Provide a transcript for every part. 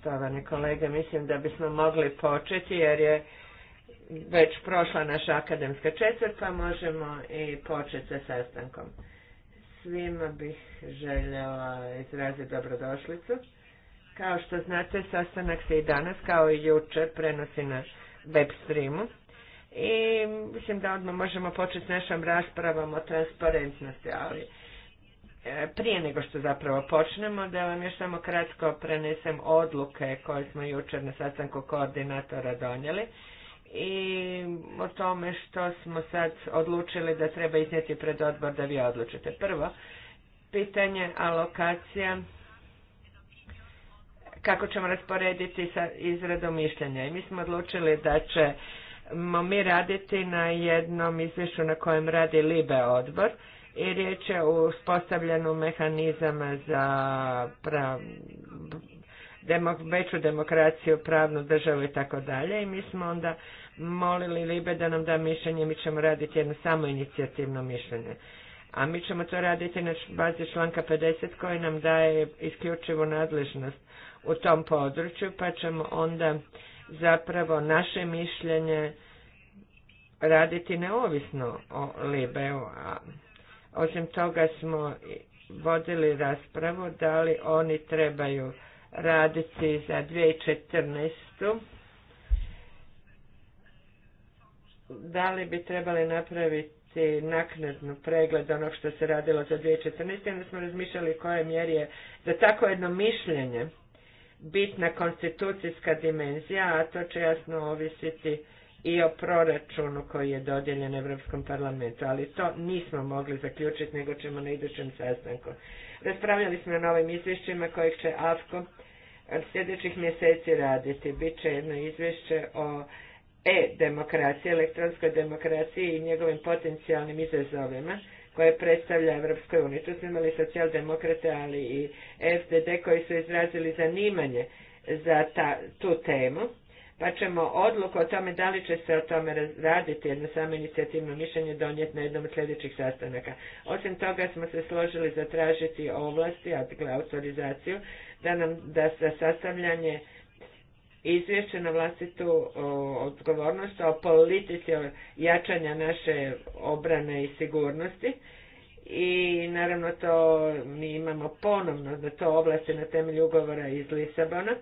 Štovane kolege, mislim da bismo mogli početi jer je već prošla naša akademska četvrta, pa možemo i početi sa sastankom. Svima bih željela izraziti dobrodošlicu. Kao što znate, sastanak se i danas, kao i jučer, prenosi na web streamu. I mislim da odmah možemo početi s našom raspravom o transparentnosti, ali E, prije nego što zapravo počnemo, da vam još samo kratko prenesem odluke koje smo jučer na sastanku koordinatora donijeli i o tome što smo sad odlučili da treba iznijeti pred odbor da vi odlučite. Prvo, pitanje alokacija kako ćemo rasporediti sa izradom mišljenja. I mi smo odlučili da ćemo mi raditi na jednom izvješću na kojem radi Libe odbor i riječ je o uspostavljanju mehanizama za veću demokraciju, pravnu državu i tako dalje i mi smo onda molili Libe da nam da mišljenje, mi ćemo raditi jedno samo inicijativno mišljenje. A mi ćemo to raditi na bazi članka 50 koji nam daje isključivu nadležnost u tom području, pa ćemo onda zapravo naše mišljenje raditi neovisno o Libeu, a osim toga smo vodili raspravu da li oni trebaju raditi za 2014. Da li bi trebali napraviti naknadnu pregled onog što se radilo za 2014. Onda smo razmišljali koje mjeri je za tako jedno mišljenje bitna konstitucijska dimenzija, a to će jasno ovisiti i o proračunu koji je dodijeljen Europskom parlamentu, ali to nismo mogli zaključiti, nego ćemo na idućem sastanku. Raspravljali smo o novim izvješćima kojeg će AFKO sljedećih mjeseci raditi. Biće jedno izvješće o e-demokraciji, elektronskoj demokraciji i njegovim potencijalnim izazovima koje predstavlja Evropskoj uniji. Tu smo imali socijaldemokrate, ali i FDD koji su izrazili zanimanje za tu temu pa ćemo odluku o tome da li će se o tome raditi jedno samo inicijativno mišljenje donijeti na jednom od sljedećih sastanaka. Osim toga smo se složili zatražiti ovlasti, a dakle autorizaciju, da nam da za sastavljanje izvješće na vlastitu odgovornost o politici jačanja naše obrane i sigurnosti i naravno to mi imamo ponovno da to ovlasti na temelju ugovora iz Lisabona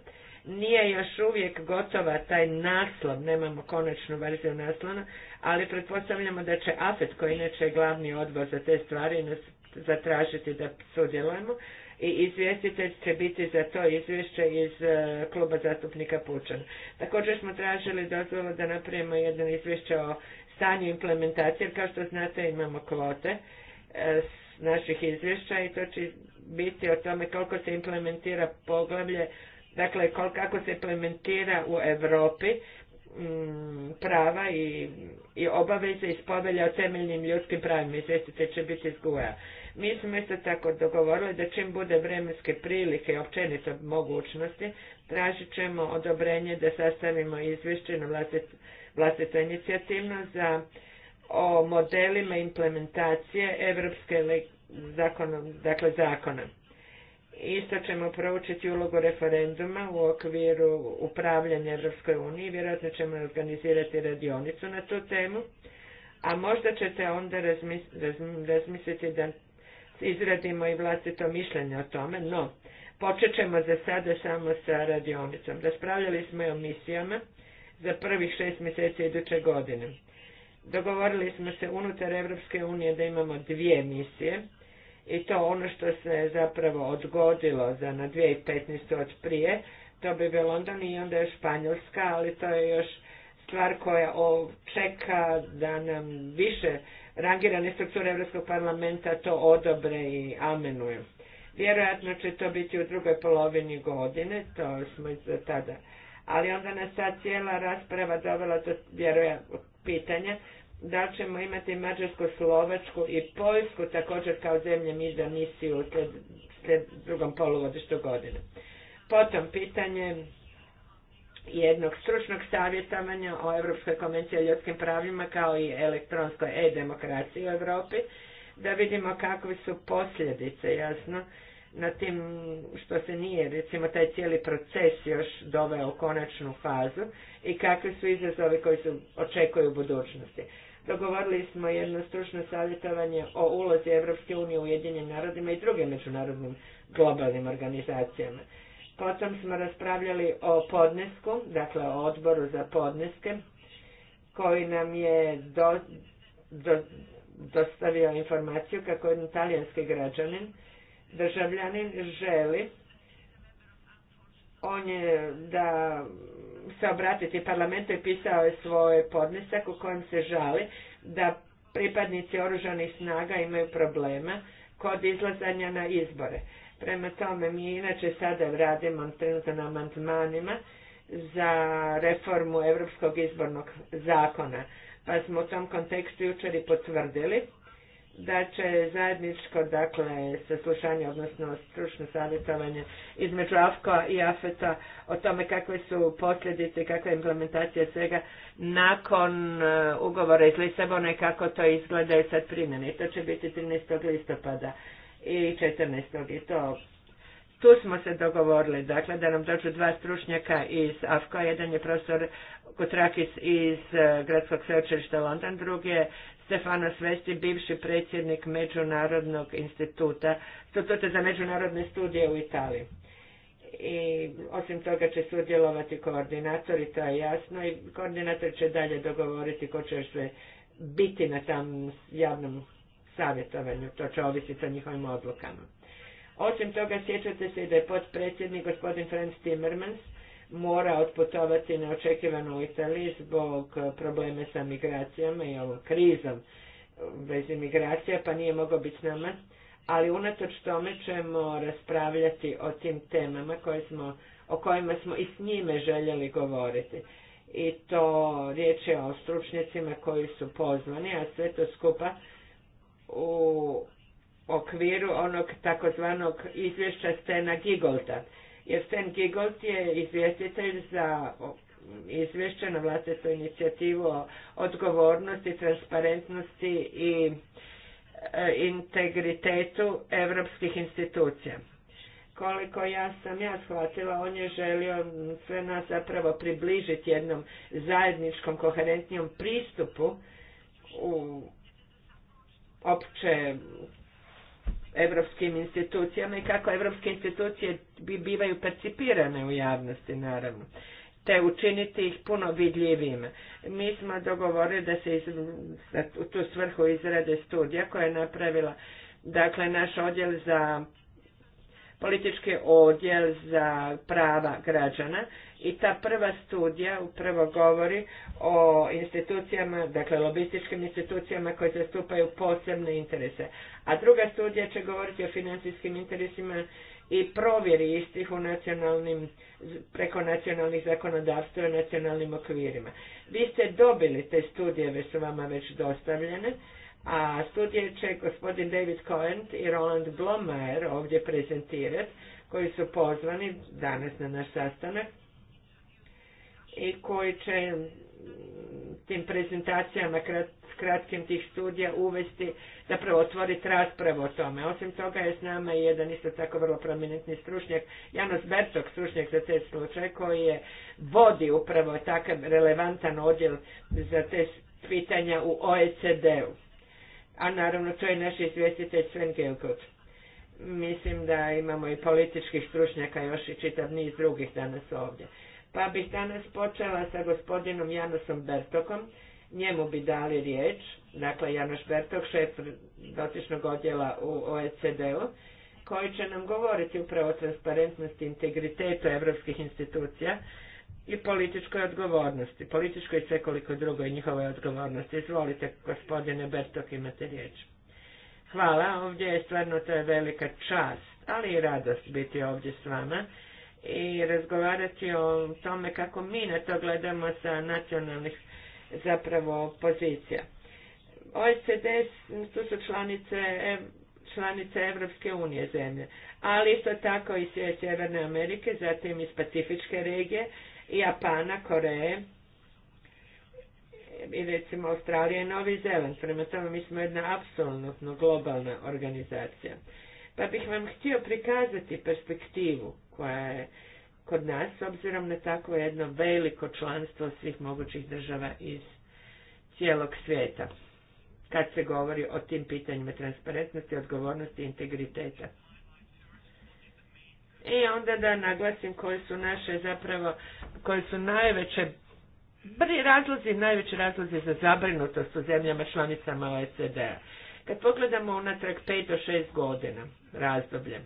nije još uvijek gotova taj naslov, nemamo konačnu verziju naslona, ali pretpostavljamo da će AFET, koji inače je glavni odbor za te stvari, nas zatražiti da sudjelujemo i izvjestitelj će biti za to izvješće iz e, kluba zastupnika Pučana. Također smo tražili dozvolu da napravimo jedno izvješće o stanju implementacije, jer kao što znate imamo kvote e, naših izvješća i to će biti o tome koliko se implementira poglavlje Dakle, kako se implementira u Europi mm, prava i, i obaveze iz povelja o temeljnim ljudskim pravima. Izvjestite će biti iz Mi smo isto tako dogovorili da čim bude vremenske prilike i općenito mogućnosti, tražit ćemo odobrenje da sastavimo izvješće na vlastit, inicijativno za o modelima implementacije evropske zakona, dakle zakona. Isto ćemo proučiti ulogu referenduma u okviru upravljanja europskoj uniji. Vjerojatno ćemo organizirati radionicu na tu temu. A možda ćete onda razmisliti da izradimo i vlastito mišljenje o tome, no počet ćemo za sada samo sa radionicom. Raspravljali smo i o misijama za prvih šest mjeseci iduće godine. Dogovorili smo se unutar Evropske unije da imamo dvije misije i to ono što se zapravo odgodilo za na 2015. od prije, to bi bilo onda i onda je Španjolska, ali to je još stvar koja čeka da nam više rangirane strukture Europskog parlamenta to odobre i amenuju. Vjerojatno će to biti u drugoj polovini godine, to smo za tada. Ali onda nas ta cijela rasprava dovela do vjerojatno pitanja da ćemo imati Mađarsku, Slovačku i Poljsku također kao zemlje mi za misiju u drugom polugodištu godine. Potom pitanje jednog stručnog savjetovanja o Europskoj konvenciji o ljudskim pravima kao i elektronskoj e-demokraciji u Europi, da vidimo kakve su posljedice, jasno, na tim što se nije, recimo, taj cijeli proces još doveo u konačnu fazu i kakvi su izazovi koji se očekuju u budućnosti. Dogovorili smo jedno stručno savjetovanje o ulozi Europske unije u narodima i drugim međunarodnim globalnim organizacijama. Potom smo raspravljali o podnesku, dakle o odboru za podneske, koji nam je do, dostavio informaciju kako jedan talijanski građanin, državljanin želi on je da se obratiti parlamentu i pisao je svoj podnesak u kojem se žali da pripadnici oružanih snaga imaju problema kod izlazanja na izbore. Prema tome, mi inače sada radimo trenutno na amandmanima za reformu Europskog izbornog zakona, pa smo u tom kontekstu jučer i potvrdili da će zajedničko dakle saslušanje, odnosno stručno savjetovanje između AFKO i AFETA o tome kakve su posljedice kakva je implementacija svega nakon uh, ugovora iz Lisabona kako to izgleda i sad primjene. to će biti 13. listopada i 14. i to tu smo se dogovorili, dakle, da nam dođu dva stručnjaka iz AFKO, jedan je profesor Kutrakis iz uh, Gradskog sveučilišta London, drugi je Stefano Svesti, bivši predsjednik Međunarodnog instituta, instituta za međunarodne studije u Italiji. I osim toga će sudjelovati koordinatori, to je jasno, i koordinator će dalje dogovoriti ko će sve biti na tam javnom savjetovanju, to će ovisiti o njihovim odlukama. Osim toga, sjećate se da je potpredsjednik gospodin Franz Timmermans mora otputovati neočekivano u Italiji zbog probleme sa migracijama i ovom krizom bez migracija, pa nije mogao biti s nama. Ali unatoč tome ćemo raspravljati o tim temama koje smo, o kojima smo i s njime željeli govoriti. I to riječ je o stručnjacima koji su pozvani, a sve to skupa u okviru onog takozvanog izvješća Stena Gigolta jer Stan je izvjestitelj za izvješće na vlastitu inicijativu o odgovornosti, transparentnosti i e, integritetu evropskih institucija. Koliko ja sam ja shvatila, on je želio sve nas zapravo približiti jednom zajedničkom, koherentnijom pristupu u opće evropskim institucijama i kako evropske institucije bivaju percipirane u javnosti, naravno te učiniti ih puno vidljivijima. Mi smo dogovorili da se u tu svrhu izrade studija koja je napravila dakle naš odjel za politički odjel za prava građana i ta prva studija upravo govori o institucijama, dakle lobističkim institucijama koje zastupaju posebne interese. A druga studija će govoriti o financijskim interesima i provjeri istih u nacionalnim, preko nacionalnih zakonodavstva i nacionalnim okvirima. Vi ste dobili te studije, već su vama već dostavljene a studije će gospodin David Cohen i Roland Blomer ovdje prezentirati, koji su pozvani danas na naš sastanak i koji će tim prezentacijama kratkim tih studija uvesti, zapravo otvoriti raspravu o tome. Osim toga je s nama i jedan isto tako vrlo prominentni stručnjak, Janos Bertok, stručnjak za te slučaje, koji je vodi upravo takav relevantan odjel za te pitanja u OECD-u a naravno to je naš izvjestitelj Sven Mislim da imamo i političkih stručnjaka još i čitav niz drugih danas ovdje. Pa bih danas počela sa gospodinom Janosom Bertokom, njemu bi dali riječ, dakle Janoš Bertok, šef dotičnog odjela u OECD-u, koji će nam govoriti upravo o transparentnosti i integritetu evropskih institucija i političkoj odgovornosti, političkoj i svekoliko drugoj njihovoj odgovornosti. Izvolite, gospodine Bertok, imate riječ. Hvala, ovdje je stvarno to je velika čast, ali i radost biti ovdje s vama i razgovarati o tome kako mi na to gledamo sa nacionalnih zapravo pozicija. OECD tu su članice, e, članice Evropske unije zemlje, ali isto tako i Sjeverne Amerike, zatim iz Pacifičke regije, Japana, Koreje i recimo Australije i Novi Zeland. Prema tome mi smo jedna apsolutno globalna organizacija. Pa bih vam htio prikazati perspektivu koja je kod nas s obzirom na takvo jedno veliko članstvo svih mogućih država iz cijelog svijeta kad se govori o tim pitanjima transparentnosti, odgovornosti i integriteta. I onda da naglasim koji su naše zapravo, koji su najveće razlozi, najveći razlozi za zabrinutost u zemljama članicama OECD-a. Kad pogledamo unatrag 5 do 6 godina razdoblje,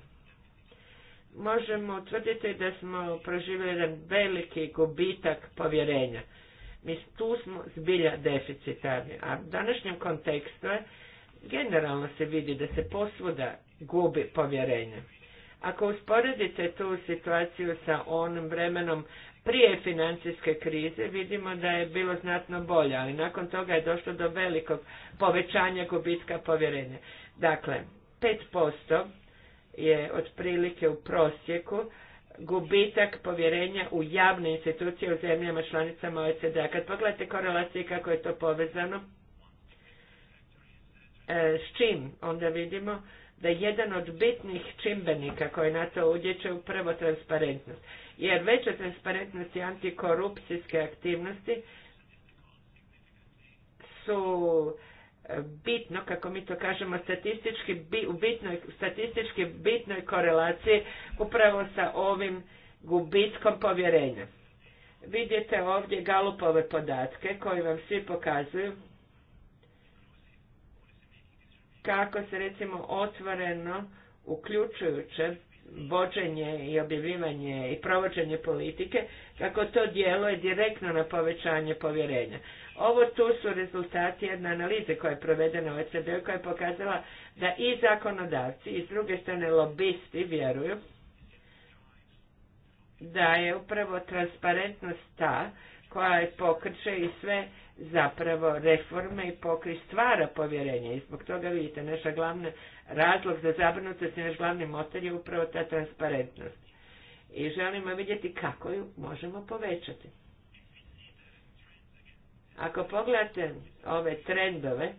možemo utvrditi da smo proživjeli jedan veliki gubitak povjerenja. Mi tu smo zbilja deficitarni, a u današnjem kontekstu generalno se vidi da se posvuda gubi povjerenje. Ako usporedite tu situaciju sa onim vremenom prije financijske krize, vidimo da je bilo znatno bolje, ali nakon toga je došlo do velikog povećanja gubitka povjerenja. Dakle, 5% je otprilike u prosjeku gubitak povjerenja u javne institucije u zemljama članicama OECD-a. Kad pogledate korelacije kako je to povezano, e, s čim onda vidimo da jedan od bitnih čimbenika koji na to utječe je upravo transparentnost. Jer veća transparentnost i antikorupcijske aktivnosti su e, bitno, kako mi to kažemo, statistički, u bitnoj, statistički bitnoj korelaciji upravo sa ovim gubitkom povjerenja. Vidite ovdje galupove podatke koji vam svi pokazuju kako se recimo otvoreno uključujuće vođenje i objavljivanje i provođenje politike, kako to djeluje direktno na povećanje povjerenja. Ovo tu su rezultati jedne analize koja je provedena u ECB koja je pokazala da i zakonodavci i s druge strane lobisti vjeruju da je upravo transparentnost ta koja je i sve zapravo reforme i pokri stvara povjerenje i zbog toga vidite naša glavna razlog za zabrinutost i naš glavni motor je upravo ta transparentnost i želimo vidjeti kako ju možemo povećati. Ako pogledate ove trendove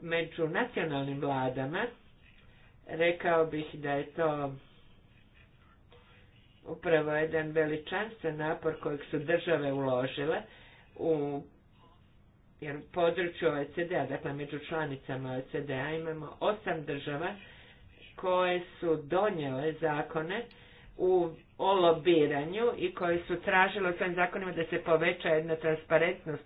među nacionalnim vladama, rekao bih da je to upravo jedan veličanstven napor kojeg su države uložile u području OECD-a, dakle među članicama OECD-a imamo osam država koje su donijele zakone u, o lobiranju i koje su tražile u svojim zakonima da se poveća jedna transparentnost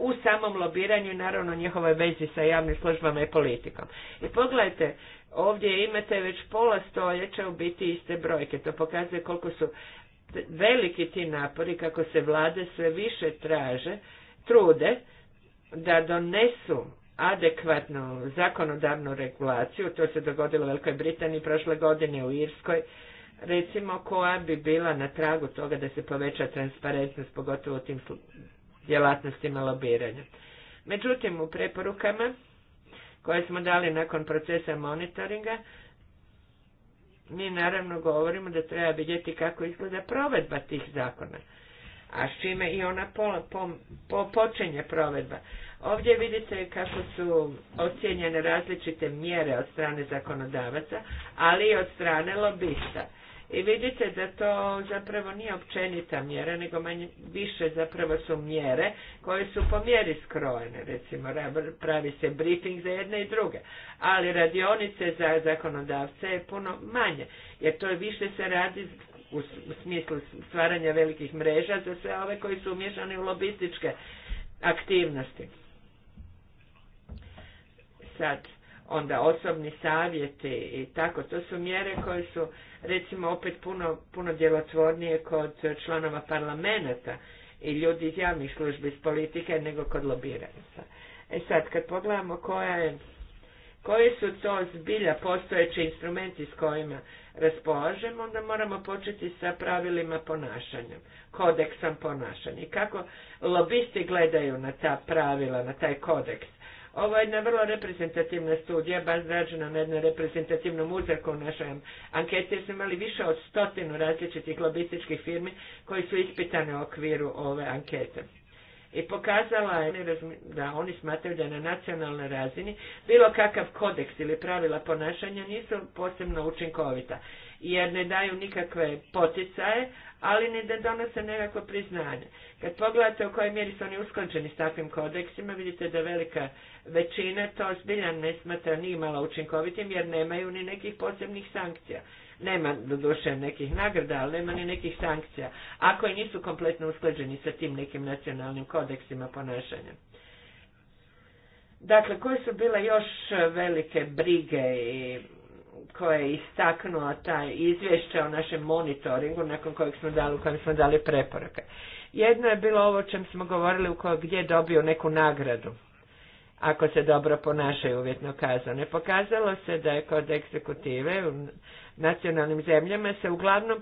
u samom lobiranju i naravno njihovoj vezi sa javnim službama i politikom. I pogledajte, ovdje imate već pola stoljeća u biti iste brojke. To pokazuje koliko su veliki ti napori kako se vlade sve više traže, trude da donesu adekvatnu zakonodavnu regulaciju, to se dogodilo u Velikoj Britaniji prošle godine u Irskoj, recimo koja bi bila na tragu toga da se poveća transparentnost, pogotovo u tim djelatnostima lobiranja. Međutim, u preporukama koje smo dali nakon procesa monitoringa, mi naravno govorimo da treba vidjeti kako izgleda provedba tih zakona, a s čime i ona po, počinje provedba. Ovdje vidite kako su ocjenjene različite mjere od strane zakonodavaca, ali i od strane lobista. I vidite da to zapravo nije općenita mjera, nego manje, više zapravo su mjere koje su po mjeri skrojene. Recimo, pravi se briefing za jedne i druge, ali radionice za zakonodavce je puno manje, jer to je više se radi u smislu stvaranja velikih mreža za sve ove koji su umješani u lobističke aktivnosti. Sad, onda osobni savjeti i tako. To su mjere koje su recimo opet puno, puno djelotvornije kod članova parlamenta i ljudi iz javnih službi iz politike nego kod lobiranja. E sad, kad pogledamo koja je, koji su to zbilja postojeći instrumenti s kojima raspolažemo, onda moramo početi sa pravilima ponašanja, kodeksom ponašanja. I kako lobisti gledaju na ta pravila, na taj kodeks ovo je jedna vrlo reprezentativna studija, baš rađena na jednom reprezentativnom uzorku u našoj anketi, jer smo imali više od stotinu različitih lobističkih firmi koji su ispitane u okviru ove ankete i pokazala je da oni smatraju da na nacionalnoj razini bilo kakav kodeks ili pravila ponašanja nisu posebno učinkovita, jer ne daju nikakve poticaje, ali ne da donose nekakvo priznanje. Kad pogledate u kojoj mjeri su oni usklađeni s takvim kodeksima, vidite da velika većina to zbilja ne smatra ni malo učinkovitim jer nemaju ni nekih posebnih sankcija. Nema doduše nekih nagrada, ali nema ni nekih sankcija, ako i nisu kompletno usklađeni sa tim nekim nacionalnim kodeksima ponašanja. Dakle, koje su bile još velike brige i koje je istaknuo taj izvješća o našem monitoringu nakon kojeg smo dali, u smo dali preporuke. Jedno je bilo ovo o čem smo govorili u kojoj gdje je dobio neku nagradu ako se dobro ponašaju, uvjetno kazane Pokazalo se da je kod eksekutive u nacionalnim zemljama se uglavnom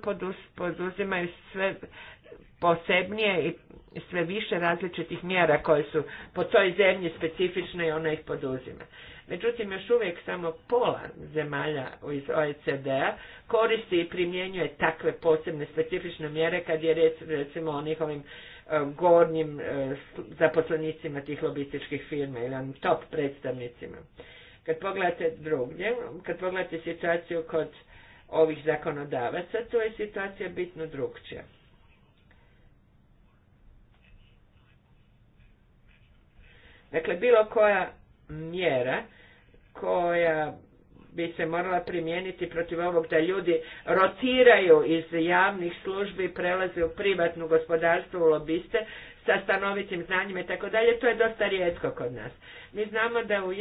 poduzimaju sve posebnije i sve više različitih mjera koje su po toj zemlji specifične i ona ih poduzima. Međutim, još uvijek samo pola zemalja iz OECD-a koristi i primjenjuje takve posebne specifične mjere kad je recimo o njihovim gornjim e, zaposlenicima tih lobističkih firma ili onim top predstavnicima. Kad pogledate drugdje, kad pogledate situaciju kod ovih zakonodavaca, to je situacija bitno drugčija. Dakle, bilo koja mjera koja bi se morala primijeniti protiv ovog da ljudi rotiraju iz javnih službi, prelaze u privatno gospodarstvo, u lobiste sa stanovitim znanjima i tako dalje, to je dosta rijetko kod nas. Mi znamo da u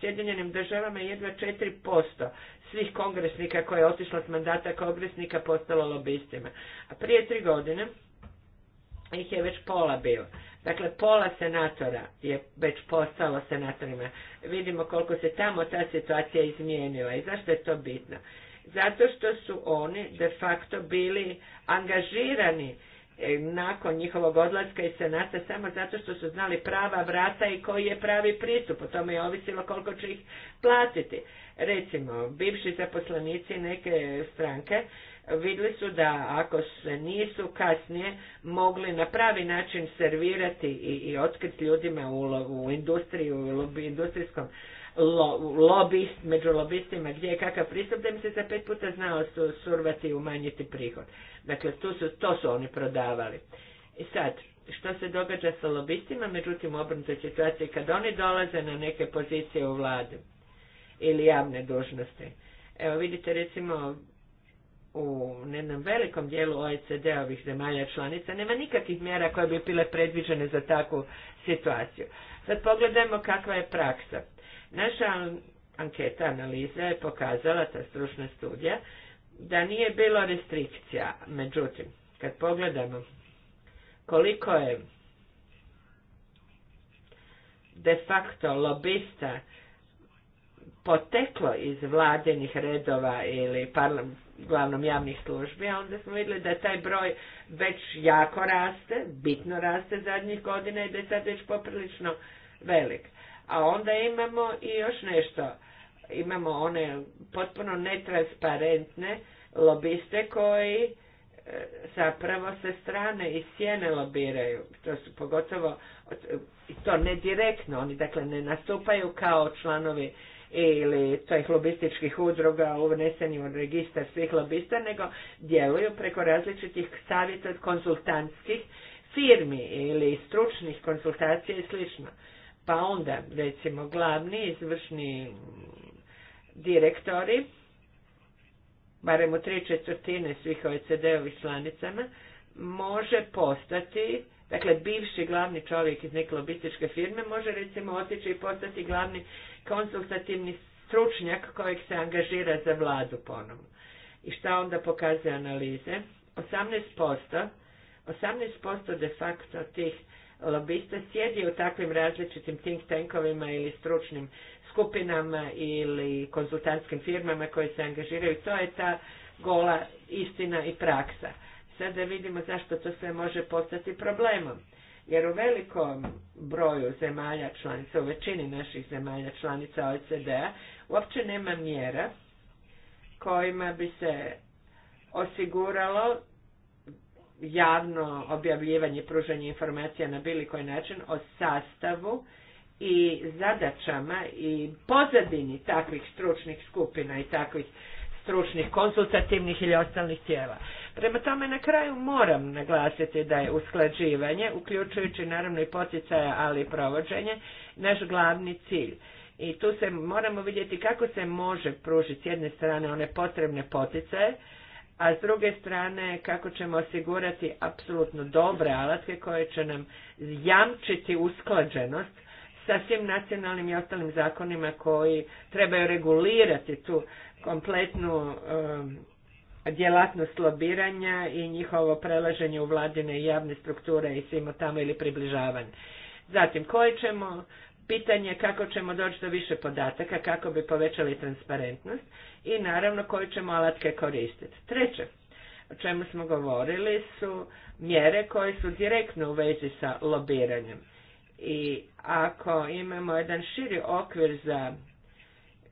Sjedinjenim državama jedva 4% svih kongresnika koje je otišlo s mandata kongresnika postalo lobistima. A prije tri godine ih je već pola bilo. Dakle, pola senatora je već postalo senatorima. Vidimo koliko se tamo ta situacija izmijenila i zašto je to bitno. Zato što su oni de facto bili angažirani e, nakon njihovog odlaska iz senata samo zato što su znali prava vrata i koji je pravi pristup. O tome je ovisilo koliko će ih platiti. Recimo, bivši zaposlenici neke stranke vidli su da ako se nisu kasnije mogli na pravi način servirati i, i otkriti ljudima u, u industriju, u industrijskom lo, lobist, među lobistima gdje je kakav pristup, da im se za pet puta znao su, survati i umanjiti prihod. Dakle, tu su, to su oni prodavali. I sad, što se događa sa lobistima, međutim u obrnutoj situaciji kad oni dolaze na neke pozicije u vladi ili javne dužnosti. Evo vidite recimo u jednom velikom dijelu OECD-ovih zemalja članica nema nikakvih mjera koje bi bile predviđene za takvu situaciju. Sad pogledajmo kakva je praksa. Naša anketa, analiza je pokazala, ta stručna studija, da nije bilo restrikcija. Međutim, kad pogledamo koliko je de facto lobista poteklo iz vladinih redova ili parlamenta, glavnom javnih službi, a onda smo vidjeli da taj broj već jako raste, bitno raste zadnjih godina i da je sad već poprilično velik. A onda imamo i još nešto, imamo one potpuno netransparentne lobiste koji e, zapravo se strane i sjene lobiraju, to su pogotovo, to ne direktno, oni dakle ne nastupaju kao članovi ili tih lobističkih udruga uneseni u registar svih lobista, nego djeluju preko različitih savjeta konsultantskih firmi ili stručnih konsultacija i slično. Pa onda, recimo, glavni izvršni direktori, barem u tri četvrtine svih OECD-ovih članicama, može postati, dakle bivši glavni čovjek iz neke lobističke firme može recimo otići i postati glavni konsultativni stručnjak kojeg se angažira za vladu ponovno. I šta onda pokazuje analize? 18%, 18% de facto tih lobista sjedi u takvim različitim think tankovima ili stručnim skupinama ili konzultantskim firmama koje se angažiraju. To je ta gola istina i praksa. Sada vidimo zašto to sve može postati problemom. Jer u velikom broju zemalja članica, u većini naših zemalja članica OECD-a, uopće nema mjera kojima bi se osiguralo javno objavljivanje, pružanje informacija na bilo koji način o sastavu i zadaćama i pozadini takvih stručnih skupina i takvih stručnih, konsultativnih ili ostalih tijela. Prema tome na kraju moram naglasiti da je usklađivanje, uključujući naravno i poticaja, ali i provođenje, naš glavni cilj. I tu se moramo vidjeti kako se može pružiti s jedne strane one potrebne poticaje, a s druge strane kako ćemo osigurati apsolutno dobre alatke koje će nam jamčiti usklađenost sa svim nacionalnim i ostalim zakonima koji trebaju regulirati tu kompletnu um, djelatnost lobiranja i njihovo prelaženje u vladine i javne strukture i svima tamo ili približavanje. Zatim, koje ćemo pitanje kako ćemo doći do više podataka, kako bi povećali transparentnost i naravno koje ćemo alatke koristiti. Treće, o čemu smo govorili su mjere koje su direktno u vezi sa lobiranjem. I ako imamo jedan širi okvir za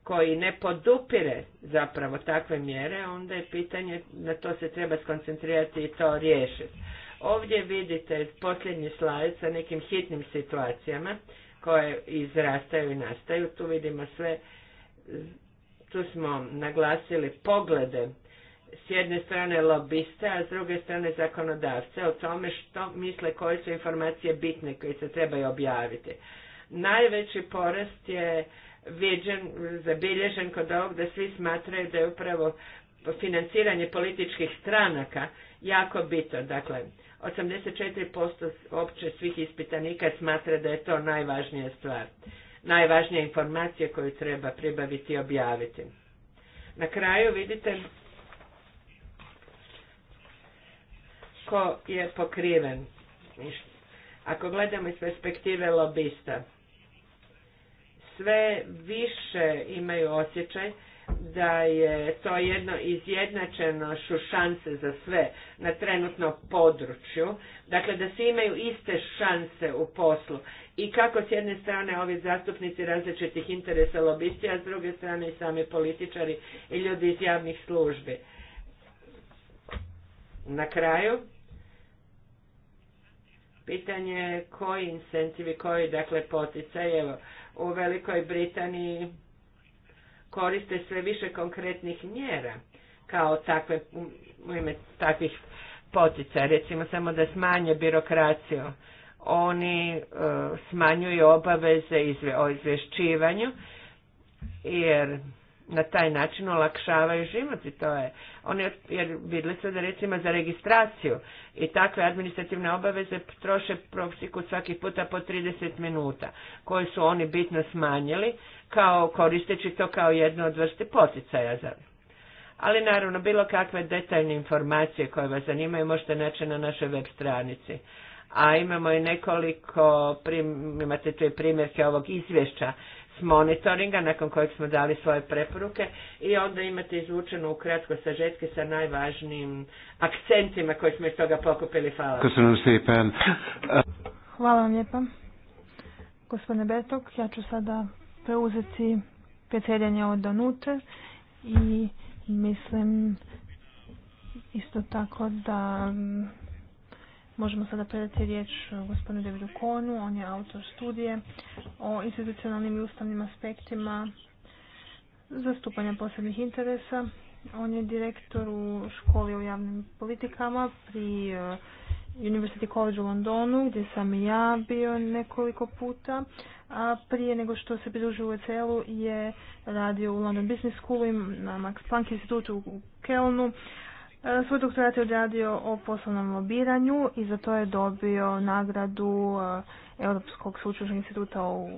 koji ne podupire zapravo takve mjere, onda je pitanje, na to se treba skoncentrirati i to riješiti. Ovdje vidite posljednji slajd sa nekim hitnim situacijama koje izrastaju i nastaju. Tu vidimo sve, tu smo naglasili poglede s jedne strane lobiste, a s druge strane zakonodavce o tome što misle koje su informacije bitne koje se trebaju objaviti. Najveći porast je viđen, zabilježen kod ovog da svi smatraju da je upravo financiranje političkih stranaka jako bitno. Dakle, 84% opće svih ispitanika smatra da je to najvažnija stvar, najvažnija informacija koju treba pribaviti i objaviti. Na kraju vidite tko je pokriven. Ako gledamo iz perspektive lobista, sve više imaju osjećaj da je to jedno izjednačeno šanse za sve na trenutnom području, dakle da svi imaju iste šanse u poslu i kako s jedne strane ovi zastupnici različitih interesa lobisti, a s druge strane i sami političari i ljudi iz javnih službi. Na kraju, Pitanje je koji incentivi, koji dakle poticaj, evo, u Velikoj Britaniji koriste sve više konkretnih mjera kao takve, u ime takvih poticaja, recimo samo da smanje birokraciju. Oni e, smanjuju obaveze o izvješćivanju, jer na taj način olakšavaju život i to je. Oni, jer vidjeli ste da recimo za registraciju i takve administrativne obaveze troše prosjeku svaki puta po 30 minuta, koje su oni bitno smanjili, kao koristeći to kao jednu od vrste poticaja za ali naravno, bilo kakve detaljne informacije koje vas zanimaju možete naći na našoj web stranici. A imamo i nekoliko, imate tu i primjerke ovog izvješća monitoringa nakon kojeg smo dali svoje preporuke i onda imate izvučeno u kratko sažetke sa najvažnijim akcentima koji smo iz toga pokupili. Hvala. Hvala vam lijepa. Gospodine Betok, ja ću sada preuzeti predsjedanje od Danute i mislim isto tako da Možemo sada predati riječ e, gospodinu Davidu Konu, on je autor studije o institucionalnim i ustavnim aspektima zastupanja posebnih interesa. On je direktor u školi u javnim politikama pri e, University College u Londonu, gdje sam i ja bio nekoliko puta, a prije nego što se pridružio u ECL-u je radio u London Business i na Max Planck institutu u Kelnu, E, svoj doktorat je odradio o poslovnom lobiranju i za to je dobio nagradu e, Europskog sveučilišnog instituta u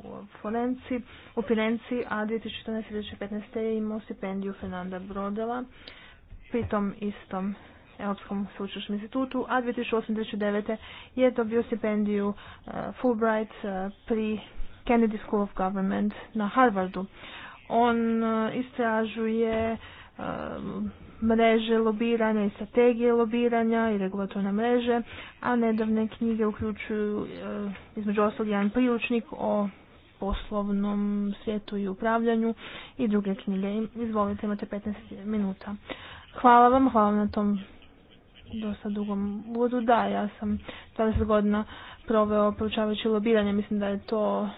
Florenci, Firenci, a 2014. i 2015. je imao stipendiju Fernanda Brodela pri tom istom Europskom sveučilišnom institutu, a 2008. 2009. je dobio stipendiju e, Fulbright pri Kennedy School of Government na Harvardu. On istražuje mreže lobiranja i strategije lobiranja i regulatorne mreže, a nedavne knjige uključuju eh, između ostalog jedan priručnik o poslovnom svijetu i upravljanju i druge knjige. Izvolite, imate 15 minuta. Hvala vam, hvala vam na tom dosta dugom uvodu. Da, ja sam 20 godina proveo proučavajući lobiranje, mislim da je to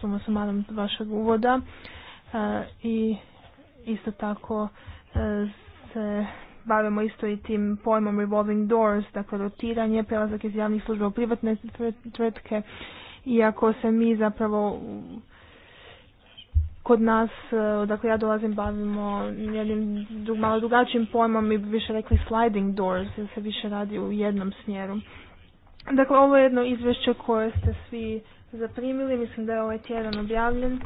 suma sumarom vašeg uvoda eh, i Isto tako e, se bavimo isto i tim pojmom revolving doors, dakle rotiranje, prelazak iz javnih služba u privatne tvrtke, iako se mi zapravo kod nas, dakle ja dolazim, bavimo jednim malo drugačijim pojmom, i bi više rekli sliding doors, jer se više radi u jednom smjeru. Dakle, ovo je jedno izvješće koje ste svi zaprimili, mislim da je ovaj tjedan objavljen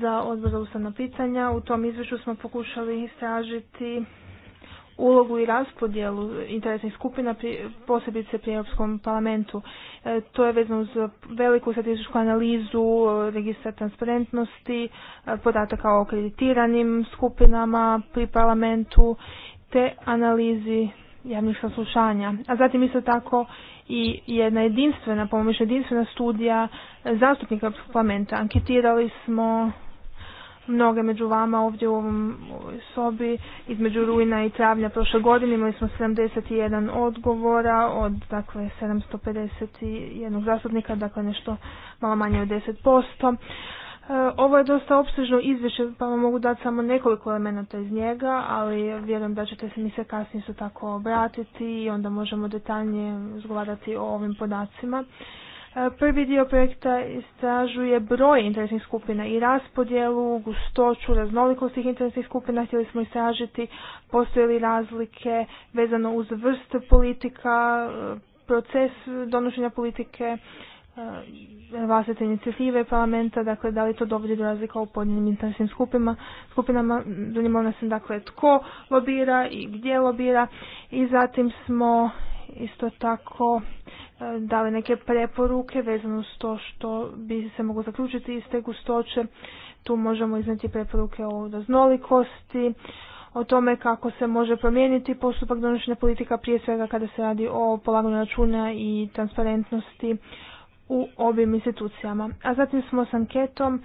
za odbor za ustavna pitanja. U tom izvješću smo pokušali istražiti ulogu i raspodjelu interesnih skupina, posebice pri Europskom parlamentu. E, to je vezano uz veliku statističku analizu e, registra transparentnosti, e, podataka o kreditiranim skupinama pri parlamentu, te analizi javnih saslušanja. A zatim isto tako i jedna jedinstvena pomoć, jedinstvena studija zastupnika Europskog parlamenta. Anketirali smo mnoge među vama ovdje u ovom sobi između rujna i travnja prošle godine imali smo 71 odgovora od dakle 751 zastupnika dakle nešto malo manje od 10% ovo je dosta opsežno izvješće, pa vam mogu dati samo nekoliko elemenata iz njega, ali vjerujem da ćete se mi se kasnije su tako obratiti i onda možemo detaljnije razgovarati o ovim podacima. E, prvi dio projekta istražuje broj interesnih skupina i raspodjelu, gustoću, raznolikost interesnih skupina. Htjeli smo istražiti postoje li razlike vezano uz vrstu politika, e, proces donošenja politike, E, vlastite inicijative parlamenta, dakle da li to dovodi do razlika u pojedinim interesnim skupima, skupinama, zanimljamo nas dakle tko lobira i gdje lobira i zatim smo isto tako e, dali neke preporuke vezano s to što bi se moglo zaključiti iz te gustoće. Tu možemo izneti preporuke o raznolikosti, o tome kako se može promijeniti postupak donošenja politika prije svega kada se radi o polaganju računa i transparentnosti u ovim institucijama. A zatim smo s anketom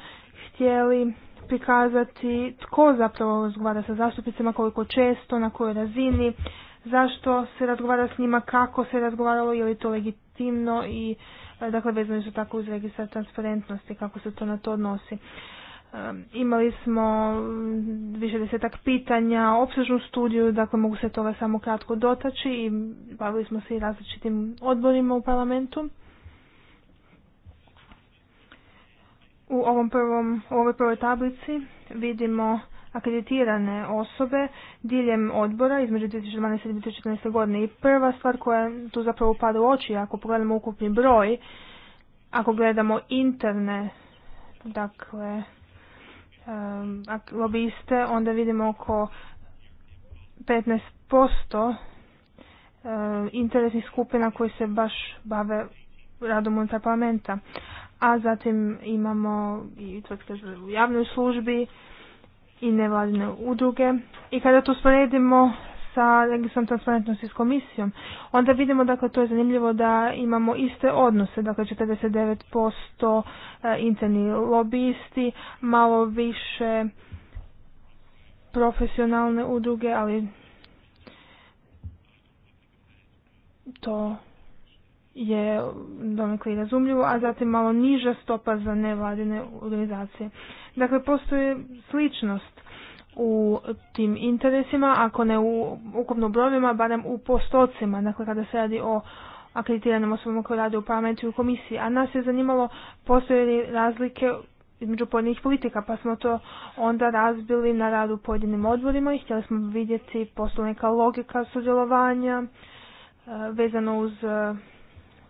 htjeli prikazati tko zapravo razgovara sa zastupnicima, koliko često, na kojoj razini, zašto se razgovara s njima, kako se razgovaralo, je li to legitimno i e, dakle vezano su tako uz registar transparentnosti, kako se to na to odnosi. Imali smo mm, više desetak pitanja, opsežnu studiju, dakle mogu se toga samo kratko dotaći i bavili smo se i različitim odborima u parlamentu. u ovom prvom, u ovoj prvoj tablici vidimo akreditirane osobe diljem odbora između 2012. i 2014. godine. I prva stvar koja tu zapravo upada u oči, ako pogledamo ukupni broj, ako gledamo interne, dakle, lobiste, onda vidimo oko 15% interesnih skupina koji se baš bave radom unutar parlamenta a zatim imamo i tvrtke u javnoj službi i nevladine udruge. I kada to sporedimo sa registrom transparentnosti s komisijom, onda vidimo, dakle, to je zanimljivo da imamo iste odnose, dakle, 49% e, interni lobisti, malo više profesionalne udruge, ali to je donekle i razumljivo, a zatim malo niža stopa za nevladine organizacije. Dakle, postoji sličnost u tim interesima, ako ne u ukupno brojima, barem u postocima, dakle kada se radi o akreditiranim osobama koje rade u parlamentu i u komisiji. A nas je zanimalo postoje li razlike između pojedinih politika, pa smo to onda razbili na radu pojedinim odborima i htjeli smo vidjeti postoji neka logika sudjelovanja eh, vezano uz eh,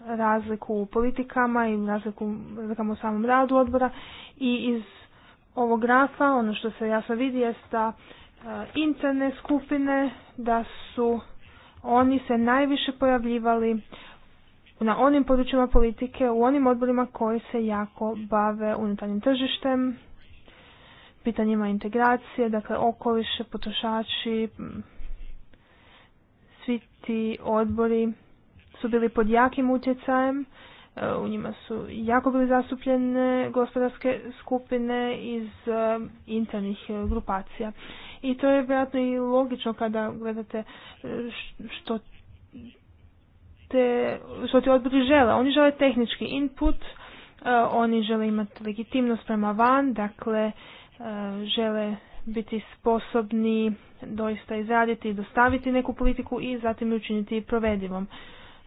razliku u politikama i razliku, razliku u samom radu odbora i iz ovog grafa ono što se jasno vidi je da e, interne skupine da su oni se najviše pojavljivali na onim područjima politike, u onim odborima koji se jako bave unutarnjim tržištem, pitanjima integracije, dakle okoliše, potrošači, svi ti odbori su bili pod jakim utjecajem, e, u njima su jako bili zastupljene gospodarske skupine iz e, internih e, grupacija. I to je vjerojatno i logično kada gledate što te, što ti odbori žele. Oni žele tehnički input, oni žele imati legitimnost prema van, dakle žele biti sposobni doista izraditi i dostaviti neku politiku i zatim učiniti provedivom.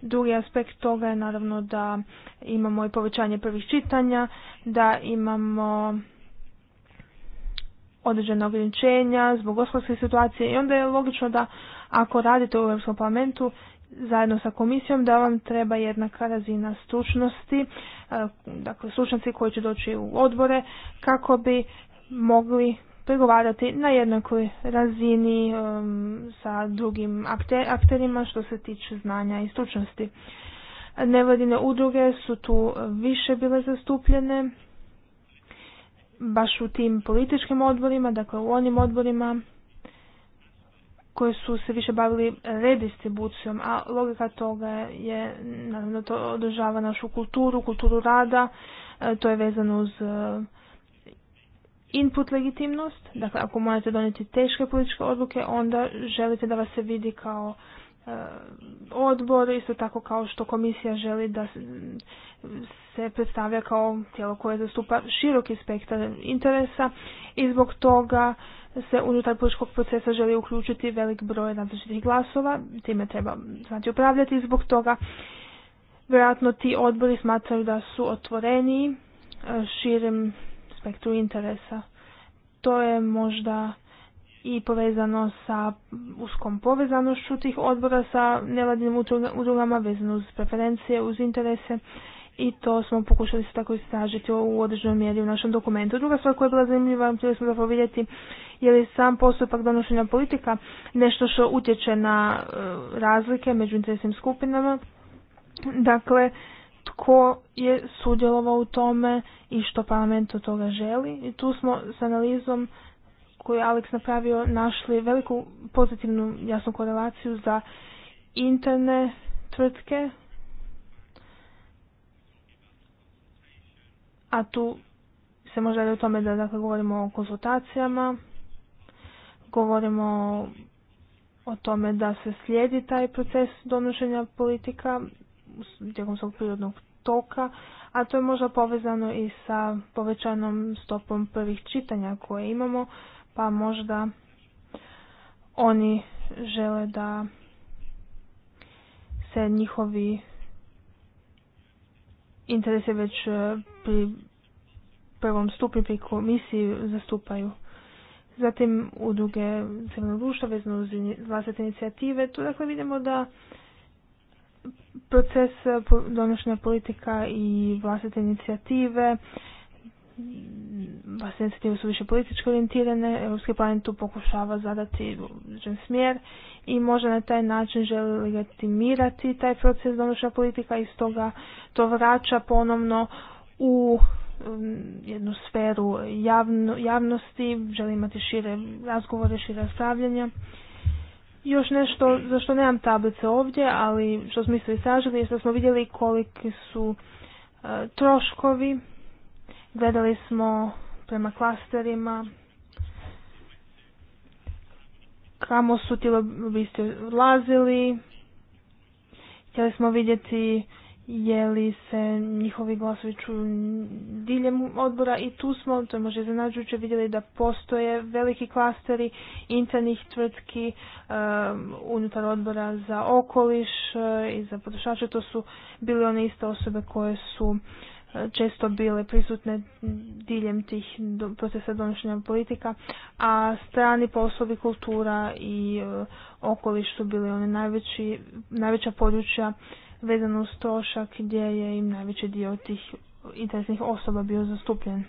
Drugi aspekt toga je naravno da imamo i povećanje prvih čitanja, da imamo određena ograničenja zbog gospodarske situacije i onda je logično da ako radite u Europskom parlamentu zajedno sa komisijom da vam treba jednaka razina stručnosti, eh, dakle stručnosti koji će doći u odbore kako bi mogli pregovarati na jednakoj razini um, sa drugim akterima što se tiče znanja i stručnosti. Nevladine udruge su tu više bile zastupljene, baš u tim političkim odborima, dakle u onim odborima koji su se više bavili redistribucijom, a logika toga je, naravno, to održava našu kulturu, kulturu rada, e, to je vezano uz e, input legitimnost, dakle ako morate donijeti teške političke odluke, onda želite da vas se vidi kao e, odbor, isto tako kao što komisija želi da se predstavlja kao tijelo koje zastupa široki spektar interesa i zbog toga se unutar političkog procesa želi uključiti velik broj različitih glasova, time treba znači upravljati i zbog toga vjerojatno ti odbori smatraju da su otvoreniji e, širim spektru interesa. To je možda i povezano sa uskom povezanošću tih odbora sa nevladinim udrugama vezano uz preferencije, uz interese i to smo pokušali se tako istražiti u određenoj mjeri u našem dokumentu. Druga stvar koja je bila zanimljiva, htjeli smo zapravo vidjeti je li sam postupak donošenja politika nešto što utječe na e, razlike među interesnim skupinama. Dakle, tko je sudjelovao u tome i što parlament od toga želi. I tu smo s analizom koju je Alex napravio našli veliku pozitivnu jasnu korelaciju za interne tvrtke, a tu se možda radi o tome da dakle, govorimo o konzultacijama, govorimo o tome da se slijedi taj proces donošenja politika tijekom svog prirodnog toka, a to je možda povezano i sa povećanom stopom prvih čitanja koje imamo, pa možda oni žele da se njihovi interese već e, pri prvom stupnju pri komisiji zastupaju. Zatim udruge civilnog društva vezano uz vlastite inicijative. Tu dakle vidimo da proces eh, donošenja politika i vlastite inicijative, vlastite inicijative su više politički orijentirane, Europski parlament tu pokušava zadati smjer i može na taj način želi legitimirati taj proces donošenja politika i stoga to vraća ponovno u jednu sferu javno, javnosti, želi imati šire razgovore, šire raspravljanja. Još nešto za što nemam tablice ovdje, ali što smo isto istražili je što smo vidjeli koliki su e, troškovi. Gledali smo prema klasterima kamo su ti lobisti odlazili. Htjeli smo vidjeti je li se njihovi glasovi čuju diljem odbora i tu smo, to je možda iznenađujuće, vidjeli da postoje veliki klasteri internih tvrtki um, unutar odbora za okoliš uh, i za potrošače. To su bile one iste osobe koje su uh, često bile prisutne diljem tih procesa donošenja politika, a strani poslovi kultura i uh, okoliš su bili one najveći, najveća područja vezano uz trošak gdje je im najveći dio tih interesnih osoba bio zastupljen.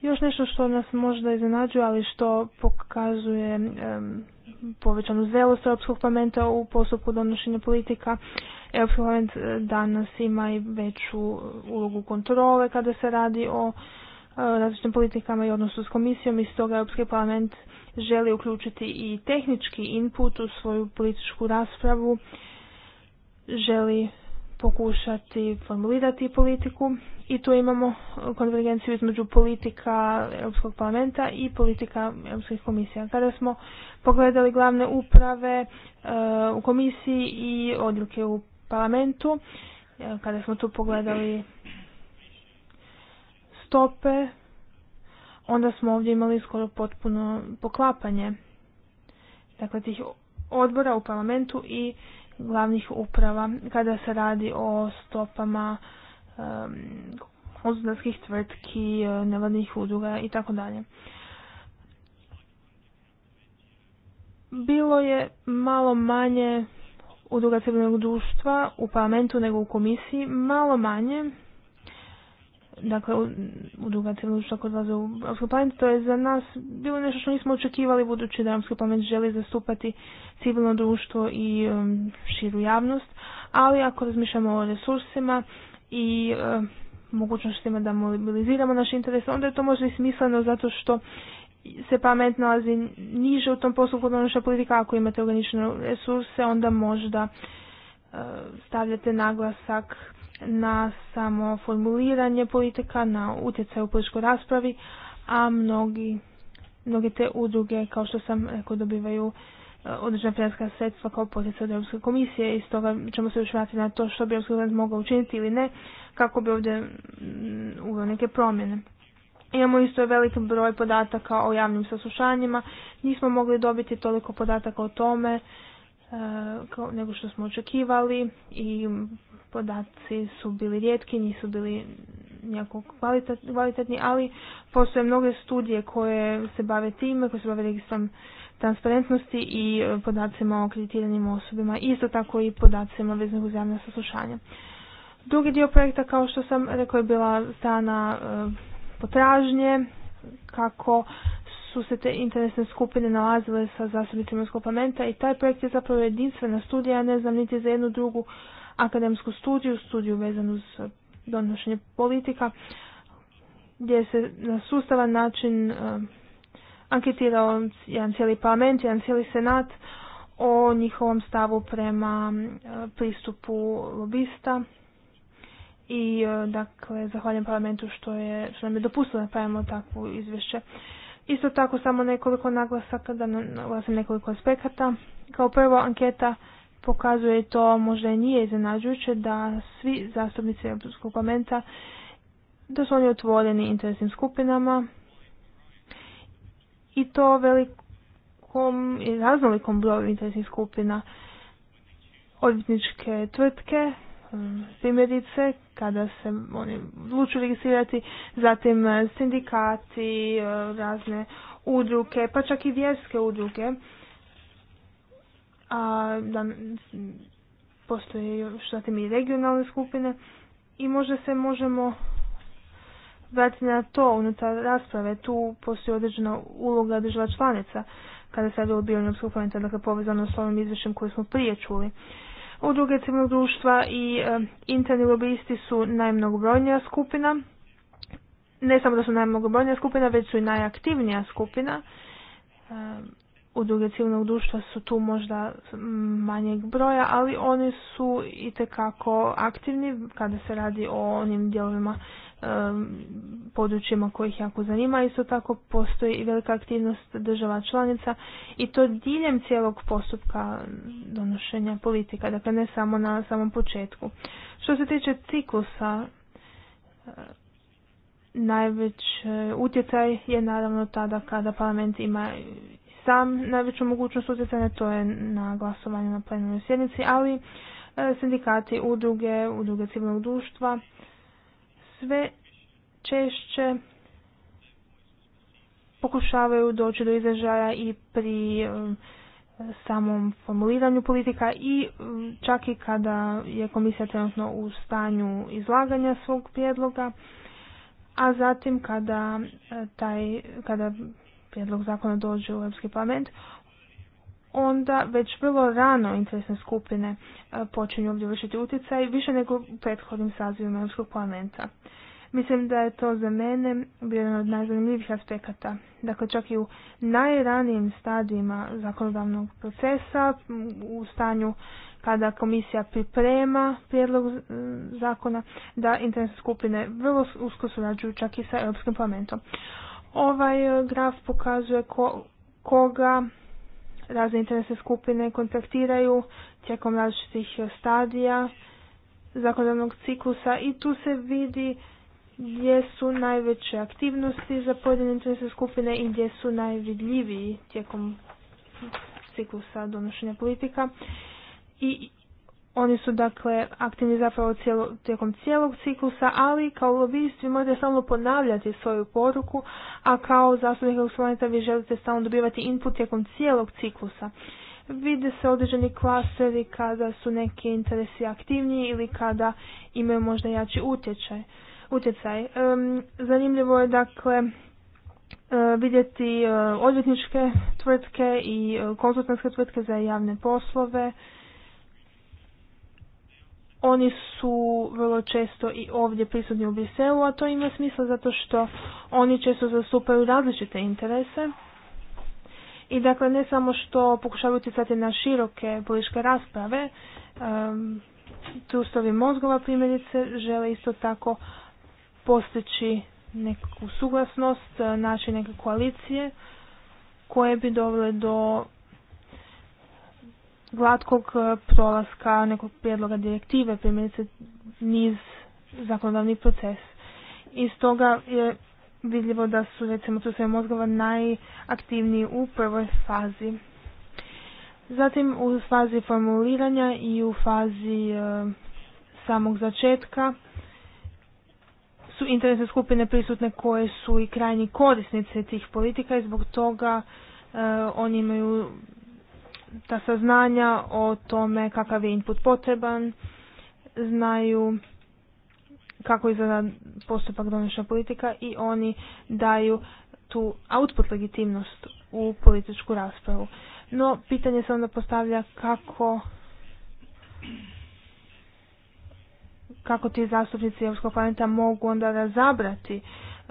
Još nešto što nas možda iznenađuje, ali što pokazuje povećanu zrelost Europskog parlamenta u postupku donošenja politika. Europski parlament e, danas ima i veću ulogu kontrole kada se radi o e, različitim politikama i odnosu s komisijom i stoga Europski parlament želi uključiti i tehnički input u svoju političku raspravu želi pokušati formulirati politiku i tu imamo konvergenciju između politika Europskog parlamenta i politika Europskih komisija. Kada smo pogledali glavne uprave e, u komisiji i odluke u parlamentu, e, kada smo tu pogledali stope, onda smo ovdje imali skoro potpuno poklapanje dakle, tih odbora u parlamentu i glavnih uprava kada se radi o stopama um, tvrtki, eh, nevladnih udruga i tako dalje. Bilo je malo manje udruga civilnog društva u parlamentu nego u komisiji, malo manje dakle, udruga druga što kod vas u Romsku to je za nas bilo nešto što nismo očekivali, budući da Romsku pamet želi zastupati civilno društvo i um, širu javnost, ali ako razmišljamo o resursima i um, mogućnostima da mobiliziramo naše interese, onda je to možda i smisleno zato što se pamet nalazi niže u tom poslu kod naša politika, ako imate ograničene resurse, onda možda uh, stavljate naglasak na samo formuliranje politika, na utjecaj u političkoj raspravi, a mnogi, mnoge te udruge, kao što sam rekao, dobivaju e, određena financijska sredstva kao poticaj od Europske komisije i stoga ćemo se još vratiti na to što bi Europski mogao učiniti ili ne, kako bi ovdje uveo neke promjene. Imamo isto velik broj podataka o javnim saslušanjima, nismo mogli dobiti toliko podataka o tome E, nego što smo očekivali i podaci su bili rijetki, nisu bili jako kvalitetni, ali postoje mnoge studije koje se bave time, koje se bave registrom transparentnosti i podacima o kreditiranim osobima, isto tako i podacima veznih uz javne saslušanja. Drugi dio projekta, kao što sam rekao, je bila strana e, potražnje, kako su se te interesne skupine nalazile sa zastupnicima Europskog parlamenta i taj projekt je zapravo jedinstvena studija, ja ne znam niti za jednu drugu akademsku studiju, studiju vezanu s donošenje politika, gdje se na sustavan način eh, anketirao jedan cijeli parlament, jedan cijeli senat o njihovom stavu prema eh, pristupu lobista i eh, dakle zahvaljujem parlamentu što je što nam je dopustilo da pravimo takvo izvješće. Isto tako samo nekoliko naglasaka, da naglasim nekoliko aspekata. Kao prvo, anketa pokazuje to, možda nije iznenađujuće, da svi zastupnici Europskog parlamenta da su oni otvoreni interesnim skupinama i to velikom i raznolikom broju interesnih skupina odvjetničke tvrtke primjerice kada se oni luču registrirati, zatim e, sindikati, e, razne udruge, pa čak i vjerske udruge. A, da, postoje još zatim i regionalne skupine i možda se možemo vratiti na to unutar rasprave. Tu postoji određena uloga država članica kada se radi o biranju dakle, povezano s ovim izvješćem koje smo prije čuli. Udruge civilnog društva i e, interni lobisti su najmnogobrojnija skupina. Ne samo da su najmnogobrojnija skupina, već su i najaktivnija skupina. E, Udruge civilnog društva su tu možda manjeg broja, ali oni su i aktivni kada se radi o onim dijelovima Um, područjima kojih jako zanima. Isto tako postoji i velika aktivnost država članica i to diljem cijelog postupka donošenja politika, dakle ne samo na samom početku. Što se tiče ciklusa, uh, najveći utjecaj je naravno tada kada parlament ima sam najveću mogućnost utjecanja, to je na glasovanju na plenarnoj sjednici, ali uh, sindikati, udruge, udruge civilnog društva, sve češće pokušavaju doći do izražaja i pri um, samom formuliranju politika i um, čak i kada je komisija trenutno u stanju izlaganja svog prijedloga, a zatim kada, e, taj, kada prijedlog zakona dođe u Europski parlament, onda već vrlo rano interesne skupine e, počinju ovdje vršiti utjecaj, više nego u prethodnim sazivima Europskog parlamenta. Mislim da je to za mene bio jedan od najzanimljivijih aspekata. Dakle, čak i u najranijim stadijima zakonodavnog procesa, u stanju kada komisija priprema prijedlog e, zakona, da interesne skupine vrlo usko surađuju čak i sa Europskim parlamentom. Ovaj e, graf pokazuje koga razne interesne skupine kontaktiraju tijekom različitih stadija zakonodavnog ciklusa i tu se vidi gdje su najveće aktivnosti za pojedine interesne skupine i gdje su najvidljiviji tijekom ciklusa donošenja politika. I oni su dakle aktivni zapravo cijelo, tijekom cijelog ciklusa, ali kao lobisti možete stalno ponavljati svoju poruku, a kao zastupnik eksponenta vi želite stalno dobivati input tijekom cijelog ciklusa. Vide se određeni klaseri kada su neki interesi aktivniji ili kada imaju možda jači utječaj. utjecaj. zanimljivo je dakle e, vidjeti e, odvjetničke tvrtke i e, konsultantske tvrtke za javne poslove, oni su vrlo često i ovdje prisutni u Briselu, a to ima smisla zato što oni često zastupaju različite interese. I dakle, ne samo što pokušavaju utjecati na široke političke rasprave, um, mozgova primjerice žele isto tako postići neku suglasnost, naći neke koalicije koje bi dovele do glatkog e, prolaska nekog prijedloga direktive, primjerice niz zakonodavnih proces. Iz toga je vidljivo da su recimo tu sve mozgova najaktivniji u prvoj fazi. Zatim u fazi formuliranja i u fazi e, samog začetka su interesne skupine prisutne koje su i krajnji korisnice tih politika i zbog toga e, oni imaju ta saznanja o tome kakav je input potreban, znaju kako izgleda postupak donošenja politika i oni daju tu output legitimnost u političku raspravu. No, pitanje se onda postavlja kako kako ti zastupnici Europskog parlamenta mogu onda razabrati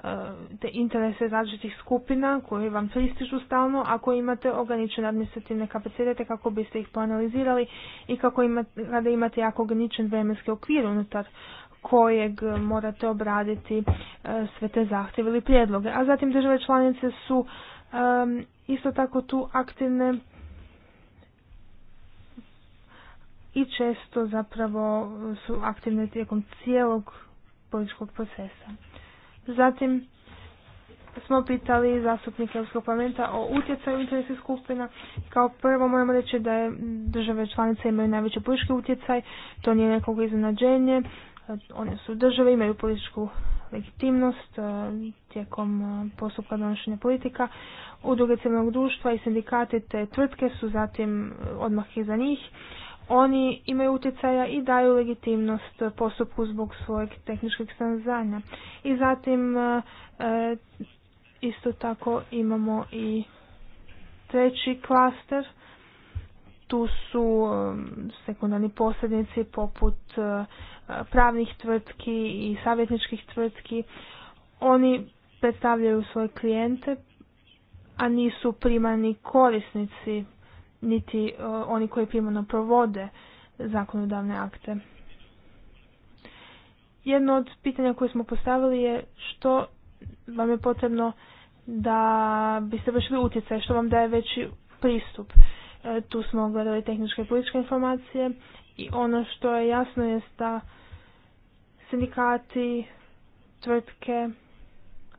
Eh, te interese različitih skupina koji vam pristižu stalno ako imate ograničene administrativne kapacitete kako biste ih poanalizirali i kako imate, kada imate jako ograničen vremenski okvir unutar kojeg morate obraditi eh, sve te zahtjeve ili prijedloge. A zatim države članice su isto tako tu aktivne i često zapravo su aktivne tijekom cijelog političkog procesa. Zatim smo pitali zastupnike Europskog parlamenta o utjecaju interesnih skupina. Kao prvo moramo reći da je države članice imaju najveći politički utjecaj, to nije nekog iznenađenje. One su države, imaju političku legitimnost e, tijekom e, postupka donošenja politika. Udruge civilnog društva i sindikate te tvrtke su zatim e, odmah iza njih oni imaju utjecaja i daju legitimnost postupku zbog svojeg tehničkog stanzanja. I zatim e, e, isto tako imamo i treći klaster. Tu su e, sekundarni posrednici poput pravnih tvrtki i savjetničkih tvrtki. Oni predstavljaju svoje klijente, a nisu primarni korisnici niti e, oni koji primarno provode zakonodavne akte. Jedno od pitanja koje smo postavili je što vam je potrebno da biste vršili utjecaj, što vam daje veći pristup. E, tu smo gledali tehničke i političke informacije i ono što je jasno je da sindikati, tvrtke,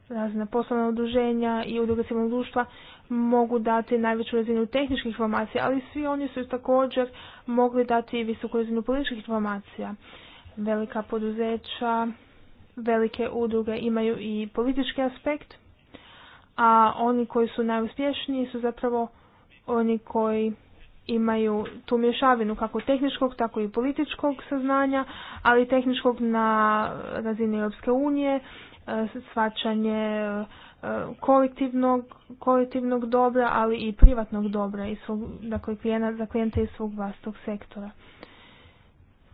razne poslovne udruženja i udruga društva mogu dati najveću razinu tehničkih informacija, ali svi oni su također mogli dati i visoku razinu političkih informacija. Velika poduzeća, velike udruge imaju i politički aspekt, a oni koji su najuspješniji su zapravo oni koji imaju tu mješavinu kako tehničkog, tako i političkog saznanja, ali tehničkog na razini Europske unije, e, svačanje kolektivnog, kolektivnog dobra, ali i privatnog dobra i svog, dakle, klijena, za klijente iz svog vlastog sektora.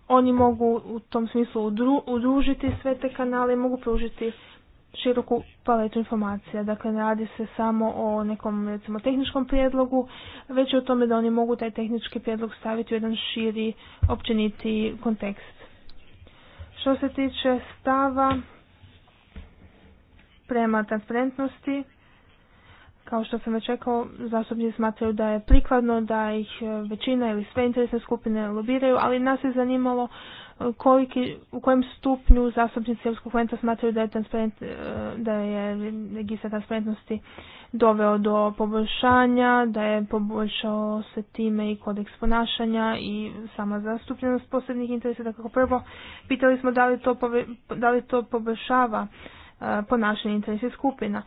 Oni mogu u tom smislu udru, udružiti sve te kanale i mogu pružiti široku paletu informacija. Dakle, ne radi se samo o nekom, recimo, tehničkom prijedlogu, već i o tome da oni mogu taj tehnički prijedlog staviti u jedan širi, općeniti kontekst. Što se tiče stava prema transparentnosti, kao što sam već rekao, zastupnici smatraju da je prikladno da ih e, većina ili sve interesne skupine lobiraju, ali nas je zanimalo e, u kojem stupnju zastupnici Europskog parlamenta smatraju da je, transparent, e, da je registar transparentnosti doveo do poboljšanja, da je poboljšao se time i kodeks ponašanja i sama zastupljenost posebnih interesa. Dakle, prvo, pitali smo da li to, da li to poboljšava ponašanje interesnih skupina.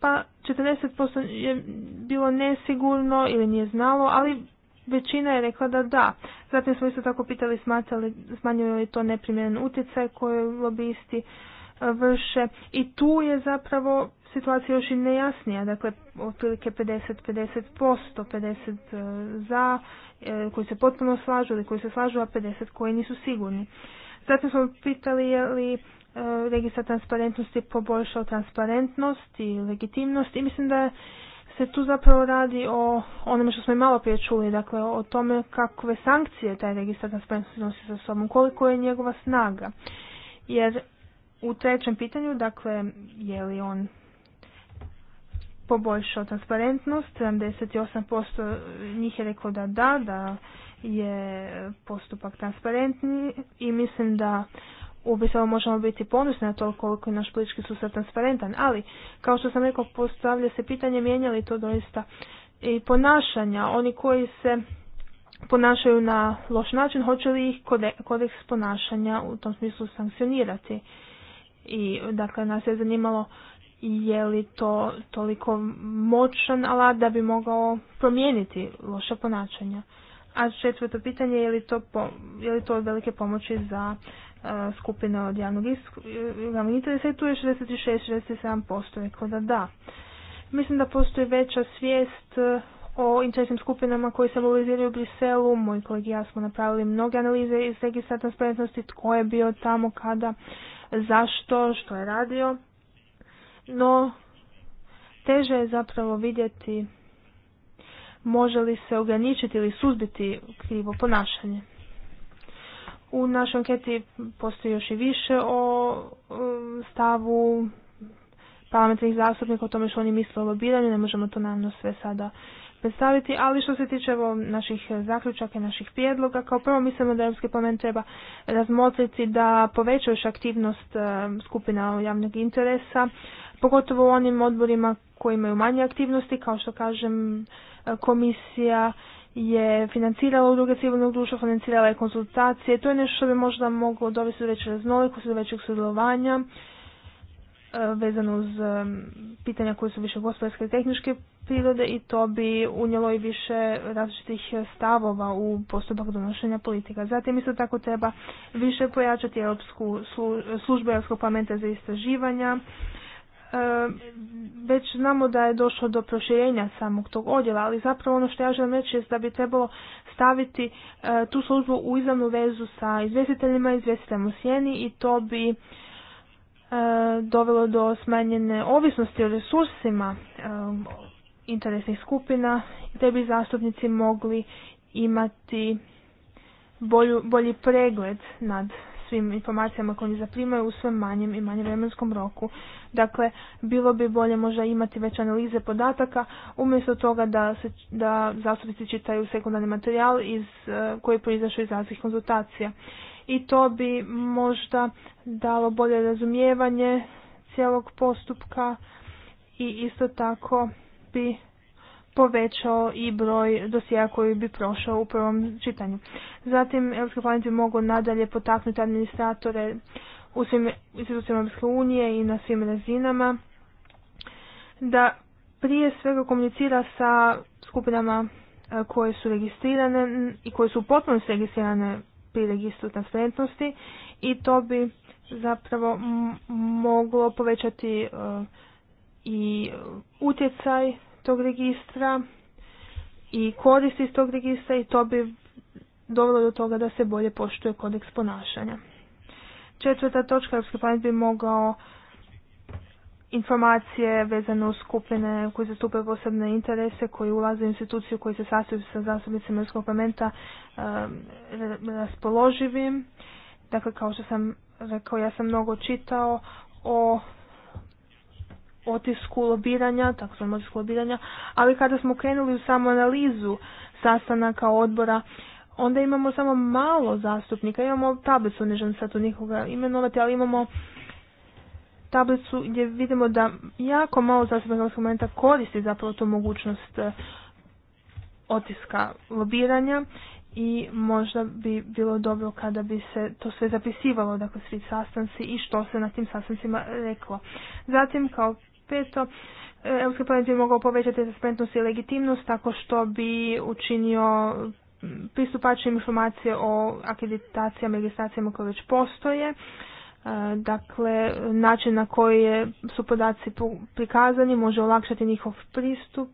Pa 40% je bilo nesigurno ili nije znalo, ali većina je rekla da da. Zatim smo isto tako pitali smatrali, smanjuje li to neprimjeren utjecaj koje lobisti e, vrše i tu je zapravo situacija još i nejasnija, dakle otprilike 50-50%, 50, 50 za e, koji se potpuno slažu ili koji se slažu, a 50 koji nisu sigurni. Zatim smo pitali je li E, registar transparentnosti poboljšao transparentnost i legitimnost i mislim da se tu zapravo radi o onome što smo i malo prije čuli, dakle o tome kakve sankcije taj registar transparentnosti nosi sa sobom, koliko je njegova snaga. Jer u trećem pitanju, dakle, je li on poboljšao transparentnost, 78% njih je reklo da da, da je postupak transparentni i mislim da u možemo biti ponosni na to koliko je naš politički sustav transparentan, ali kao što sam rekao postavlja se pitanje mijenja li to doista i ponašanja, oni koji se ponašaju na loš način, hoće li ih kodeks ponašanja u tom smislu sankcionirati. I dakle nas je zanimalo je li to toliko moćan alat da bi mogao promijeniti loša ponašanja. A četvrto pitanje je li to, po, je li to od velike pomoći za skupina od javnog interesa i tu je 66-67%, rekao da da. Mislim da postoji veća svijest e, o interesnim skupinama koji se mobiliziraju u Briselu. Moji kolegi ja smo napravili mnoge analize iz registra transparentnosti, tko je bio tamo, kada, zašto, što je radio. No, teže je zapravo vidjeti može li se ograničiti ili suzbiti krivo ponašanje. U našoj anketi postoji još i više o e, stavu parlamentarnih zastupnika o tome što oni misle o lobiranju, ne možemo to naravno sve sada predstaviti, ali što se tiče evo, naših zaključaka i naših prijedloga, kao prvo mislimo da Europski parlament treba razmotriti da poveća još aktivnost e, skupina javnog interesa, pogotovo u onim odborima koji imaju manje aktivnosti, kao što kažem e, komisija je financirala udruge civilnog društva, financirala je konsultacije. To je nešto što bi možda moglo dovesti do veće raznolikosti, do većeg sudjelovanja e, vezano uz e, pitanja koje su više gospodarske i tehničke prirode i to bi unijelo i više različitih stavova u postupak donošenja politika. Zatim isto tako treba više pojačati Europsku službu Europskog parlamenta za istraživanja, već znamo da je došlo do proširenja samog tog odjela, ali zapravo ono što ja želim reći je da bi trebalo staviti e, tu službu u izravnu vezu sa izvjestiteljima i u sjeni i to bi e, dovelo do smanjene ovisnosti o resursima e, interesnih skupina te bi zastupnici mogli imati bolji pregled nad svim informacijama koje oni zaprimaju u sve manjem i manjem vremenskom roku. Dakle, bilo bi bolje možda imati već analize podataka umjesto toga da, se, da zastupnici čitaju sekundarni materijal iz, e, koji je proizašao iz različitih konzultacija. I to bi možda dalo bolje razumijevanje cijelog postupka i isto tako bi povećao i broj dosija koji bi prošao u prvom čitanju. Zatim, Europski parlament bi mogao nadalje potaknuti administratore u svim institucijama Europske unije i na svim razinama da prije svega komunicira sa skupinama e, koje su registrirane i koje su potpuno registrirane pri registru transparentnosti i to bi zapravo moglo povećati e, i utjecaj tog registra i koristi iz tog registra i to bi dovelo do toga da se bolje poštuje kodeks ponašanja. Četvrta točka, Europski parlament bi mogao informacije vezane uz skupine koje zastupaju posebne interese, koji ulaze u instituciju, koji se sastoji sa zastupnicima Europskog parlamenta raspoloživim. Dakle, kao što sam rekao, ja sam mnogo čitao o otisku lobiranja, takozvanom otisku lobiranja, ali kada smo krenuli u samu analizu sastanaka odbora, onda imamo samo malo zastupnika, imamo tablicu, ne želim sad tu nikoga imenovati, ali imamo tablicu gdje vidimo da jako malo zastupnika momenta koristi zapravo tu mogućnost e, otiska lobiranja i možda bi bilo dobro kada bi se to sve zapisivalo, dakle svi sastanci i što se na tim sastancima reklo. Zatim kao Peto, e, Europski parlament bi mogao povećati transparentnost i legitimnost tako što bi učinio pristupačnim informacije o akreditacijama i registracijama koje već postoje. E, dakle, način na koji su podaci prikazani može olakšati njihov pristup,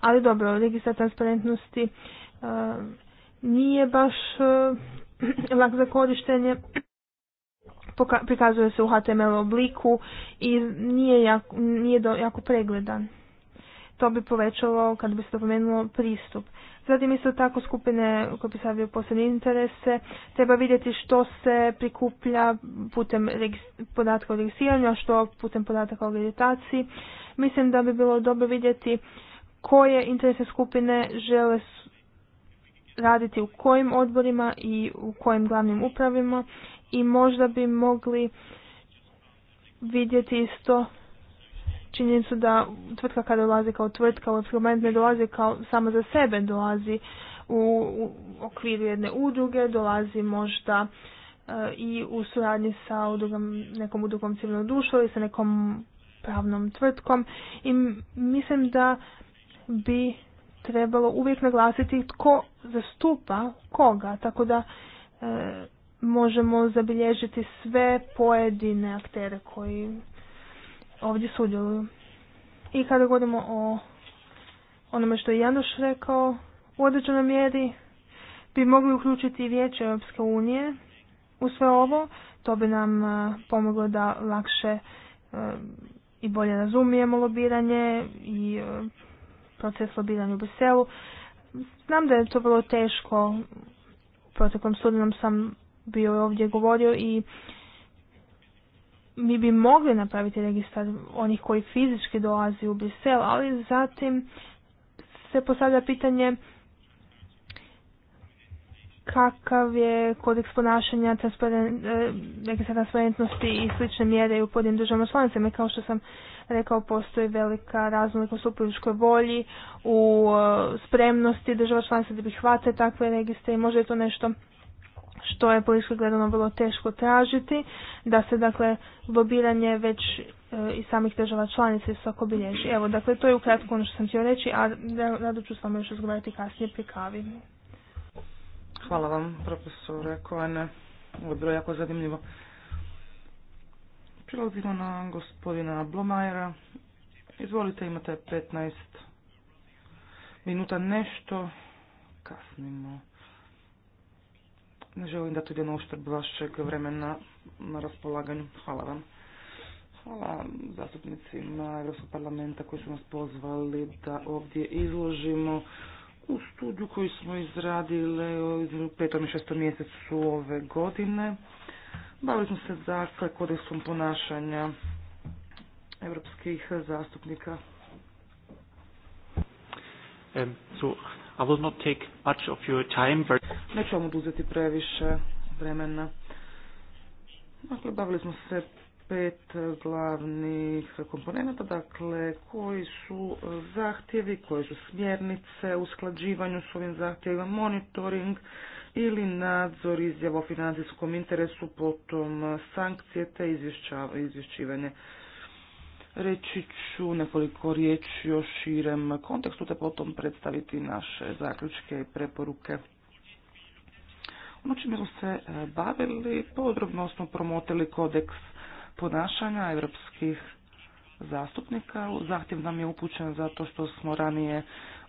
ali dobro, registar transparentnosti e, nije baš lak za korištenje prikazuje se u HTML obliku i nije jako, nije jako pregledan. To bi povećalo, kad bi se dopomenulo, pristup. Zatim isto tako skupine koje bi savio posebne interese, treba vidjeti što se prikuplja putem podatka o registriranju, a što putem podataka o agreditaciji. Mislim da bi bilo dobro vidjeti koje interese skupine žele raditi u kojim odborima i u kojim glavnim upravima i možda bi mogli vidjeti isto činjenicu da tvrtka kada dolazi kao tvrtka u ovaj eksperiment ne dolazi kao samo za sebe, dolazi u, u okviru jedne udruge, dolazi možda eh, i u suradnji sa udrugom, nekom udrugom civilnog društva ili sa nekom pravnom tvrtkom i mislim da bi trebalo uvijek naglasiti tko zastupa koga, tako da eh, možemo zabilježiti sve pojedine aktere koji ovdje sudjeluju. I kada govorimo o onome što je Januš rekao, u određenoj mjeri bi mogli uključiti i vijeće Europske unije u sve ovo. To bi nam e, pomoglo da lakše e, i bolje razumijemo lobiranje i e, proces lobiranja u Briselu. Znam da je to vrlo teško. Protekom proteklom sam bio ovdje govorio i mi bi mogli napraviti registar onih koji fizički dolazi u Brisel, ali zatim se postavlja pitanje kakav je kodeks ponašanja transparent, e, transparentnosti i slične mjere u pojedinim državama članicama. Kao što sam rekao, postoji velika raznolikost u političkoj volji, u e, spremnosti država članica da bi hvate takve registre i možda je to nešto što je političko gledano vrlo teško tražiti, da se dakle lobiranje već e, i samih država članice svako bilježi. Evo, dakle, to je ukratko ono što sam htio reći, a rado ću s vama još razgovarati kasnije pri kavi. Hvala vam, profesore Rekovane. Ovo je bilo jako zanimljivo. Prilazimo na gospodina Blomajera. Izvolite, imate 15 minuta nešto. Kasnimo. Ne želim da to ide na uštrb vašeg vremena na raspolaganju. Hvala vam. Hvala zastupnicima Europskog parlamenta koji su nas pozvali da ovdje izložimo u studiju koju smo izradili u petom i šestom mjesecu ove godine. Bavili smo se za dakle, kodeksom ponašanja europskih zastupnika. so i time. But... Neću vam oduzeti previše vremena. Dakle, bavili smo se pet glavnih komponenta, dakle, koji su zahtjevi, koje su smjernice, usklađivanju s ovim zahtjevima, monitoring ili nadzor izjava o financijskom interesu, potom sankcije te izvješćivanje reći ću nekoliko riječi o širem kontekstu, te potom predstaviti naše zaključke i preporuke. Ono čime smo se e, bavili, podrobno smo promotili kodeks ponašanja evropskih zastupnika. Zahtjev nam je upućen zato što smo ranije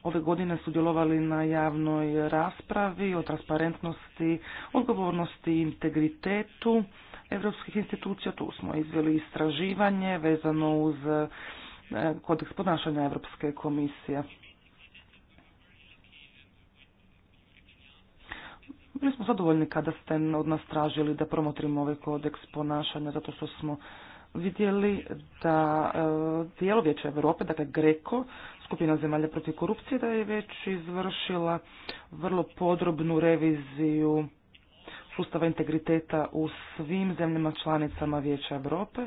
ove godine sudjelovali na javnoj raspravi o transparentnosti, odgovornosti i integritetu europskih institucija. Tu smo izveli istraživanje vezano uz e, kodeks ponašanja Europske komisije. Bili smo zadovoljni kada ste od nas tražili da promotrimo ovaj kodeks ponašanja, zato što smo vidjeli da e, dijelo Vijeća Europe, dakle Greko, skupina zemalja protiv korupcije, da je već izvršila vrlo podrobnu reviziju sustava integriteta u svim zemljama članicama Vijeća Europe,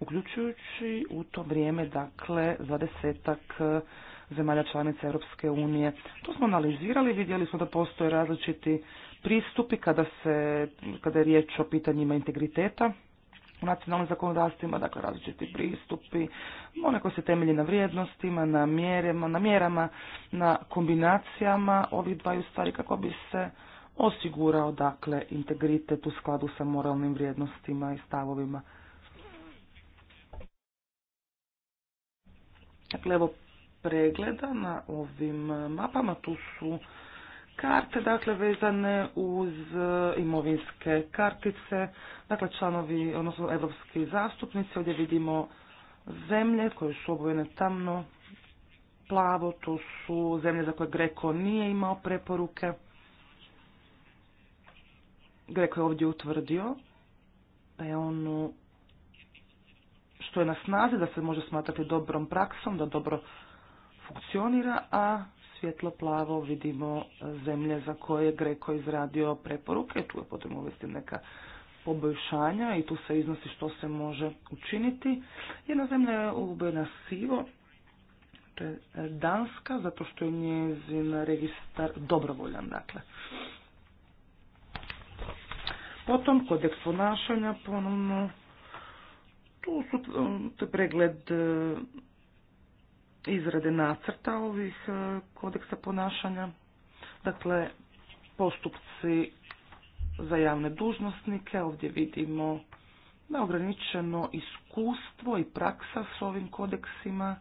uključujući u to vrijeme, dakle, za desetak e, zemalja članica Europske unije. To smo analizirali, vidjeli smo da postoje različiti pristupi kada, se, kada je riječ o pitanjima integriteta u nacionalnim zakonodavstvima, dakle različiti pristupi, one koji se temelji na vrijednostima, na, na mjerama, na kombinacijama ovih dvaju stvari kako bi se osigurao dakle integritet u skladu sa moralnim vrijednostima i stavovima. Dakle, evo pregleda na ovim mapama. Tu su karte, dakle, vezane uz e, imovinske kartice. Dakle, članovi, odnosno evropski zastupnici. Ovdje vidimo zemlje koje su obojene tamno plavo. To su zemlje za koje Greko nije imao preporuke. Greko je ovdje utvrdio da je ono što je na snazi, da se može smatrati dobrom praksom, da dobro funkcionira, a svjetlo plavo vidimo zemlje za koje je Greko izradio preporuke, tu je potrebno uvesti neka poboljšanja i tu se iznosi što se može učiniti. Jedna zemlja je ubojena sivo, to je Danska, zato što je njezin registar dobrovoljan. Dakle, Potom kodeks ponašanja ponovno, tu su um, to je pregled e, izrade nacrta ovih e, kodeksa ponašanja. Dakle, postupci za javne dužnosnike, ovdje vidimo na ograničeno iskustvo i praksa s ovim kodeksima.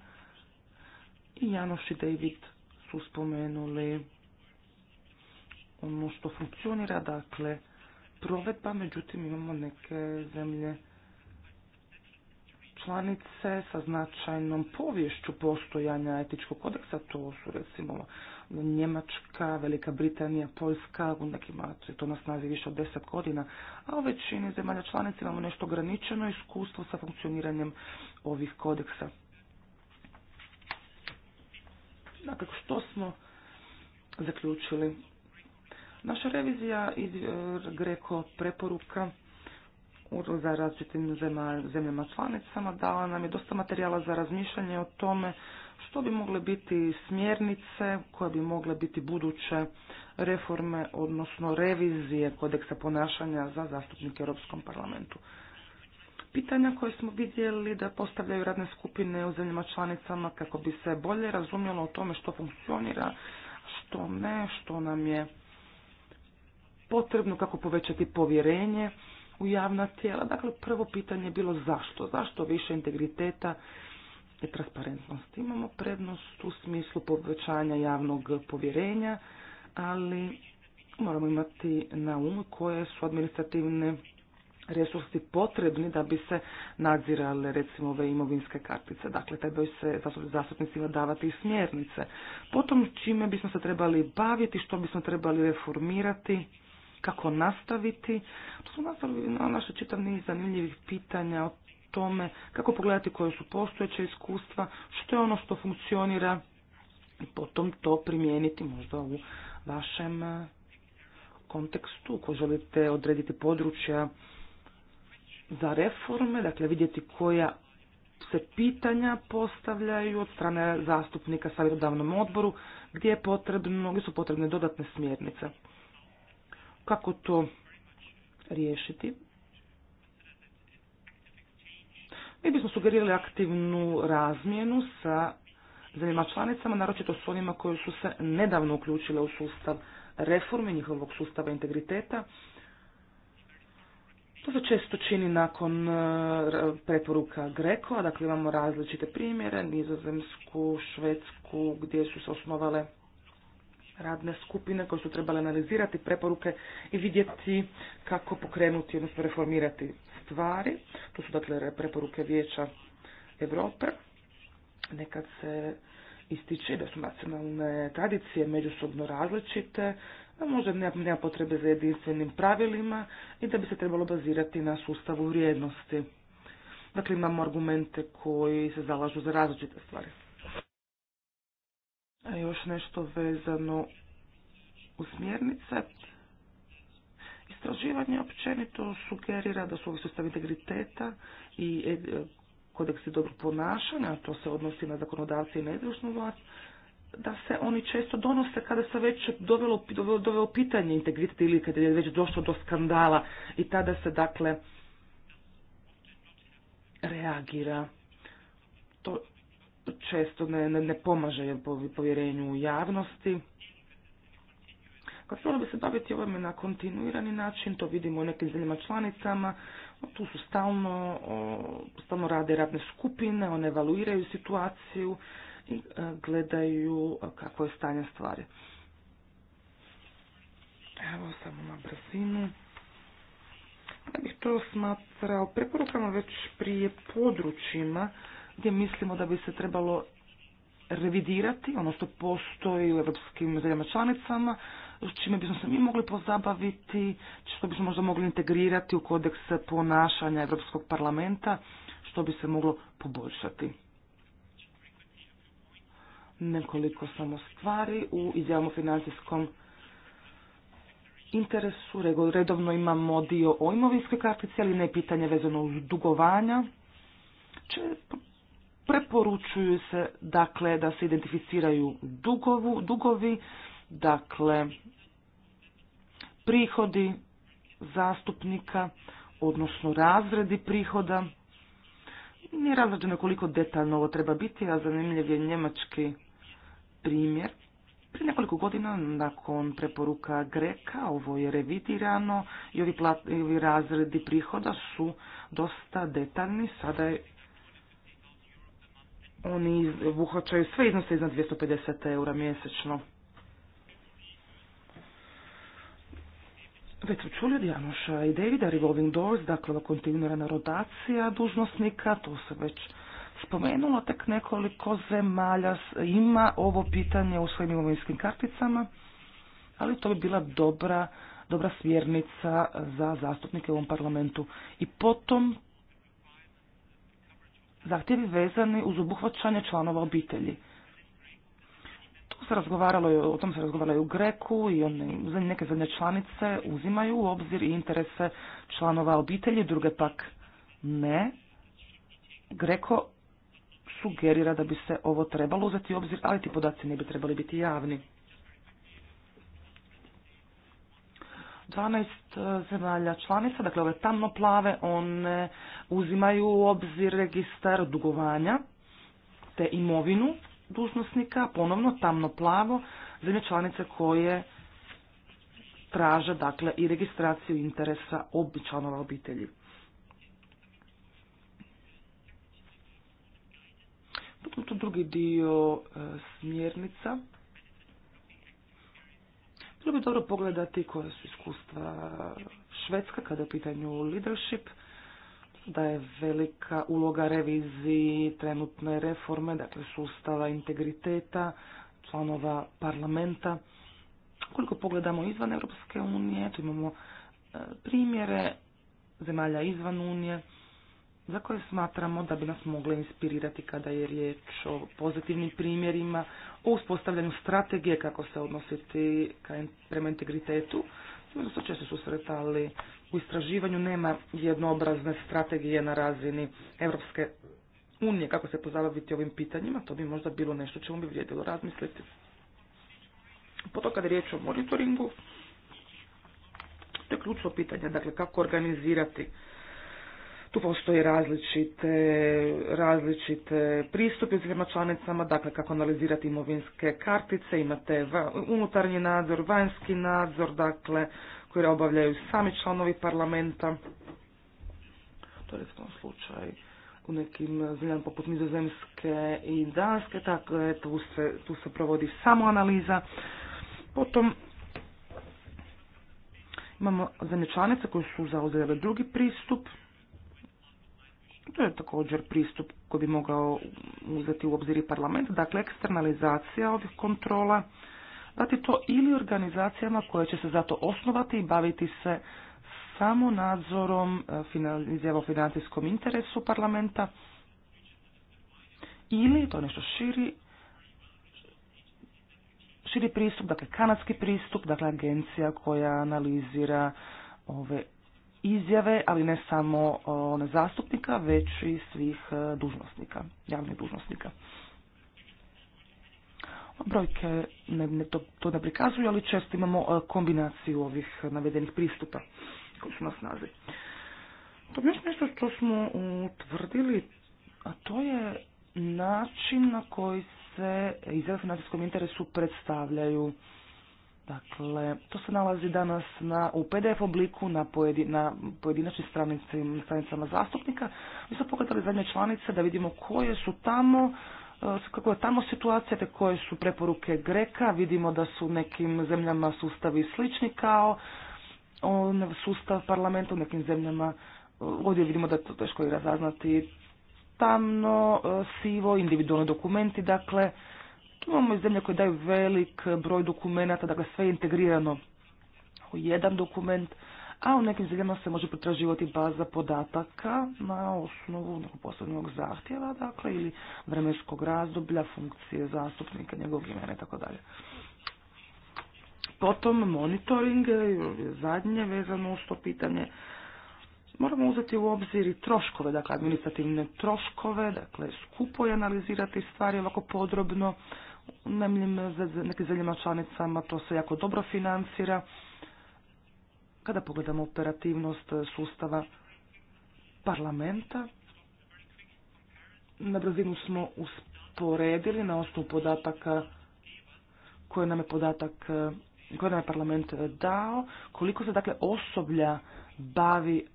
I Janoš i David su spomenuli ono što funkcionira, dakle, provedba, međutim imamo neke zemlje članice sa značajnom povješću postojanja etičkog kodeksa, to su recimo Njemačka, Velika Britanija, Poljska, u je to nas snazi više od deset godina, a u većini zemalja članica imamo nešto ograničeno iskustvo sa funkcioniranjem ovih kodeksa. Dakle, što smo zaključili? Naša revizija iz e, Greko preporuka za različitim zemljama članicama dala nam je dosta materijala za razmišljanje o tome što bi mogle biti smjernice, koje bi mogle biti buduće reforme, odnosno revizije kodeksa ponašanja za zastupnike u Europskom parlamentu. Pitanja koje smo vidjeli da postavljaju radne skupine u zemljama članicama kako bi se bolje razumjelo o tome što funkcionira, što ne, što nam je potrebno, kako povećati povjerenje u javna tijela. Dakle, prvo pitanje je bilo zašto? Zašto više integriteta i transparentnosti? Imamo prednost u smislu povećanja javnog povjerenja, ali moramo imati na umu koje su administrativne resursi potrebni da bi se nadzirale recimo ove imovinske kartice. Dakle, trebaju se zastupnicima davati i smjernice. Potom čime bismo se trebali baviti, što bismo trebali reformirati, kako nastaviti. To su nastavili na naše čitav niz zanimljivih pitanja o tome kako pogledati koje su postojeće iskustva, što je ono što funkcionira i potom to primijeniti možda u vašem e, kontekstu koji želite odrediti područja za reforme, dakle vidjeti koja se pitanja postavljaju od strane zastupnika savjetodavnom odboru gdje, je potrebno, gdje su potrebne dodatne smjernice. Kako to riješiti? Mi bismo sugerirali aktivnu razmjenu sa zemljama članicama, naročito s onima koji su se nedavno uključile u sustav reforme njihovog sustava integriteta. To se često čini nakon e, preporuka Greko, dakle imamo različite primjere, Nizozemsku, Švedsku, gdje su se osnovale radne skupine koje su trebale analizirati preporuke i vidjeti kako pokrenuti, odnosno reformirati stvari. To su dakle preporuke Vijeća Europe. Nekad se ističe da su nacionalne tradicije međusobno različite, a možda nema potrebe za jedinstvenim pravilima i da bi se trebalo bazirati na sustavu vrijednosti. Dakle, imamo argumente koji se zalažu za različite stvari još nešto vezano u smjernice. Istraživanje općenito sugerira da su ovi sustav integriteta i e, kodeksi dobro ponašanja, to se odnosi na zakonodavce i na izvršnu vlast, da se oni često donose kada se već dovelo, pitanje integriteta ili kada je već došlo do skandala i tada se dakle reagira. To često ne, ne, ne pomaže povjerenju u javnosti. Kad ono bi se baviti ovome na kontinuirani način, to vidimo u nekim zemljama članicama, tu su stalno, stalno rade radne skupine, one evaluiraju situaciju i e, gledaju kako je stanje stvari. Evo samo na brzinu. Ja bih to smatrao preporukama već prije područjima gdje mislimo da bi se trebalo revidirati ono što postoji u europskim zemljama članicama, čime bismo se mi mogli pozabaviti, što bismo možda mogli integrirati u kodeks ponašanja Europskog parlamenta, što bi se moglo poboljšati. Nekoliko samo stvari u izjavom financijskom interesu. Redovno imamo dio o imovinskoj kartici, ali ne pitanje vezano uz dugovanja. Če Preporučuju se dakle da se identificiraju dugovu, dugovi, dakle prihodi zastupnika, odnosno razredi prihoda. Nije razrađeno koliko detaljno ovo treba biti, a zanimljiv je njemački primjer. Prije nekoliko godina, nakon preporuka Greka, ovo je revidirano i ovi, i ovi razredi prihoda su dosta detaljni. Sada je oni obuhvaćaju sve iznose iznad 250 eura mjesečno. Već su čuli od Janoša i Davida Revolving Doors, dakle ova kontinuirana rotacija dužnosnika, to se već spomenulo, tek nekoliko zemalja ima ovo pitanje u svojim imovinskim karticama, ali to bi bila dobra, dobra smjernica za zastupnike u ovom parlamentu. I potom zahtjevi vezani uz obuhvaćanje članova obitelji. Tu se razgovaralo, o tom se razgovaralo u Greku i one, neke zemlje članice uzimaju u obzir i interese članova obitelji, druge pak ne. Greko sugerira da bi se ovo trebalo uzeti u obzir, ali ti podaci ne bi trebali biti javni. 12 e, zemalja članica, dakle ove tamno plave, one uzimaju u obzir registar dugovanja te imovinu dužnosnika, ponovno tamno plavo, zemlje članice koje traže dakle i registraciju interesa članova obitelji. Tu drugi dio e, smjernica. Bilo bi dobro pogledati koja su iskustva Švedska kada je u pitanju leadership, da je velika uloga reviziji trenutne reforme, dakle sustava integriteta, članova parlamenta. Koliko pogledamo izvan Europske unije, tu imamo e, primjere zemalja izvan unije, za koje smatramo da bi nas mogle inspirirati kada je riječ o pozitivnim primjerima, o uspostavljanju strategije kako se odnositi prema integritetu. Sigurno se često susretali u istraživanju nema jednoobrazne strategije na razini Europske unije kako se pozabaviti ovim pitanjima, to bi možda bilo nešto čemu bi vrijedilo razmisliti. Potom kada je riječ o monitoringu, to je ključno pitanje, dakle kako organizirati tu postoji različite, različite pristupi iz članicama, dakle kako analizirati imovinske kartice, imate unutarnji nadzor, vanjski nadzor, dakle koji obavljaju sami članovi parlamenta. To je recimo slučaj u nekim zemljama poput nizozemske i danske, dakle tu se, tu se provodi samo analiza. Potom imamo zemlje članice koje su zauzele drugi pristup, to je također pristup koji bi mogao uzeti u obzir i parlament, dakle eksternalizacija ovih kontrola, dati to ili organizacijama koje će se zato osnovati i baviti se samo nadzorom e, financijskom interesu parlamenta ili, to nešto širi, širi pristup, dakle kanadski pristup, dakle agencija koja analizira ove izjave, ali ne samo e, one zastupnika, već i svih e, dužnosnika, javnih dužnosnika. Brojke ne, ne to, to ne prikazuju, ali često imamo e, kombinaciju ovih navedenih pristupa koji su na snazi. To je nešto što smo utvrdili, a to je način na koji se izraz financijskom interesu predstavljaju Dakle, to se nalazi danas na, u PDF obliku na, na pojedinačnim stranicama zastupnika. Mi smo pogledali zadnje članice da vidimo koje su tamo eh, kako je tamo situacija, te koje su preporuke Greka, vidimo da su nekim zemljama sustavi slični kao on, sustav parlamenta u nekim zemljama, eh, ovdje vidimo da je to teško i razaznati tamno, eh, sivo, individualni dokumenti, dakle, tu imamo i zemlje koje daju velik broj dokumenata, dakle sve je integrirano u jedan dokument, a u nekim zemljama se može potraživati baza podataka na osnovu nekog posebnog zahtjeva, dakle, ili vremenskog razdoblja, funkcije zastupnika, njegovog imena i tako dalje. Potom monitoring, zadnje vezano uz to pitanje, moramo uzeti u obzir i troškove, dakle administrativne troškove, dakle skupo je analizirati stvari ovako podrobno, nekim zemljama članicama to se jako dobro financira. Kada pogledamo operativnost sustava parlamenta, na brzinu smo usporedili na osnovu podataka koje nam je podatak koje nam je parlament dao, koliko se dakle osoblja bavi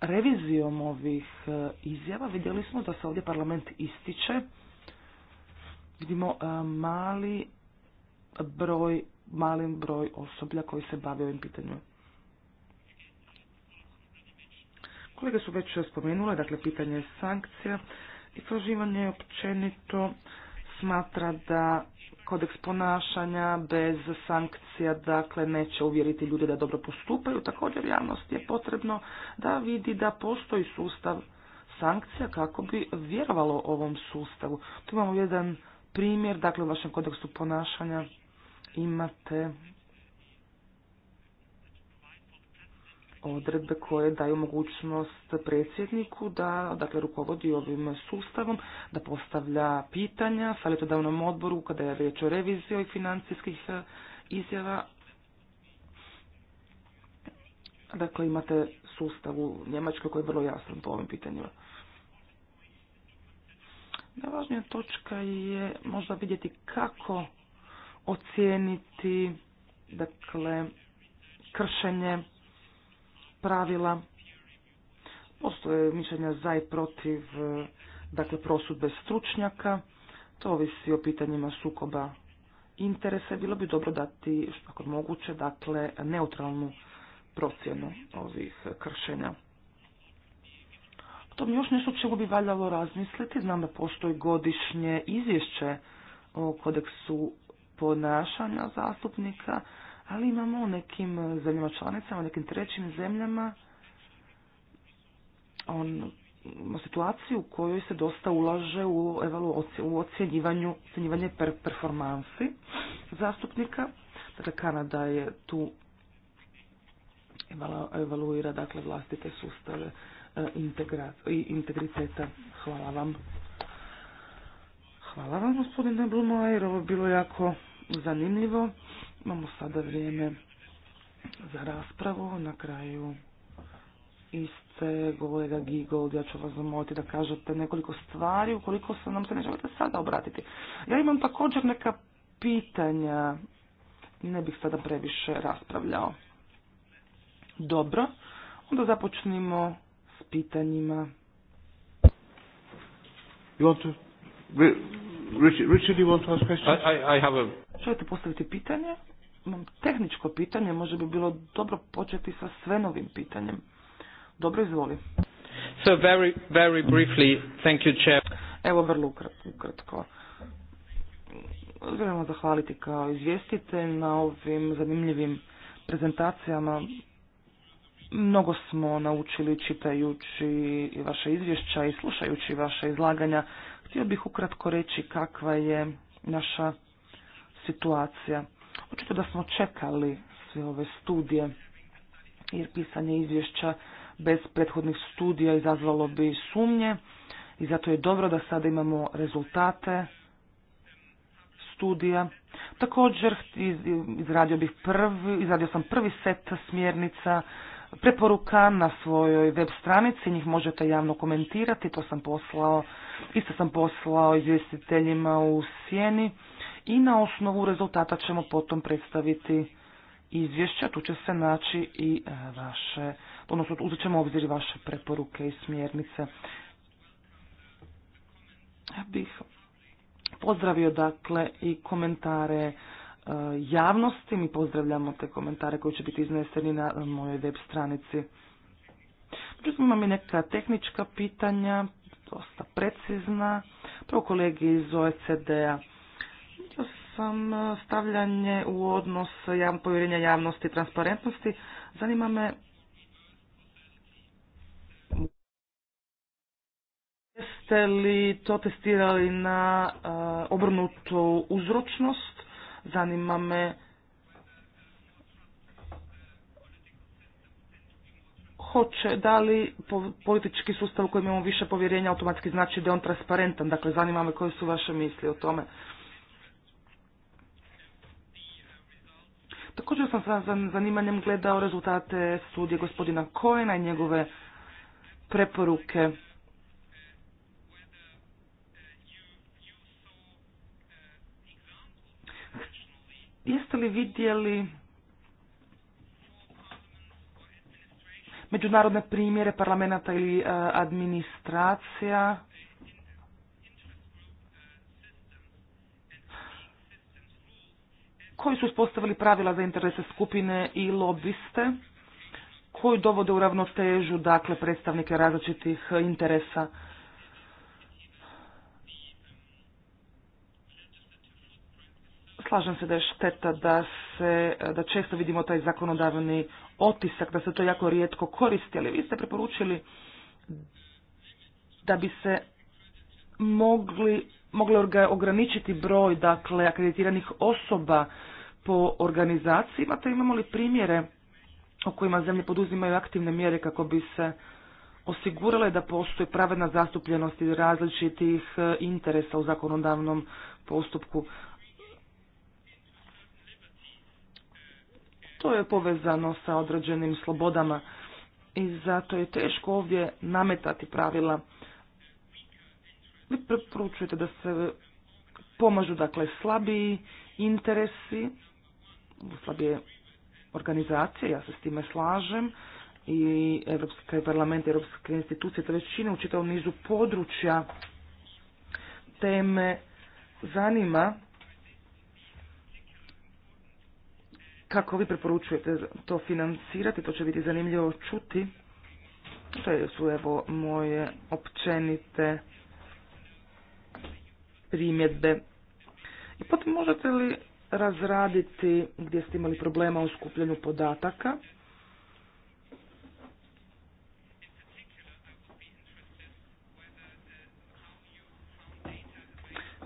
revizijom ovih eh, izjava, vidjeli smo da se ovdje parlament ističe vidimo e, mali broj, malim broj osoblja koji se bave ovim pitanjima. Kolege su već spomenule, dakle, pitanje sankcija. Istraživanje općenito smatra da kodeks ponašanja bez sankcija dakle neće uvjeriti ljude da dobro postupaju. Također javnost je potrebno da vidi da postoji sustav sankcija kako bi vjerovalo ovom sustavu. Tu imamo jedan primjer, dakle u vašem kodeksu ponašanja imate odredbe koje daju mogućnost predsjedniku da dakle, rukovodi ovim sustavom, da postavlja pitanja savjetodavnom odboru kada je riječ o reviziji financijskih eh, izjava. Dakle, imate sustav u Njemačkoj koji je vrlo jasan po ovim pitanjima. Najvažnija točka je možda vidjeti kako ocijeniti dakle, kršenje pravila. Postoje mišljenja za i protiv dakle, prosudbe stručnjaka. To ovisi o pitanjima sukoba interese. Bilo bi dobro dati, što moguće, dakle, neutralnu procjenu ovih kršenja. To mi još nešto čemu bi valjalo razmisliti. Znam da postoji godišnje izvješće o kodeksu ponašanja zastupnika, ali imamo u nekim zemljama članicama, u nekim trećim zemljama on, situaciju u kojoj se dosta ulaže u, u ocjenjivanje per performansi zastupnika. Dakle, Kanada je tu evaluira dakle vlastite sustave i integriteta. Hvala vam. Hvala vam, gospodine Blumajer. Ovo je bilo jako zanimljivo. Imamo sada vrijeme za raspravu. Na kraju iste kolega Gigold, ja ću vas zamoliti da kažete nekoliko stvari ukoliko se nam se ne želite sada obratiti. Ja imam također neka pitanja ne bih sada previše raspravljao. Dobro, onda započnimo pitanjima. You want to... Richard, Richard, you want to ask questions? I, I I have a... Želite postaviti pitanje? Imam tehničko pitanje, može bi bilo dobro početi sa Svenovim pitanjem. Dobro, izvoli. So very, very briefly, thank you, Chair. Evo vrlo ukratko. Želimo zahvaliti kao izvjestite na ovim zanimljivim prezentacijama Mnogo smo naučili čitajući vaše izvješća i slušajući vaše izlaganja. Htio bih ukratko reći kakva je naša situacija. Očito da smo čekali sve ove studije, jer pisanje izvješća bez prethodnih studija izazvalo bi sumnje i zato je dobro da sada imamo rezultate studija. Također izradio bih prvi, izradio sam prvi set smjernica preporuka na svojoj web stranici, njih možete javno komentirati, to sam poslao, isto sam poslao izvjestiteljima u sjeni i na osnovu rezultata ćemo potom predstaviti izvješća, tu će se naći i e, vaše, odnosno uzet ćemo obzir vaše preporuke i smjernice. Ja bih pozdravio dakle i komentare E, javnosti. Mi pozdravljamo te komentare koji će biti izneseni na mojoj web stranici. Međutim, imam i neka tehnička pitanja, dosta precizna. Prvo kolegi iz OECD-a. Ja sam e, stavljanje u odnos povjerenja javnosti i transparentnosti. Zanima me jeste li to testirali na e, obrnutu uzročnost Zanima me hoće, da li politički sustav u kojem imamo više povjerenja automatski znači da je on transparentan. Dakle, zanima me koje su vaše misli o tome. Također sam sa zanimanjem gledao rezultate studije gospodina Kojena i njegove preporuke Jeste li vidjeli međunarodne primjere parlamenta ili e, administracija? koji su uspostavili pravila za interese skupine i lobiste, koji dovode u ravnotežu dakle predstavnike različitih interesa. Slažem se da je šteta da se, da često vidimo taj zakonodavni otisak, da se to jako rijetko koristi, ali vi ste preporučili da bi se mogli, mogli ograničiti broj dakle akreditiranih osoba po organizaciji. Imate, imamo li primjere o kojima zemlje poduzimaju aktivne mjere kako bi se osigurale da postoji pravedna zastupljenost i različitih eh, interesa u zakonodavnom postupku. To je povezano sa određenim slobodama i zato je teško ovdje nametati pravila. Vi preporučujete da se pomažu dakle slabiji interesi, slabije organizacije, ja se s time slažem i Europski parlament, Europske institucije to već čine u čitavom nizu područja teme zanima Kako vi preporučujete to financirati, to će biti zanimljivo čuti. To su evo moje općenite primjedbe. I potom možete li razraditi gdje ste imali problema u skupljanju podataka?